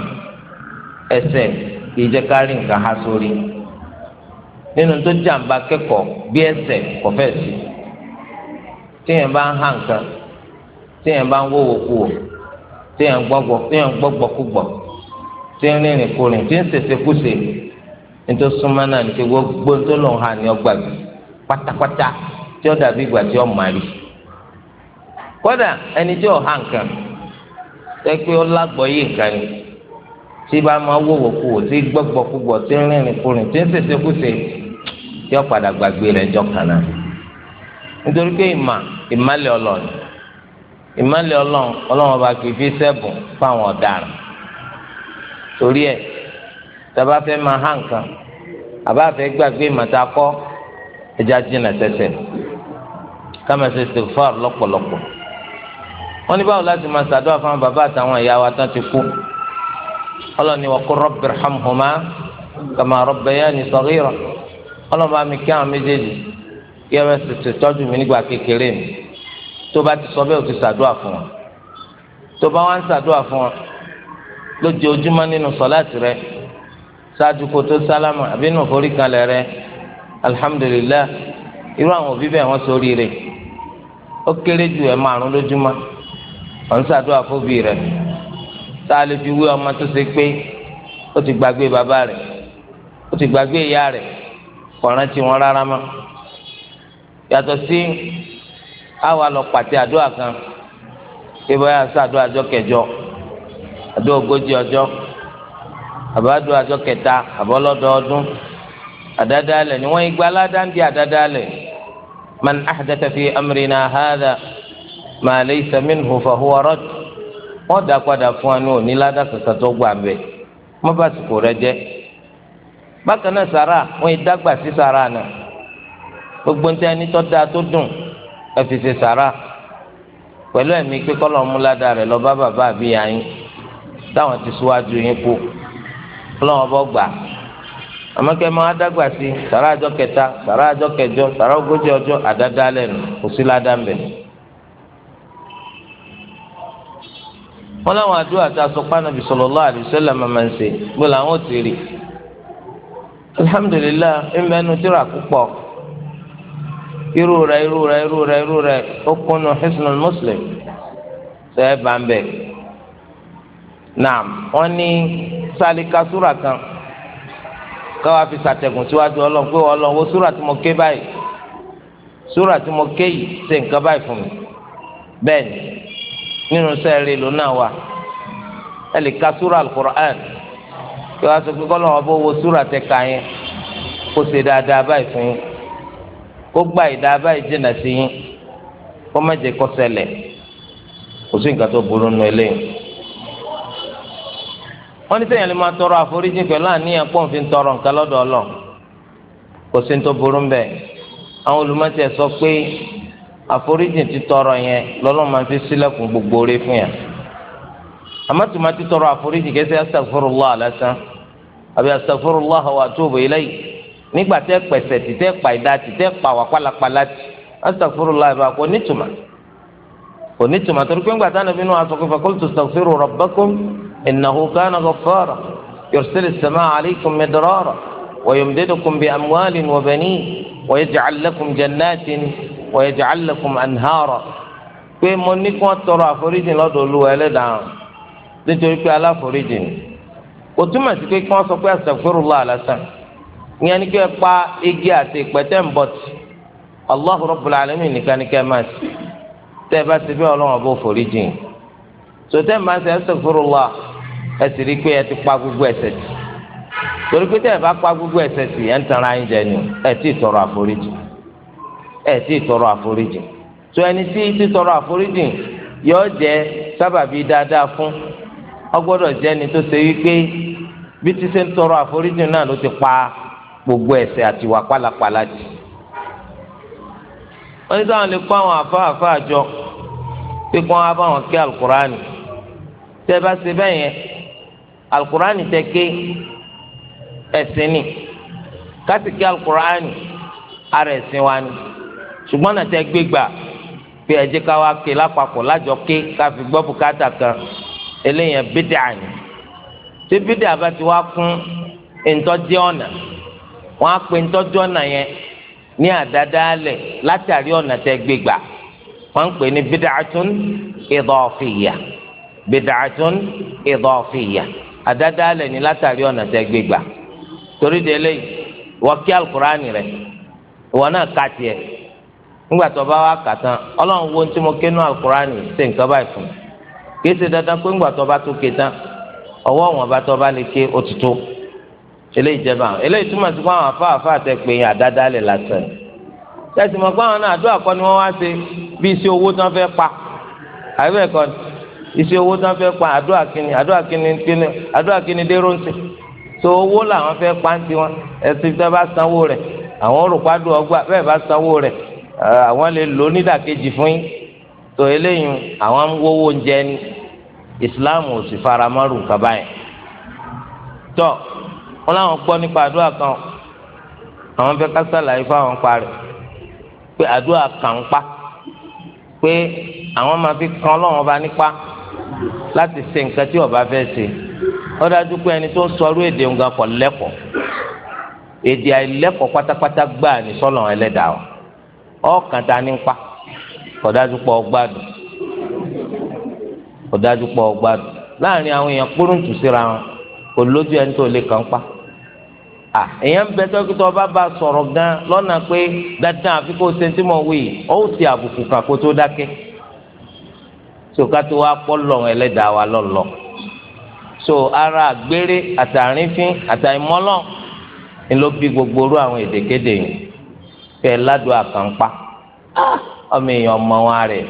kìí ha sórí nínú tó jàǹbá kẹ́kọ̀ọ́ bí ẹ̀ṣẹ̀ kò fẹ́ sí tíyẹn bá ń ha nǹkan tíyẹn bá ń wọ́wọ́ tí ń rìnrìn kùrìn tí ń ṣèṣe kùsè náà ní gbogbo tó ní ọgbà bí pátápátá tí ó dàbí ìgbà tí ó kódà ẹni tí ó hà nǹkan tẹ́ pé ó nǹkan ni tí bá máa wòwò kú wò tí gbọ́gbọ́ tí ń rìnrìn kùrìn tí tí ó padà gbàgbé torí ẹ̀ tàbá fẹ́ máa há nǹkan àbá fẹ́ gbàgbé màtá kọ́ ẹja jìnnà sẹ́sẹ̀ kámẹ́sẹ̀ sèfàr lọ́pọ̀lọpọ̀ wọ́n ní báwo láti máa ṣàdúrà fáwọn bàbá àtàwọn ìyá wa tán ti kú ọlọ́ni wa qur rabbi irhamhuma kama rabbayani saghira ọlọ́run bá mi kí àwọn méjèèjì kí ẹ bá ṣètò tọ́jú mi nígbà kékeré mi tó bá ti sọ bẹ́ẹ̀ o ti ṣàdúrà fún wọn tó bá wá ń fún wọn lójoojúmọ́ nínú sọ́láàtì rẹ ṣáájú kó tó sálámà àbí nù forí kalẹ̀ rẹ alihamudulilayi irú àwọn òbí bẹ́ẹ̀ wọ́n sórí rẹ̀ ó kéré ju ẹ̀ márùn lójúmọ́ wọ́n ṣàdúrà fóbi rẹ̀ tá a lè fi wé ọmọ tó ṣe pé ó ti gbàgbé bàbá rẹ̀ ó ti gbàgbé ìyá rẹ̀ kò rántí wọn rárá mọ́ yàtọ̀ sí àwa lọ pàtẹ àdúrà kan kí bọ́yá ṣàdúrà jọ kẹjọ àdó ogójì ọjọ́ àbádó àjọ kẹta àbọ́lọ́dọọdún àdádálẹ̀ ni wọ́n igba aládàndí àdádálẹ̀ man ahdatha fi amrina hadha ma laysa minhu fahuwa radd wọ́n dá padà fún wa ní òní ládàkàkà tó gbà mbẹ́ wọ́n bá sùkò rẹ jẹ́ bákan náà sàrà wọ́n ìdágbà sí sàrà náà gbogbo ntẹ́ ẹni tó dáa tó dùn ẹ fi ṣe sàrà pẹ̀lú ẹ̀mí pé kọ́lọ̀ mú ládàá lọ bá bàbá àbíyá yín. táwọn ti síwájú yín kú ọlọ́wọ́n bọ́ gbà amakẹ́ máa dágbà sí sàrà àjọ kẹta sàrà àjọ kẹjọ sàrà ogójì ọjọ́ ládàmbẹ̀. láwọn àdúrà tá a sọ pánàbì sallallahu alaihi wasallam máa ń ṣe gbọ́ làwọn ò ti rí alhamdulilayi ẹnbẹ́nu tíra púpọ̀ irú rẹ̀ irú irú naam wọ́n ní sálíkà súrà kan káwá fi sàtẹ̀gùn síwájú ọlọ́run pé ọlọ́run wo súrà tí mo ké báyìí súrà tí mo ké yìí ṣe nǹkan báyìí fún mi bẹ́ẹ̀ ni nínú sẹ́ẹ̀rì ló náà wà ẹ lè ka súrà alukur'an kí wọ́n sọ pé kọ́lọ́run ọba wo súrà tẹ ka yẹn kó ṣe dáadáa báyìí fún yín kó gba ìdá báyìí jìnnà sí yín kó má jẹ́ kó ṣẹlẹ̀ kò sí nǹkan tó burú nù eléyìí. wọ́n ní sẹ́yìn lè máa tọrọ àforíjì pẹ̀lú àníyàn pọ̀ nfin tọrọ nǹkan lọdọ ọlọ kò sí tó burú bẹ́ẹ̀ àwọn olùmọ̀tì sọ pé àforíjì ti tọrọ yẹn lọlọ máa fi sílẹ̀kùn gbogbo orí fún yẹn àmọ́ ti tọrọ àforíjì kẹsẹ́ astaghfirullah lásán àbí astaghfirullah wa atubu ilayhi nígbà tẹ́ pẹ̀sẹ̀ tì pa ìdá pa wà tì kò nítumà kò nítumà torí pé ńgbà táwọn ẹbí إنه كان غفارا يرسل السماء عليكم مدرارا ويمددكم بأموال وبنين ويجعل لكم جنات ويجعل لكم أنهارا pé mo ní kí wọ́n tọrọ àforíjì lọ́dọ̀ olúwa ẹlẹ́dàá nítorí pé aláforíjì ni kò túmọ̀ sí pé kí wọ́n sọ pé astaghfirullah lásán ìyẹn ni kí ẹ pa igi àti ìpẹ́tẹ́ ń bọ̀ tì Allahu Rabbul Alamin nìkan ni kẹ́ ẹ máa sì tẹ́ ẹ bá ti bí ọlọ́run ọba òforíjì sọtẹ́ máa ṣe astaghfirullah ẹ sì rí i pé ẹ ti pa gbogbo ẹsẹ ti torí pé tẹ́ ẹ bá pa gbogbo ẹsẹ tì ẹ ń tan ara yín jẹ ni ẹ ti tọrọ àforíjì ẹ ti tọrọ àforíjì tó ẹni tí ti tọrọ àforíjì yóò jẹ sábàbí dáadáa fún ọ jẹ ni tó ṣe wípé bí ti ṣe ń tọrọ àforíjì náà ló ti pa gbogbo ẹsẹ àti wà pálapàla jì wọ́n ní sáwọn lè kó àwọn àfáàfá àjọ pé kí wọ́n á bá wọn kí alukurani tẹ́ bá ṣe bẹ́ẹ̀ yẹn. alukur'ani tẹ ké ẹ̀sìn ni kásìkí alukur'ani ara ẹ̀sìn wa ni ṣùgbọ́n náà tẹ gbé gbà pé ẹ jẹ́ ká wá ké lápapọ̀ lájọ ké káfi gbọ́ bùkátà kan eléyàn bídà ni tí bídà bá ti wá kún ntọ́jú ọ̀nà wọ́n á pe ntọ́jú ọ̀nà yẹn ní àdádálẹ̀ látàrí ọ̀nà tẹ gbé gbà wọ́n ń pè ní bídà tún ìdọ̀ọ̀fìyà bídà tún ìdọ̀ọ̀fìyà. àdáda alẹ̀ ní látàrí ọ̀nà Tori gbé gbà torí de eléyìí wọ́n kí alukurani rẹ̀ wọ́n náà ká tiẹ̀ nígbà tó bá wà ọlọ́run wo tí mo ké alukurani ṣe nǹkan báyìí fún mi kì í ṣe dandan pé nígbà tó bá tó ké tán ọwọ́ wọn bá tó bá lè ké eléyìí tẹ pé yín lásán mọ̀ pé àwọn náà wọ́n wá ṣe bí pa iṣẹ́ owó tí wọ́n fẹ́ pa àdó àkínní àdó àkínní kíni àdó àkínní dérò ń sè so owó làwọn fẹ́ pa ń tiwọn ẹ̀sìn tí wọ́n bá sanwó rẹ̀ àwọn olùpàdé ọgbà bẹ́ẹ̀ bá sanwó rẹ̀ àwọn lè lò nídàkejì fún yín tó eléyìí àwọn ń wówó oúnjẹ ní Islam ò sì fara mọ́rù nǹkan báyìí tọ́ wọn làwọn gbọ́ nípa àdó àkàn àwọn fẹ́ ká sàlàyé fáwọn parí pé àdó àkàn ń pa pé àwọn máa fi kan Ọlọ́run ọba nípa láti ṣe nǹkan tí ọba fẹ́ ṣe ó dájú pé ẹni tó ń sọrú èdè ń ga kọ̀ lẹ́kọ̀ọ́ èdè àìlẹ́kọ̀ọ́ pátápátá gbà ní sọ́lọ̀ ẹlẹ́dàá ọ̀kan ta ní pa kọ̀ dájú pọ̀ ọgbàdùn kọ̀ dájú pọ̀ ọgbàdùn láàrin àwọn èèyàn kúrúǹtù síra wọn kò lójú ẹni tó lè kàn pa à èèyàn bẹ dókítà ọba bá sọ̀rọ̀ gan lọ́nà pé dandan àfi kó o ṣe tí mo wí ó sì àbùkù kà kó tó dákẹ́ so kátó wa kpọ́ lọ́n ẹlẹ́dàá wa lọ́lọ́ so ara àgbèrè àtàrífín àtàìmọ́lọ́ ńlọ bí gbogbo orú àwọn èdèkéde yìí fẹ́ ládùú àkànpá ah, ọmọ èèyàn ọmọ wọn rẹ̀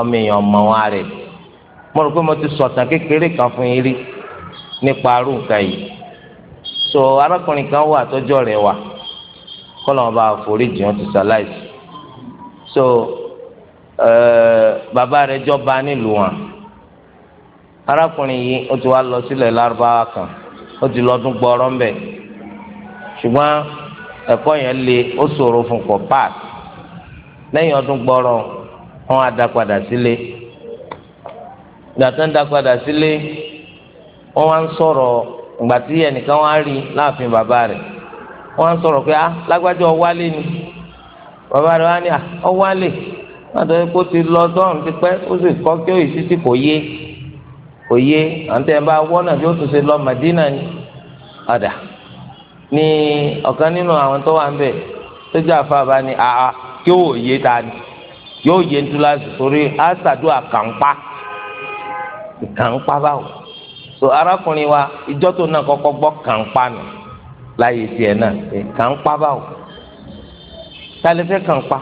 ọmọ èèyàn ọmọ wọn rẹ̀ mo rò pé mo ti sọ̀tàn kékeré kan fún yín rí nípa arú nǹkan yìí so arákùnrin kan wà tọ́jọ́ rẹ̀ wà kọ́ lọ́n wọn ti sàláìsì so. Eh, bàbá rẹ̀ jọba nílùú wọn arákùnrin yìí ó ti wá lọ sílẹ̀ lárúbáwá kan ó ti lọ́dún gbọrọ mbẹ ṣùgbọ́n ẹ̀kọ́ yẹn le ó ṣòro fún kọ́ lẹ́yìn ọdún wọn á dá padà sílé gbàtà dá padà sílé wọn wá ń sọ̀rọ̀ ẹnìkan wá rí láàfin bàbá wọn wá ń pé ah, ni bàbá wá ní à ah, ọwálé. látọ̀ yẹ kó ti lọ sọ́run ti pẹ́ ó sì kọ́ kí òyì títí kò yé kò yé àǹtẹ̀ bá wọ́n náà bí ó tún ṣe lọ Màdínà ni ọ̀dà ni ọ̀kan nínú àwọn tó wà ń bẹ̀ tó jẹ́ àfàbà ni àá kí ó yé ta ni yóò yé ntúlásì torí àṣàdúrà kàǹpá kàǹpá báwo so arákùnrin wa ìjọ tó náà kọ́kọ́ gbọ́ kàǹpá nù láyé tiẹ̀ náà kàǹpá báwo tálẹ́fẹ́ kàǹpá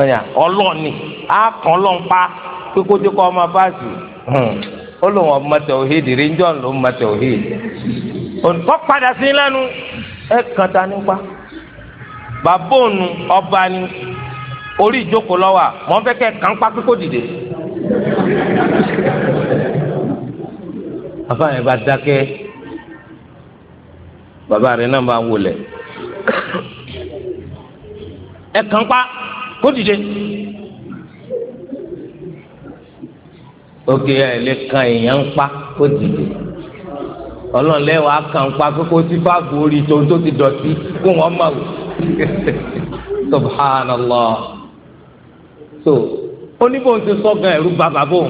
ọ̀yà ọlọ́ọ̀ni àkàn lọ́n pa kíkójú hmm. kọ́ ọmọ báàsì ó lò wọ́n mọ̀tẹ́ òhìdì ríńjọ́ ló mọ̀tẹ́ òhìdì òǹkọ́ padà sí lẹ́nu ẹ kàn ta nípa bàbá ònu ọba ni orí ìjókòó lọ́wọ́ mọ̀ fẹ́ kẹ́ kàn pa kíkó dìde. afáàní bá dákẹ́ bàbá rẹ̀ náà bá wọlé ẹ kàn kó dìde. oge ẹ lè kan èèyàn ń pa kó dìde ọlọ́run lẹ́wàá kan ń pa kókó tí báàgù orí tòun tó ti dọ̀tí kó wọ́n mọ̀ wò subhanallah so oníbòun ti sọ́gun ẹ̀rú bàbá bòun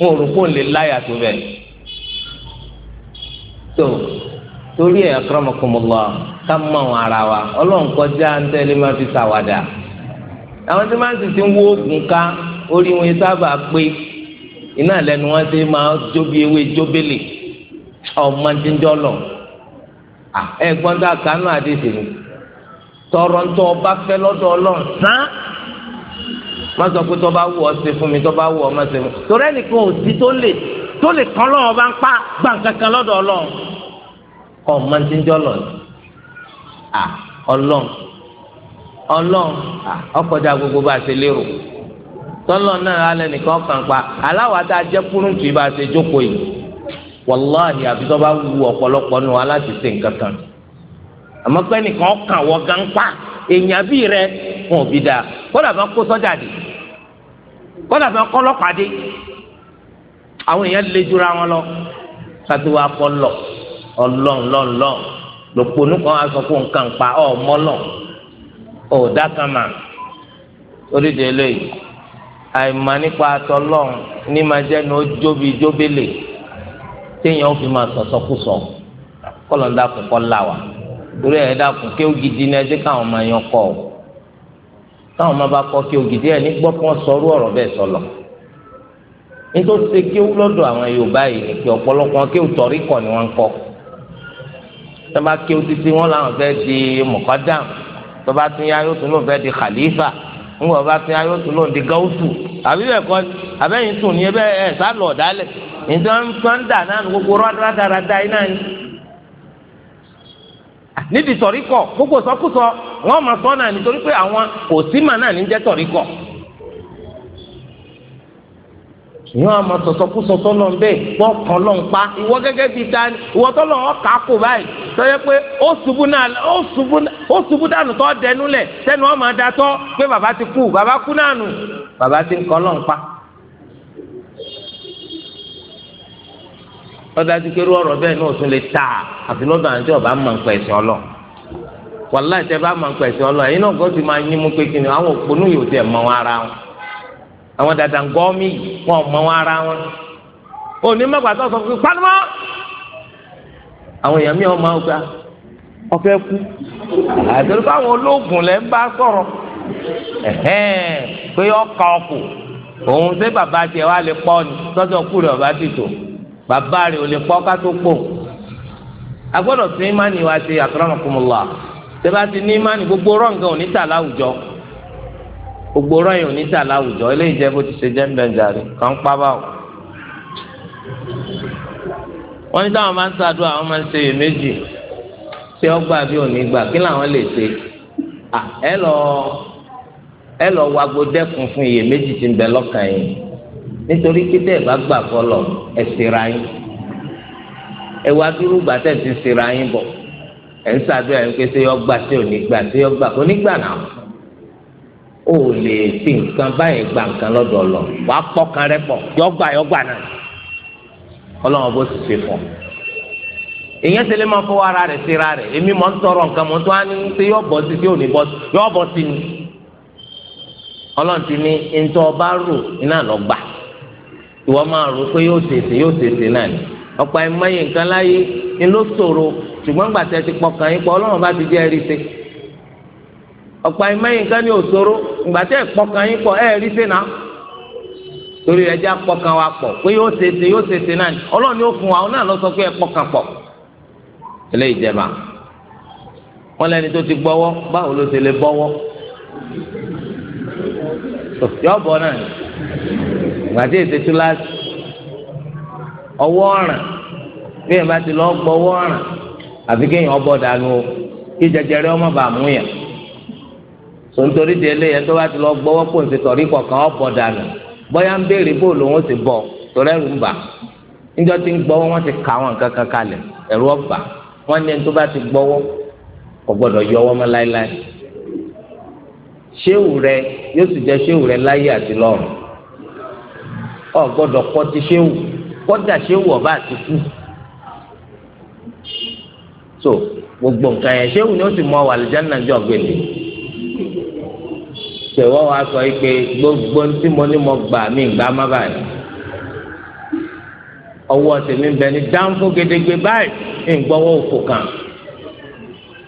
wọn ò rò lè láyà tó bẹ́ẹ̀ so torí ẹ̀ akramakumullah ká mọ̀ ara wa ọlọ́run kọjá ń tẹ́lẹ̀ máa fi ṣàwàdà àwọn tí máa ń sisi ń wo oògùn ká orí wọn sábà pé iná lẹ́nu wọn ṣe máa jóbi ewé jóbélé ọmọ tí ń dọlọ ẹ gbọ́n tá a kánú àdéhùn tọrọ ntọ ọba fẹ́ lọ́dọ̀ Ọlọ́run sán má sọ pé tọba wù ọ ṣe fún mi tọba wù ọ má ṣe fún mi torí ẹnìkan ò sí tó lè tó lè kán lọ́wọ́ bá ń pa gbàǹkankan lọ́dọ̀ Ọlọ́run ọmọ tí ń dọlọ yìí ọlọ́run ọkọjá gbogbo bá a ṣe lérò tọ́lọ́ náà alẹ́ nìkan kàn pa aláwa tá a jẹ́ kúrúntù bá a ṣe jókòó yìí wàláhì àfi tó bá wu ọ̀pọ̀lọpọ̀ nù wa láti ṣe nǹkan kan àmọ́ pé nìkan kàn wọ́n gan pa èèyàn bíi rẹ wọn ò bí dáa kódà fún kó sọ́jà dé kódà fún kọ́lọ́pàá dé àwọn èèyàn lè jura wọn lọ kátó wa kọ́ lọ ọlọ́ọ̀lọ́ọ̀lọ́ọ̀ lòpọ̀ nù kan á sọ fún nǹkan pa ọ̀ mọ́ lọ́ọ̀ ọ̀dà kan mà lórí de eléyìí àìmọ̀ nípa atọ́lọ́n ní máa jẹ́ ní ó jóbi jóbélé téèyàn fi máa sọ̀sọ́kùsọ kọ́lọ̀ ń dákun kọ́ là wá torí ẹ̀ dákun kí ó gidi ní ẹjẹ́ káwọn máa yan kọ́ ọ táwọn máa bá kọ́ kí ó gidi ẹ̀ ní gbọ́ kí wọ́n sọrú ọ̀rọ̀ bẹ́ẹ̀ sọlọ nítorí ṣe kí ó lọ́dọ̀ àwọn Yorùbá yìí ni kí ọ̀pọ̀lọpọ̀ kí ó tọ̀rí kọ̀ ni wọ́n kọ́ tẹ́ bá kí ó títí wọ́n láwọn fẹ́ di mọ̀kádàmù tọba tún yá yóò tún di khalifa ńgbà ọba tún yá yóò tún lòun di gáúsù àbí bẹ́ẹ̀ kọ́ abẹ́yìn tún ní ẹbẹ́ ẹ̀ sá lọ dálẹ̀ ìdánwòdà náà gbogbo rádaràda yìí náà níbi tọ̀ríkọ̀ gbogbo sọ náà nítorí pé àwọn kò sí náà ní tọ̀ríkọ̀. ìyọ́n àmọ́ sọ̀sọ́kúsọ tọ́lọ̀ ń bẹ́ẹ̀ wọ́n kàn lọ́n pa ìwọ gẹ́gẹ́ bíi dání ìwọ tọ́lọ̀ wọn kà á kò báyìí tọ́jú pé ó ṣubú náà ó ṣubú ó ṣubú dànù tọ́ dẹnu lẹ̀ tẹnu ọmọ ẹ̀dá pé bàbá ti kú bàbá kú náà nù bàbá ti ń kàn lọ́n pa. ọ̀dà ti kéré ọ̀rọ̀ bẹ́ẹ̀ ní òtún lè ta àfi lọ́dọ̀ àti ọ̀bá máa ń pẹ̀ ẹ̀sìn ọlọ wàláì tẹ bá máa ń pẹ̀ ọlọ ẹ̀yin náà gbọ́dọ̀ máa yín mú pé kí ni àwọn òpónú yóò tẹ̀ mọ́ ara wọn àwọn dàdà ngọ́ọ́mì wọn mọ wọn ara wọn òní mọ́gbàtà sọ fún pálọ́mọ́ àwọn èèyàn mi ọmọ ọgbà ọfẹ kú àtẹ̀lẹ́ báwọn ológun lẹ́ ń bá sọ̀rọ̀ pé ọkà ọkù òun ṣé bàbá tiẹ̀ wá lè pọ́ ni tọ́jọ́ kú rẹ̀ ọba ti tò bàbá rẹ̀ ò lè pọ́ ká tó pò agbọ́dọ̀ sí ìmánì wa ti àtúrọ̀mọ̀kùnmọ̀lá ṣé bá ti ní ìmánì gbogbo rọ̀ǹgàn òní tà láwùjọ gbogbo rọyìn oníta láwùjọ eléyìí jẹ bó ti ṣe jẹ ń bẹ jàre kàn ń pa báwò. wọ́n ní táwọn máa ń ṣàdúrà àwọn máa ń ṣe èméjì ṣé ọgbà bí òní gbà kí làwọn lè ṣe ẹ lọ ẹ lọ wagbo dẹ́kun fún iyèméjì tí ń bẹ lọ́kàn yín nítorí pété ẹ bá gbà fọlọ ẹ ṣera yín ẹ wá dúró gbà ti ṣera yín bọ̀ ẹ ń ṣàdúrà yín pé ṣé ọgbà tí òní gbà ṣé ọgbà kò ní gbà náà o lè fi nǹkan báyìí gba nǹkan lọ́dọ̀ lọ wà á pọ̀ kan rẹ pọ̀ yọgbà yọgbà náà ọlọ́run bó sì ṣe fọ́ èyàn tẹ́lẹ̀ máa fọwọ́ ara rẹ̀ síra rẹ̀ èmi mọ̀ ń tọrọ nǹkan mọ̀ tó á ní ṣe yọ bọ́ sí sí òní bọ́ yọ bọ́ sí ni ọlọ́run ti ní ntọ́ ọba rò iná lọ gbà ìwọ máa rò pé yóò tètè yóò tètè náà ni ọ̀pọ̀ ẹ̀mọ́yé nǹkan láyé ni ló ṣòro ṣùgbọ́n gbàtẹ́ ti pọkàn yín pọ̀ ọlọ́run bá ti jẹ́ rí ṣe ọ̀pọ̀ ime nǹkan ní òṣòro ìgbà tẹ́ ẹ̀pọ̀kan yín pọ̀ ẹ̀ rí sínú torí ẹ̀ já wa pọ̀ pé yóò ṣèṣe yóò ṣèṣe náà ni ọlọ́run ni fún wa òun náà lọ sọ pé ẹ̀pọ̀kan pọ̀ ilé ìjẹba wọn lẹni tó ti gbọ́wọ́ báwo ló ṣe lè bọ́wọ́ yọ bọ náà ni ìgbà tí èsì túláàsì ọwọ́ ọ̀ràn bí Sontori nítorí di eléyẹ tó bá ti lọ gbọ́wọ́ pò ń ṣe tọ̀rí kọ̀ọ̀kan ọ̀pọ̀ dànù bóyá ń béèrè bó lòun ti bọ̀ torí ẹ̀rù ń bà níjọ́ tí ń gbọ́wọ́ wọ́n ti kà wọn kankan kalẹ̀ ẹ̀rù ọ̀bà wọ́n ní ẹni tó bá ti gbọ́wọ́ kò gbọ́dọ̀ yọ ọwọ́ mọ́ láéláé ṣéwù rẹ yóò sì jẹ́ ṣéwù rẹ láyé àti lọ́run ọ̀ gbọ́dọ̀ kọ́ ti ṣéwù kọ́dà ṣéwù ọ̀bá àti kú so gbogbo nǹkan yẹn ṣéwù ni ó sì mọ wà àlùjánnà ṣèwọ́ wa sọ pé gbogbo tí mo ní mo gbà mí gbà má báyìí ọwọ́ tèmi ń bẹ ní dáńfó gédégbé báyìí ń gbọ́wọ́ kan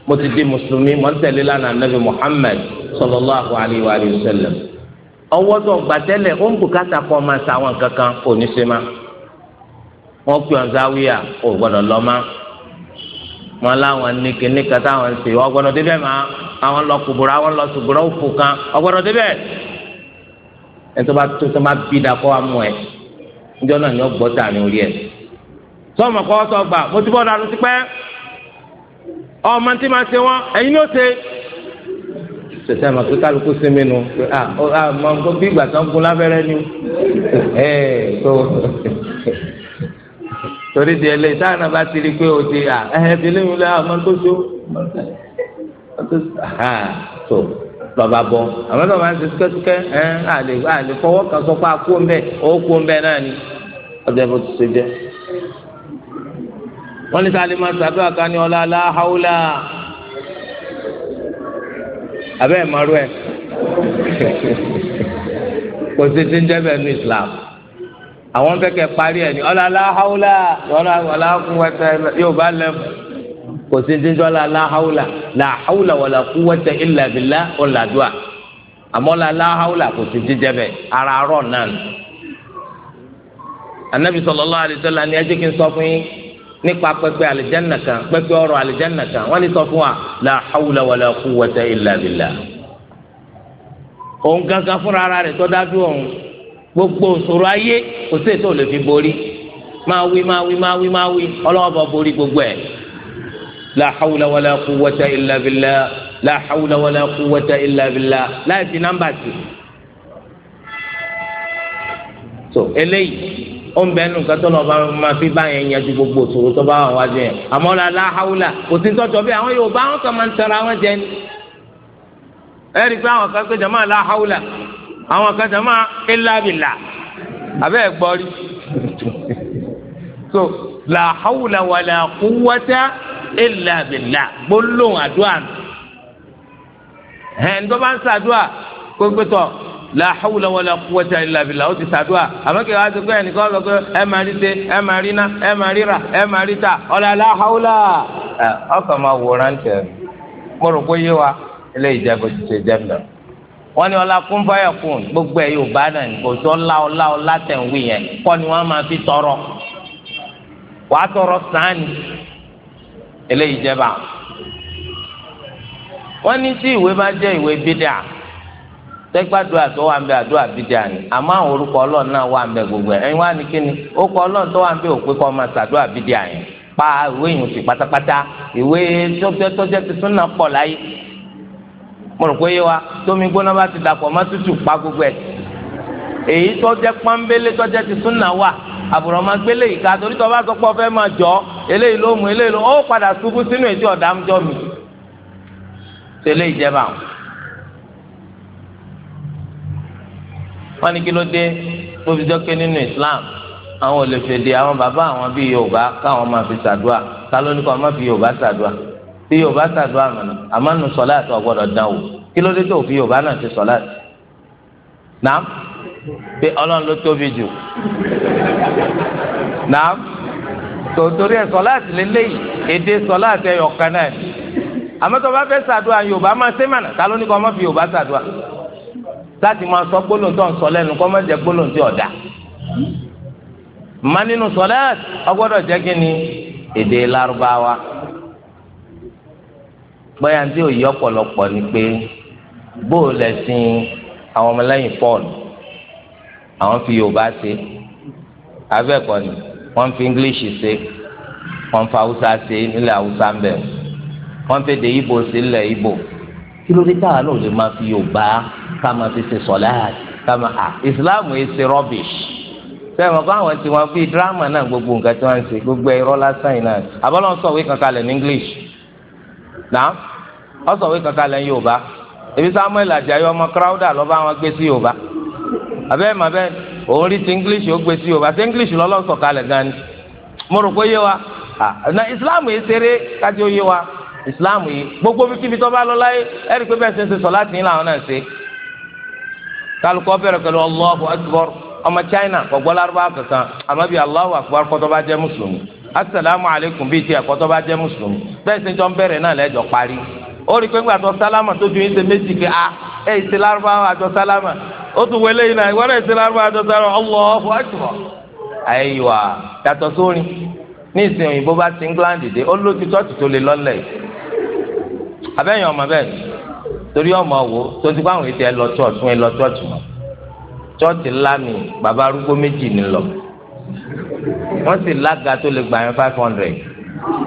mo ti di mùsùlùmí mo ń tẹ̀lé lánàá nàbì Muhammad sallallahu alayhi wa sallam ọwọ́ tó gbà tẹ́lẹ̀ ó ń bùkátà kọ́ máa sa àwọn kankan oníṣẹ́ ma wọ́n pè ọ́n záwíyà ò gbọ́dọ̀ lọ́ máa wọn láwọn ní kíní kan táwọn ń sè wọn gbọ́dọ̀ débẹ̀ máa àwọn lọ kùbùrà àwọn lọ sùbùrà òfò kan ọgbọ́dọ̀ débẹ̀ ẹni tó bá tó tó bá bí dakọ wa mú ẹ níjọ náà ni ó gbọ́ tà ní orí ẹ sọmọ kọ sọ gbà mo ti bọ ọdaràn ti pẹ ọmọ tí máa ṣe wọn ẹ̀yin ló ṣe tẹsẹ ma pé kálukú sí mi nu ah ọ ah mọ bí ìgbà tó ń gun lábẹ́rẹ́ ni ẹ torí di ẹlẹ́yìn táwọn náà bá ti rí i pé o ti à ẹ̀hẹ́ ti léyìn lẹ́yìn ọmọ tó so tó lọ́ba bọ́ àmọ́ tó máa ń ṣe súkẹ́súkẹ́ ẹ̀ àlè àlè fọwọ́ kan sọ pé a kó ń bẹ̀ ó kó ń bẹ̀ náà ni ọjọ́ bó ti ṣe jẹ́. wọ́n ní sáálé máa ṣàdúrà ká ní ọlá aláhàúlà abẹ́ ẹ̀ máa rú ẹ̀ kò sí ti ń jẹ́ bẹ́ẹ̀ ní Islam àwọn fẹ́ kẹ́ parí ẹ̀ ní ọlọ́lá haúlà ọlọ́lá kúwẹ́tẹ́ yóò bá lẹ́fù kò sí dídọ́ ọlọ́lá haúlà là haúlà wọ̀là kúwẹ́tẹ́ ìlà bìlà ọ̀làdùà àmọ́ ọlọ́lá haúlà kò sí dídẹ́ bẹ́ẹ̀ ara rọ̀ náà nù. anabi sallallahu alaihi wasallam ni ẹ kí n sọ fún yín nípa pẹpẹ alìjánà kan pẹpẹ ọ̀rọ̀ alìjánà kan wọ́n ní sọ fún wa là wọ̀là kúwẹ́tẹ́ ìlà bìlà. òun gangan fúnra rẹ̀ tó gbogbo òṣòro ayé kò sí ètò òlè fi borí máa wí máa wí máa wí máa wí ọlọ́wọ́ bá borí gbogbo ẹ̀. la hawla wala quwwata illa billah la hawla wala quwwata láì fi nọ́mbà sí. so eléyìí ó ń bẹ nù kátó lọ bá máa fi bá yẹn yanjú gbogbo òṣòro tó bá wà wájú yẹn àmọ́ la la hawla kò sí tọ́jọ́ bí àwọn Yorùbá wọn kàn máa ń tẹ̀ra àwọn kan jàmá elabila abẹ́ ẹ̀ gbọ́ so la hawla wala quwwata elabila gbólóhùn àdúrà ẹn tó bá ń ṣàdúrà kó gbé tọ la hawla wala quwwata elabila ó ti ṣàdúrà àmọ́ kí wàá ti gbé ẹnìkan lọ pé ẹ máa rí ṣe ẹ máa rí ná ẹ máa ríra ẹ máa rí ta ọ̀là la hawla máa wòran tẹ̀ mo rò yé wa ilé ìjẹ́bù ti ṣe jẹ́ mẹ́rin wọ́n ní ọlá kún fáyà kún gbogbo ẹ̀ yóò bá náà kò tó ńlá ọlá ọlá tẹ̀wé yẹn kọ́ ni wọ́n máa fi tọrọ wàá tọrọ sànni eléyìí jẹba wọ́n ní tí ìwé bá jẹ́ ìwé bídà tẹgbàdúrà tó wà ń bẹ àdúrà bídà ni àmọ́ àwọn orúkọ Ọlọ́run náà wà ń bẹ gbogbo ẹ ẹ̀yin wá ní kíni orúkọ Ọlọ́run tó wà ń bẹ òpè kọ máa ṣàdúrà bídà yẹn pa ìwé yìí ti pátápátá ìwé tó jẹ́ tó jẹ́ ti súnà pọ̀ láyé mo rò pé yé wa tómi gbóná bá ti dàpọ̀ má tutù pa gbogbo ẹ̀ èyí tó jẹ́ pọ́nbélé tó jẹ́ ti súnà wà àbùrọ̀ máa gbélé ìka torí tó bá sọ pé ọfẹ́ máa jọ eléyìí ló mú eléyìí ló ó padà ṣubú sínú ètò ọ̀dà ń jọ mi tẹ́lẹ̀ ìjẹba àwọn. wọ́n ní kí ló dé tó fi jọ́kẹ́ nínú Islam àwọn ò lè fèdè àwọn bàbá àwọn bíi Yorùbá káwọn máa fi ṣàdúà ta ló ní kó máa fi Yorùbá ṣàdúà tí yorùbá ṣàdúrà mọ̀nà àmọ́nu sọ̀lá àti ọ̀gbọ́dọ̀ dán o kí ló dé tó fi yorùbá náà ti sọ̀lá àti nàá pé ọlọ́run ló tóbi jù nàá tòótórí ẹ̀ sọ̀lá àti lélẹ́yìí èdè sọ̀lá àti ẹ̀yọ̀ kan náà ni àmọ́ tó bá fẹ́ ṣàdúrà yorùbá máa ṣe mọ̀nà ta ló ní kó má fi yorùbá ṣàdúrà láti máa sọ gbólóhùn ń sọ lẹ́nu kó má jẹ́ gbólóhùn ọ̀dà má nínú sọ̀lá ọgbọ́dọ̀ jẹ́ kí ni èdè lárúbáwá gbọ́yà tí òye ọ̀pọ̀lọpọ̀ ni pé bóò lẹ́sìn àwọn ọmọlẹ́yìn Paul àwọn fi Yorùbá ṣe abẹ́ẹ̀kọ́ ni wọ́n fi English ṣe wọ́n fi Haúsá ṣe nílẹ̀ Haúsá ń bẹ̀ wọ́n fi èdè Ìgbò ṣe nílẹ̀ ibo, kí ló dé káwa náà lè máa fi Yorùbá ká máa fi ṣe sọ̀láàt ká máa à Islam yìí ṣe rubbish sẹ́yìn mọ̀kọ́ àwọn tí wọ́n fi drama náà gbogbo nǹkan tí wọ́n ń ṣe gbogbo ẹ̀rọ lásán yìí náà àbọ̀lọ́sọ̀wé kankan lẹ̀ ní English. náà ọ̀sọ̀wé kankan lẹ́yìn yorùbá ebi samuel ajayi ọmọ krauda lọba wọn gbé sí yorùbá abẹ́ẹ̀ mà bẹ́ẹ̀ òun rí ti english ó gbé sí yorùbá sí english lọ́lọ́sọ̀ kalẹ̀ gan ni mo rò pé yé na islam yìí ṣeré kájọ yé wa islam yìí gbogbo bí kíbi tó bá lọ láyé ẹ̀rí pé bẹ́ẹ̀ ṣe ń ṣe sọ láti ní làwọn náà ṣe kálukọ́ bẹ̀rẹ̀ pẹ̀lú ọmọ china kò asalaamu aleykum bíi ti ẹ̀kọ́ tó bá jẹ́ mùsùlùmí bẹ́ẹ̀ sì jọ ń bẹ̀rẹ̀ náà lẹ́jọ́ parí ó rí i pé ńgbà tó sálámà tó ju yín ṣe méjì pé a ah, ẹ̀ ṣe lárúbáwá àjọ sálámà ó tún wọlé yìí náà ìwọ́n náà ṣe lárúbáwá àjọ sálámà Allahu akbar. àyíwá yàtọ̀ sórin ní ìsìn òyìnbó bá ti England dé ó ló ti tọ́tù tó lè lọ́lẹ̀ abẹ́yẹn ọmọ bẹ́ẹ̀ torí ọmọ wo tó ti wọ́n sì lága tó lè gbà yẹn five hundred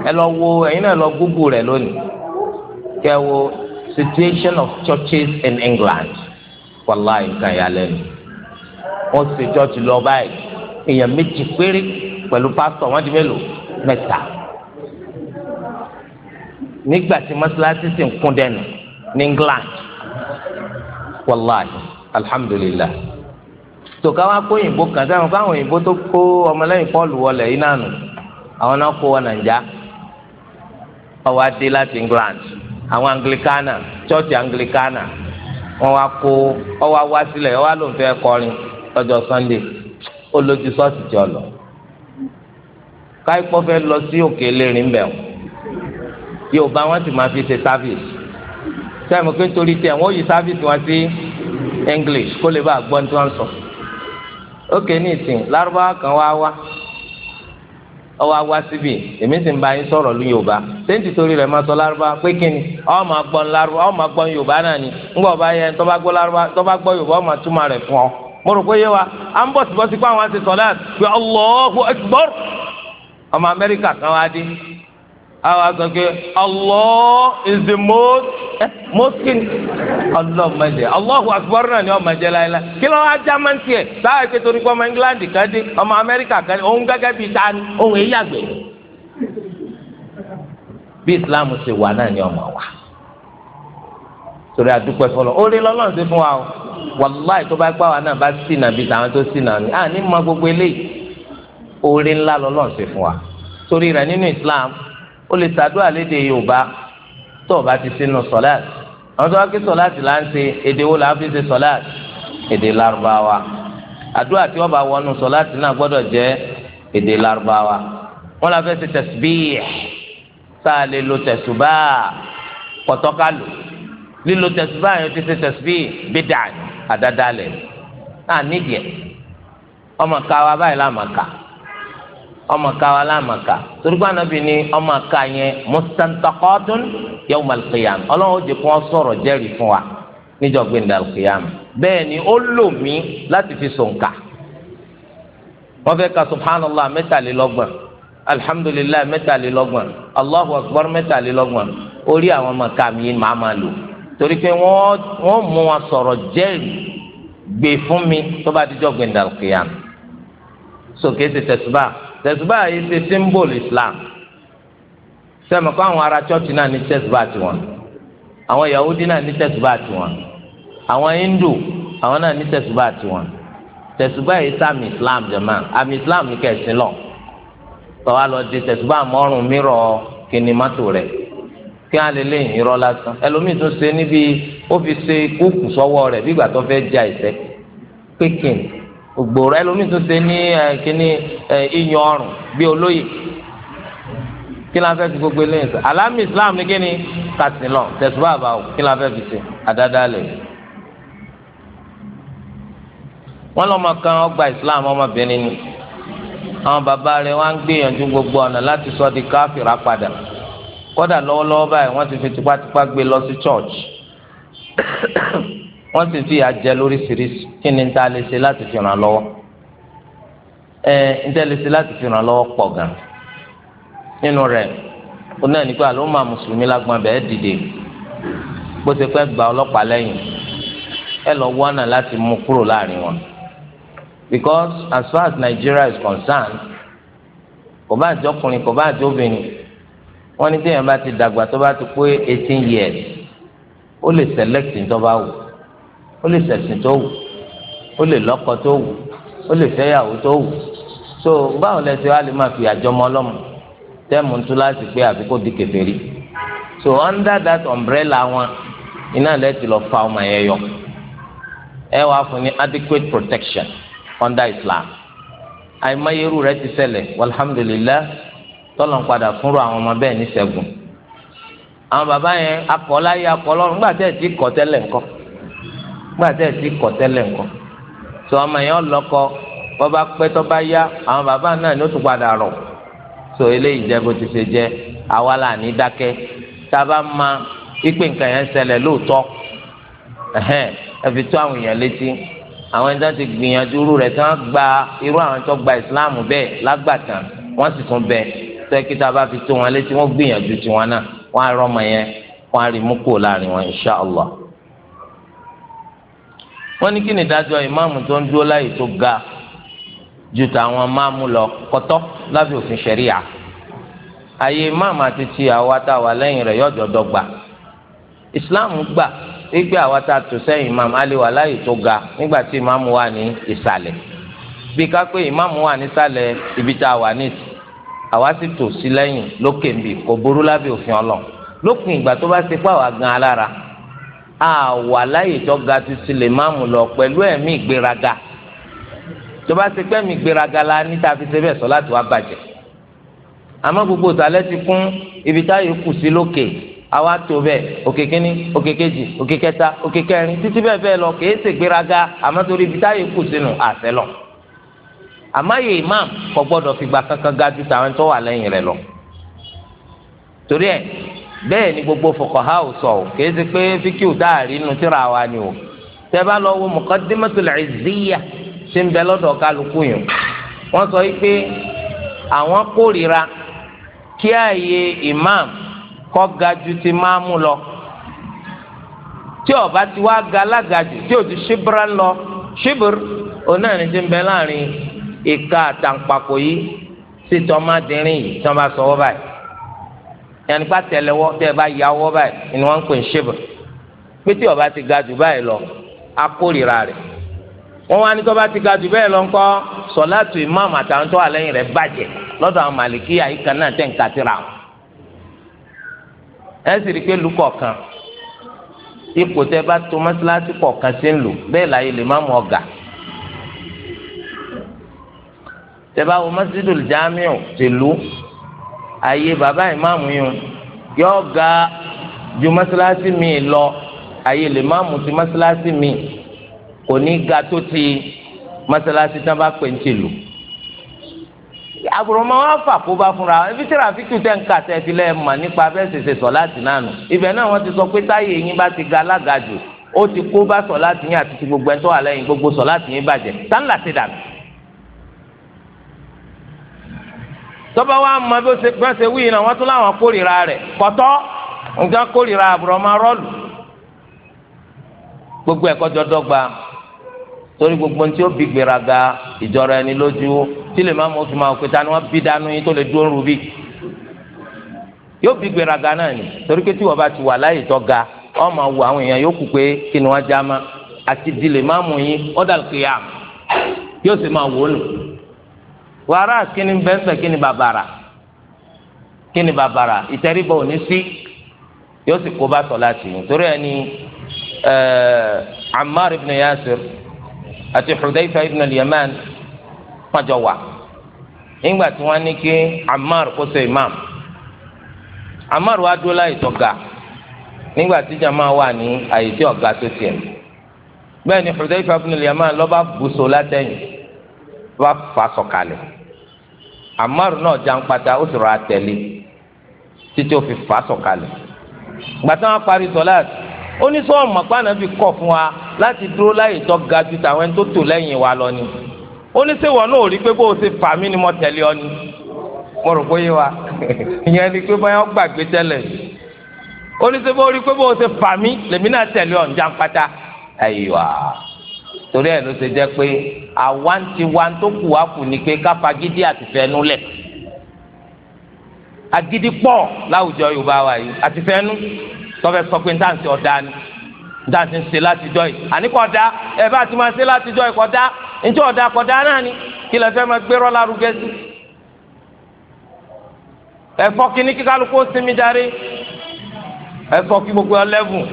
ẹ lọ wo ẹ̀yin náà lọ Google rẹ̀ lónìí kẹ́ wo situation of churches in England wàláì nǹkan ìyàlẹ́nu wọ́n sì church lọ báyìí èèyàn méjì péré pẹ̀lú pastor wọ́n di mélòó mẹ́ta nígbà tí mọ́sálásí sì ń kún dẹ́nu ní England wàláì alhamdulilayi so káwá kó òyìnbó kan sẹ́wọ̀n káwọn òyìnbó tó kó ọmọlẹ́yìn pọ́ọ̀lù wọlé yìí nànú àwọn náà kó wọn nàìjà ọwọ́ adé láti England àwọn Anglicana church Anglicana wọn wá kó ọwọ́ awá sílẹ̀ ọwọ́ ló ń fẹ́ kọrin lọ́jọ́ Sunday ó lójú ṣọ́ọ̀ṣì tí ọ lọ káyipọ́ fẹ́ lọ sí òkè lérìn bẹ́ẹ̀ yóò bá wọn sì máa fi ṣe service sẹ́wọ̀n pé torí tẹ̀ wọ́n yí service wọn sí English kó lè bá a gbọ́ ní tí ókè ní ìsìn lárúbáwá kan wá wá ọwọ́ awa síbi èmi sì ń bá yín sọ̀rọ̀ lu yorùbá sẹ́ńtì torí rẹ̀ máa sọ lárúbáwá pé kí ni ni ọba yẹn tó gbọ́ lárúbá tó gbọ́ yorùbá máa túmọ̀ rẹ̀ fún ọ. mo rò pé yé wa à ń bọ̀ síbọ̀ sí pé àwọn àti sọ̀lá pé ọmọ amẹ́ríkà kan wá àwọn sọ pé Allah is the most eh, most king Allah mọ̀jẹ̀ Allahu akbar náà ni ọmọ jẹ láyìlá kí ló wá german sáà torí pé ọmọ England kan ọmọ Amẹ́ríkà kan òun gẹ́gẹ́ bíi ta òun bí Islam ṣe wa orí fún wa o wàláì tó bá gbá wa náà bá nàbí tó mọ gbogbo eléyìí orí ńlá Islam. o lè ṣàdúrà lédè yorùbá tó o bá ti sínú sọláàtì àwọn tó wá kí sọláàtì là ń ṣe èdè wo là ń fi ṣe sọláàtì èdè lárúbáwá àdúrà tí wọn bá wọnú sọláàtì náà gbọ́dọ̀ jẹ èdè lárúbáwá wọn la fẹ́ ṣe tẹsibíì tá a lè lo tẹsùbá pọtọkàlù lílo tẹsùbá yẹn ti ṣe tẹsibíì bídà àdádálẹ náà nídìí ọmọ ká wa báyìí láàmà ká ọmọka wa lámàka torípa anabi ni ọmọka yẹn mustantakọtun yawm alqiyam ọlọ́run ó di kó sọ̀rọ̀ jẹ́rìí fún wa níjọ́ gbẹ̀ndẹ̀ alqiyam bẹ́ẹ̀ ni ó lò mí láti fi sọ̀nka wọ́n fẹ́ ka subhanallah mẹ́tàlélọ́gbọ̀n alhamdulilayi mẹ́tàlélọ́gbọ̀n allahu akbar mẹ́tàlélọ́gbọ̀n orí àwọn ọmọka mi máa ma lò torí pé mú wa sọ̀rọ̀ jẹ́rìí gbè fún mi tó bá dijọ́ gbẹ̀ndẹ̀ alqiyam sókè ti tẹ̀síbáà tẹ̀sùbá yìí ṣe symbol islam sẹ́mi kọ́ àwọn ará chọ́ọ̀tì náà ní tẹ̀sùbá tiwọn àwọn yahudi náà ní tẹ̀sùbá tiwọn àwọn hindu àwọn náà ní tẹ̀sùbá tiwọn tẹ̀sùbá yìí sàmì islam jẹ̀mọ́ àmì islam ní kẹ̀sìn lọ tọ́wá lọ di tẹ̀sùbá mọ́rùn mírọ̀ kìnnìmọ́tò rẹ̀ kí á lè lé ìrọ́ lásán ẹlòmíì tún ṣe níbi ó fi ṣe kókù sọ́wọ́ rẹ̀ bí ìgbà tó fẹ́ ja ìṣẹ́ ògbòrò ẹlòmíì tó ṣe ní kíní iyan ọrùn bíi olóyè kí la fẹ́ fi gbogbo eléyìí sọ alámì islam ní kíni kàtìlọ tẹ̀síwá àbáwò kí la fẹ́ fi ṣe àdádálẹ̀ wọn lọ́mọ kan ọgbà islam ọmọbìnrin ni àwọn bàbá rẹ̀ wọn ń gbìyànjú gbogbo ọ̀nà láti sọ di káfíra padà kódà lọ́wọ́lọ́wọ́ báyìí wọ́n ti fi tipátipá gbé lọ sí church wọ́n sì fi àjẹ lóríṣiríṣi kí ni ta lè ṣe láti fi ràn lọ́wọ́ ẹ n tẹ́ lè ṣe láti fi ràn lọ́wọ́ pọ̀ gan nínú rẹ̀ ó náà nípa ló máa mùsùlùmí lágbọ́n bẹ́ẹ̀ dìde bó ṣe pẹ́ gba ọlọ́pàá lẹ́yìn ẹ lọ wọ́nà láti mú kúrò láàrin wọn because as far as Nigeria is concerned kò bá àjọ ọkùnrin kò bá àjọ obìnrin wọ́n ní téèyàn bá ti dàgbà tó bá ti pé eighteen years ó lè select ní tó bá wù ó lè ṣẹ̀sìn tó wù ó lè lọ́kọ tó wù ó lè fẹ́yàwó tó wù so báwo lẹ ti wá lè máa fi àjọmọ ọlọ́mọ tẹ́mu tún láti pé àfi kó di kèfèrí so under that umbrella wọn iná lẹ ti lọ fa ọmọ yẹn yọ ẹ wàá fún ní adequate protection under Islam àìmọyeru rẹ ti ṣẹlẹ̀ alhamdulillah tọ́lọ̀ ń padà fúnra àwọn ọmọ bẹ́ẹ̀ ní ṣẹ́gun àwọn bàbá yẹn akọ láyé akọ lọ́rùn nígbà tẹ́ ẹ̀ ti kọ́ tẹ́lẹ̀ ńkọ́ gbàtẹ́ sí kọ̀tẹ́lẹ̀ nǹkan sọ ọmọ yẹn lọ́kọ bọ́ba pẹ́ tọ́ba yá àwọn bàbá náà ni ó tún padà rọ̀ sọ eléyìí jẹ́ bó ti ṣe jẹ́ àwa là ní dákẹ́ tába ma ipe nǹkan yẹn ṣẹlẹ̀ lóòótọ́ ẹ fi tó àwọn èèyàn létí àwọn ẹni tó ti gbìyànjú irú rẹ̀ tí wọ́n gba irú àwọn tó gba ìsìláàmù bẹ́ẹ̀ lágbàtàn wọ́n sì tún bẹ tẹ́kí tába fi tó wọn létí wọ́n gbìyànjú tiwọn náà wọ́n á rọ́mọ yẹn wọ́n á rí mú kúrò láàrin wọn inṣáàlá wọ́n ní kí ni ìdájọ́ ìmáàmù tó ń dúró láyè tó ga ju tàwọn máàmù lọ kọ́tọ́ lábẹ́ òfin ṣẹ̀ríà àyè ìmáàmù àti ti àwa tá a wà lẹ́yìn rẹ̀ yọjọ́ dọ́gba ìsìláàmù gbà gbígbé àwa tá a tò sẹ́yìn ìmáàmù alẹ́ wà láyè tó ga nígbà tí ìmáàmù wà ní ìsàlẹ̀ bí ká ìmáàmù wà nísàlẹ̀ ibi tá a wà ní àwa sì tò sí lẹ́yìn lókè ń kò burú lábẹ́ òfin ọlọ́ lópin ìgbà tó bá ti pàwọ́ gan alára àwà láyè tó ga ti sílẹ̀ máàmù lọ pẹ̀lú ẹ̀mí ìgbéraga tó bá ti pẹ́ mi ìgbéraga la ní tá a fi ṣe bẹ́ẹ̀ sọ láti wá bàjẹ́ àmọ́ gbogbo ìtàlẹ́ ti kún ibi táyé kù sí lókè àwa tó bẹ́ẹ̀ òkè kínní òkè kejì òkè kẹta òkè kẹrin títí bẹ́ẹ̀ bẹ́ẹ̀ lọ kèé ṣe ìgbéraga àmọ́ torí ibi táyé kù sínú àṣẹ lọ àmọ́ imam kò gbọ́dọ̀ fìgbà kankan ga ju tàwọn tó wà lẹ́yìn rẹ̀ lọ torí ẹ̀ bẹ́ẹ̀ ni gbogbo fuqaha ò sọ ò kìí ṣe pé fíkìú dáàrí inú tíra wa ni o tẹ́ bá lọ wo muqaddimatul izziyya ṣe ń bẹ lọ́dọ̀ kálukú yìí wọ́n sọ pé àwọn kórìíra kí ààyè imam kọ́ ga ju ti máàmù lọ tí ọba ti wá ga alágàjù tí òtún ṣíbra ń lọ ṣíbr oná ní ti ń bẹ láàrin ìka àtàǹpàkò yìí sí tọmọdérin yìí tí wọ́n bá sọ wọ́n báyìí yàní bá tẹlẹwọ́ tẹ bá ya ọwọ́ báyìí ni wọ́n ń pè ń ṣèbà pété ọba ti ga jù báyìí lọ akórira rẹ̀ wọ́n wá ní tó bá ti ga jù bẹ́ẹ̀ lọ ńkọ́ sọ̀láàtù ìmáàmù àtàwọn tó wà lẹ́yìn rẹ̀ bàjẹ́ lọ́dọ̀ àwọn màlìkíyà yìí kan náà tẹ̀ ń kàtìrà ẹ sì rí i pé lukọ̀ kan ipò tẹ bá tó mọ́sálásí kọ̀ọ̀kan sí ń lò bẹ́ẹ̀ láyé lè má mú ọ̀gà tẹ bá wo mọ́sídùl jámíù tìlú àyè baba ìmáàmù yìí yóò ga ju mọ́sálásí mi lọ àyè lè máàmù ti mọ́sálásí mi kò ní ga tó ti mọ́sálásí tán bá pè ń tìlù àbùrọ̀mọ́ wọn fà kó bá fúnra ibi tí ràfíkì tẹ̀ ń kà tẹ̀ ti lẹ́ẹ̀ mà nípa bẹ́ẹ̀ ṣèṣe sọ láti nánu ibẹ̀ náà wọ́n ti sọ pé táyé yín bá ti ga alága jù ó ti kó bá sọ láti yín àti ti gbogbo ẹ̀ tó wà lẹ́yìn gbogbo sọ láti yín bàjẹ́ tá ńlá dànù. tọ́ba wa mọ bí wọ́n ṣe wí náà wọ́n tún láwọn kórìíra rẹ̀ kọ́tọ́ nǹkan kórìíra àbúrò máa rọ́ọ̀lù gbogbo ẹ̀kọ́ jọ dọ́gba torí gbogbo ní tí ó bí gbéraga ìjọra ẹni lójú tí lè má mọ máa òkúta ni wọ́n bí dánú yín tó lè dúró rubí yóò bí gbéraga náà ni torí pé tí wọ́n bá ti wà láyè tó ga wọ́n máa wo àwọn èèyàn yòókù pé kí ni wọ́n já má àti di lè má mú wàrà kíni bẹ́ẹ̀ kíni bàbàrà kíni bàbàrà ìtẹríbọ̀ òní sí yóò sì kó bá sọ láti yìí torí ẹni Ammar ibn Yasir àti Hudayfa ibn al-Yaman pàjọ wà nígbà tí wọ́n ní kí Ammar kó ṣe imam Ammar wa dúró láì tọ́ga nígbà tí jama wà ní àyè tí ọ̀gá tó tiẹ̀ bẹ́ẹ̀ ni Hudayfa ibn yaman lọ́ba bùsọ̀ látẹ̀yìn lọ́ba fà sọ̀kalẹ̀ amaru náà jankpata ó sọ̀rọ̀ àtẹ̀lé títí ó fi fà sọ̀kalẹ̀ gbàtà wọn parí sọláàtì ó ní sọ́ọ̀mù mọ̀pá náà fi kọ̀ fún wa láti dúró láyè tó ga ju tàwọn tó tò lẹ́yìn wa lọ ni ó ní sẹ́wọ̀n náà ò rí pé bó o ṣe fà mí ni mo tẹ̀lé ọ ni mo rò pé yé wa ìyẹn ni pé báyọ̀ gbàgbé tẹ́lẹ̀ ó ní rí pé bó o ṣe fà mí lèmi náà tẹ̀lé ọ̀ ń jankpata ayiwa torí ẹ̀ ló ṣe jẹ́ pé àwantiwan tó kù wá kù ni pé káfagídí àti fẹnu lẹ̀ agídí pọ̀ láwùjọ yorùbá wa yìí àti fẹnu tọfẹ sọ pé ntáǹsì ọdá ni ntáǹsì ń ṣe látijọ́ yìí àní kódà ẹ bá ti máa ṣe látijọ́ yìí kódà njẹ ọdá kódà náà ni kí lè fẹ́ máa gbérọ lárugẹ sí ẹfọ kí ní kíkálukú sinmi darí ẹfọ kí gbogbo ọlẹ́bùn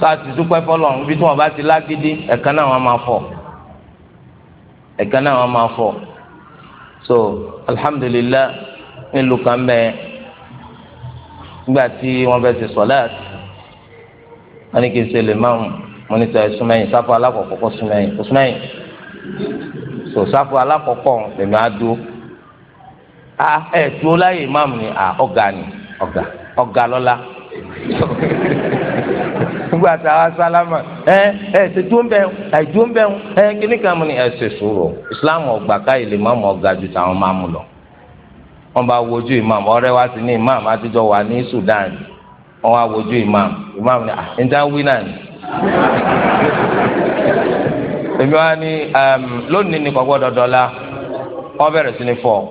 ká sì dúpẹ́ fọlọ́run bí tí wọ́n bá ti lágídí ẹ̀kan náà wọ́n máa fọ̀ ẹ̀ka náà wọ́n máa fọ̀ so alhamdulilah nílùú kan bẹ́ẹ̀ nígbà tí wọ́n fẹ́ ti sọ̀láàt wọ́n ní kí n ṣe lè máa mo ní sọ ẹ̀sùnmẹ́yìn sáfù alákọ̀ọ́kọ́ kó súnmẹ́yìn kó súnmẹ́yìn so sáfù alákọ̀ọ́kọ́ lèmi á dúró a ẹ̀ tó láyè máàmù ni ọ̀gá ni ọ̀gá ọ̀gá lọ́la. nígbà tá a sálámà ẹ ẹ ṣe tó ń bẹ ń ẹ tó ń kan mu ni ẹ ṣe sùúrù islam ọgbà káyì lè má mọ ọgá ju tàwọn máa mú lọ wọn bá wojú imam ọ̀rẹ́ wa sini imam àtijọ́ wa ni Sudan wọn wá wojú imam imam ni ah njẹ wí náà ni èmi wá um, ni lónìí ní kò gbọ́dọ̀ dọla wọn bẹ̀rẹ̀ sí fọ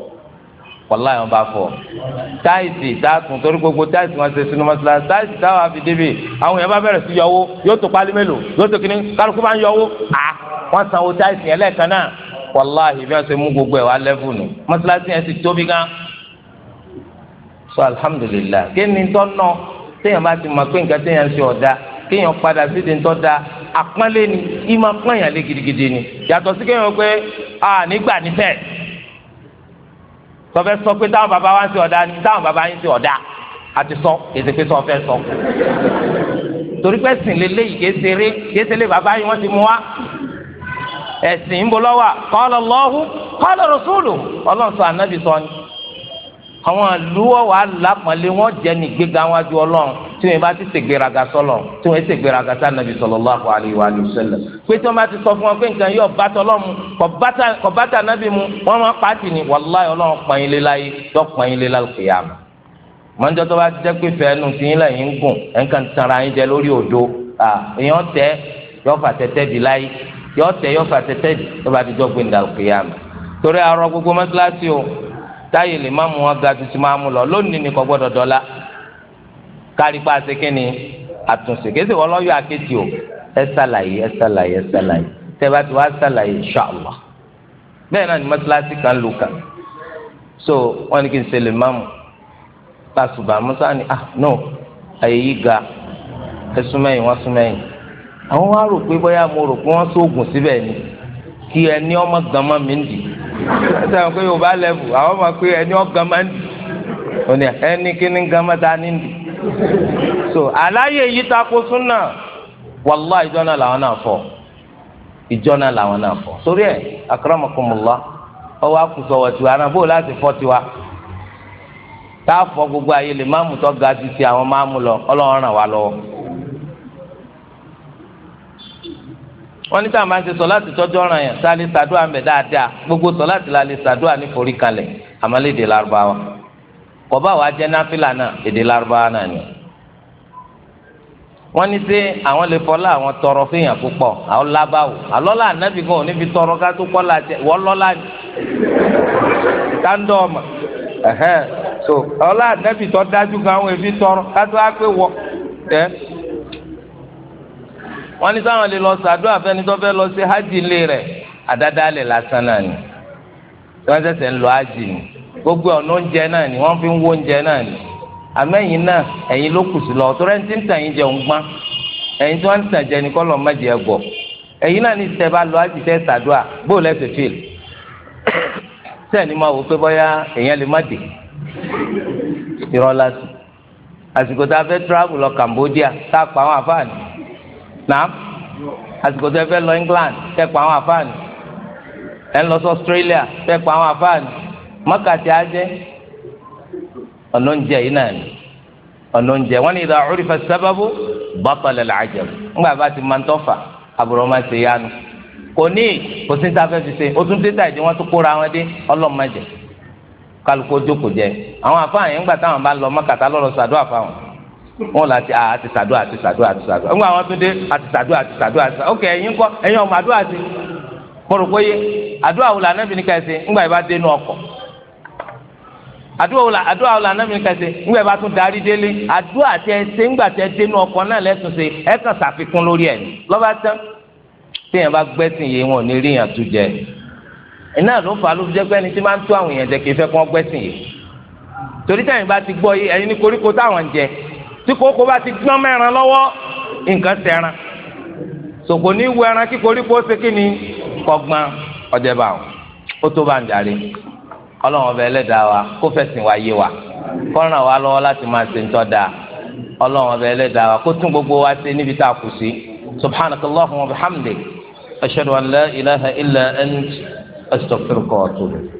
kọlá yẹn bá fọ táìsì táàtún torí gbogbo táìsì wọn ṣe sínú mọ́ṣáláṣí táìsì táwọn àfi débi àwọn yẹn bá bẹ̀rẹ̀ sí yọwó yóò tó pálí mélòó yóò tó kíní kálukú bá ń yọwó à wọ́n sanwó táìsì yẹn lẹ́ẹ̀kan náà wàláhì bí wọ́n ṣe mú gbogbo ẹ̀ wá lẹ́fù nù mọ́ṣáláṣí yẹn sì tóbi gan. sọ alhamdulilayi kí ni tọ́ nọ téèyàn bá ti mọ̀ pé nǹkan téèyàn ṣe ọ̀dà kéèyàn padà sí ti tọ́ da àpọ́nlé ni ìmọ̀ pọ́nyàn lé gidigidi ni yàtọ̀ sí kéèyàn pé à nígbà nífẹ̀ẹ́ sọfẹ sọ pé táwọn bàbá wa ń ṣe ọ̀dà ni táwọn bàbá yín ṣe ọ̀dà àti sọ èsì pé sọfẹ sọ torí pé sìn bàbá yín wọ́n ti mú wa ẹ̀sìn ń bọ́ lọ́wọ́ qala Allahu qala rasuluhu ọlọ́run sọ ànábì sọ ni. àwọn àlùwọ̀ wà lápọ̀nlé wọn jẹ́ ní gbéga wọn ju ọlọ́run tí wọn bá ti ṣègbéraga sọlọ tí wọn ṣègbéraga sá nàbì sallallahu alaihi wa sallam pé tí wọn bá ti sọ fún wọn pé nǹkan yóò bá tọlọ mu kọ bàtà nàbì mu wọn máa pàtì ní wàláyé ọlọ́run pọ̀nyìn lé láyé yọ pọ̀nyìn lé lálùkìyàmù mọ̀njọ́ tó bá jẹ́ pé fẹ́ẹ́nu tí yín lẹ́yìn ń gùn ẹ̀ǹkan tanra yín jẹ lórí òdo èèyàn tẹ́ yọ fà tẹ́tẹ́ di láyé yọ tẹ́ yọ fà tẹ́tẹ́ di tó bá ti jọ gbé ní àlùkìyàmù torí àrọ gbogbo mọ́tíláṣí o táyì lè má mú wọn ga tuntun máa mú lọ lónìí ni kò gbọ́dọ̀ dọ́là kárípa àsekínni àtúnṣe kéde wọn lọ́yọ̀ akéèti o ẹ ṣàlàyé ẹ ṣàlàyé ẹ ṣàlàyé tẹ́bà tí wàá ṣàlàyé inṣàlá bẹ́ẹ̀ náà ni mọ́tíláṣí kan lù kàn so wọ́n ní kí n ṣe lè má mú pàṣùbà musa ni ah no àyè yí ga ẹ súnmẹ́yìn wọ́n súnmẹ́yìn àwọn wá rò pé bóyá mo rò pé wọ́n sóògùn síbẹ̀ ni kí ẹni ọmọ gan mọ́ mi ń dì í sẹ́wọ̀n pé yorùbá lẹ́bù àwọn ọmọ pé ẹni ọ̀gán máa ń dì òní ẹni kíní gan so àlàyé yìí tako súnà wàllá ìjọ làwọn náà fọ ìjọ làwọn náà fọ sórí ẹ tiwa náà láti fọ́ tiwa tá fọ gbogbo ayé lè má mú ga ti àwọn máàmù lọ ọlọ́run ràn wá lọ́wọ́. wọ́n ní sáà máa ń ṣe sọ láti tọ́jú ọ̀ràn yẹn sáà lè ṣàdúrà ń bẹ̀ dáadáa gbogbo sọ láti la lè ṣàdúrà ní forí kalẹ̀ àmàlédè Lárúbáwá kọ̀bá wa jẹ́ náfìlà náà èdè Lárúbáwá náà ni. wọ́n ní sẹ́ àwọn lè fọlá àwọn tọrọ fẹ́yàn púpọ̀ àwọn lábáwò àlọ́lá ànábì gan òní fi tọrọ ká tó kọ́lá jẹ wọ́n lọ́lá ni táńdọ̀ ọmọ ẹ̀hẹ́n so ọlá ànábì tó dájú gan àwọn èfi tọrọ ká tó á pé wọ wọ́n ní sáwọn lè lọ sàdúrà fẹ́ni lọ sí hajj ilé rẹ̀ àdádálẹ̀ lásán náà ni wọ́n ṣẹ̀ṣẹ̀ ń lọ hajj ni gbogbo ọ̀nà oúnjẹ náà ni wọ́n fi ń wó oúnjẹ náà ni àmẹ́yìn náà ẹ̀yin ló kù sí lọ tó rẹ́ńtì ń tàn yín jẹ òun gbọ́n ẹ̀yin tí wọ́n ń tàn jẹ ní kọ́lọ̀ mẹ́jẹ ẹ̀gbọ́ ẹ̀yin náà ní sẹ́ bá lọ hajj tẹ́ sàdúrà bó lẹ́sẹ̀ fíìl sẹ́ni máa wò pé bọ́yá èèyàn lè má dé ìrọ̀lásì àsìkò tá a fẹ́ travel lọ Cambodia tá a pa àwọn àfáàní nàám àsìkò tẹ fẹ́ lọ England tẹ pa àwọn àfáàní ẹ lọ sí Australia tẹ pa àwọn àfáàní mọ́kàtí ajé ọ̀nà oúnjẹ yìí náà ni ọ̀nà oúnjẹ wọn ni ìdá òrìfẹ sábàbù bàtàlẹ̀ làjẹ ńgbà bá ti máa ń tọ́fà àbúrò máa ń ṣe yánu kò ní kò sí ní sáfẹ́ fi ṣe o tún títà ìdí wọn tún kóra wọn dé ọlọ́mọdé kálukó jókòó jẹ àwọn àfáàní ńgbà táwọn bá lọ mọ́kàtá lọ́rọ̀ sàdó àfáàní wọn là ti ah, a ti sàdúrà ti sàdúrà ti sàdúrà ń gbà wọn tún dé a ti sàdúrà ti sàdúrà ti ok ẹ̀yin kọ́ ẹ̀yin ọmọ àdúrà ti kọrọ pé àdúrà wò lànà bìnní kẹsì ńgbà yìí bá dé nù ọkọ àdúrà wò àdúrà wò lànà bìnní kẹsì ńgbà yìí bá tún darí délé àdúrà tẹ ṣe ńgbà tẹ dé nù ọkọ náà lẹsùn ṣe ẹ kàn ṣàfikún lórí ẹ lọba tán téèyàn bá gbẹ́sìn yìí wọn ò ní rí yàn tún jẹ iná ló fà á ló fi jẹ́ pé ẹni tí máa ń tó àwọn èèyàn jẹ kì í fẹ́ kó tí kókó bá ti gbọ́n mẹ́ran lọ́wọ́ nǹkan sẹ́ran sòkò ní wu ẹran kí koríko ṣe kí ni kọgbọ́n ọ̀jẹ̀bà ó tó bá ń darí ọlọ́run ọbẹ̀ ẹlẹ́dàá wa kó fẹ̀sìn wa yé wa kó ràn wá lọ́wọ́ láti máa ṣe ń tọ́ da ọlọ́run ọbẹ̀ ẹlẹ́dàá wa kó tún gbogbo wa ṣe níbi tá a kù sí subhanakallahumma wa bihamdik ashhadu an la ilaha illa ant astaghfiruka wa atubu.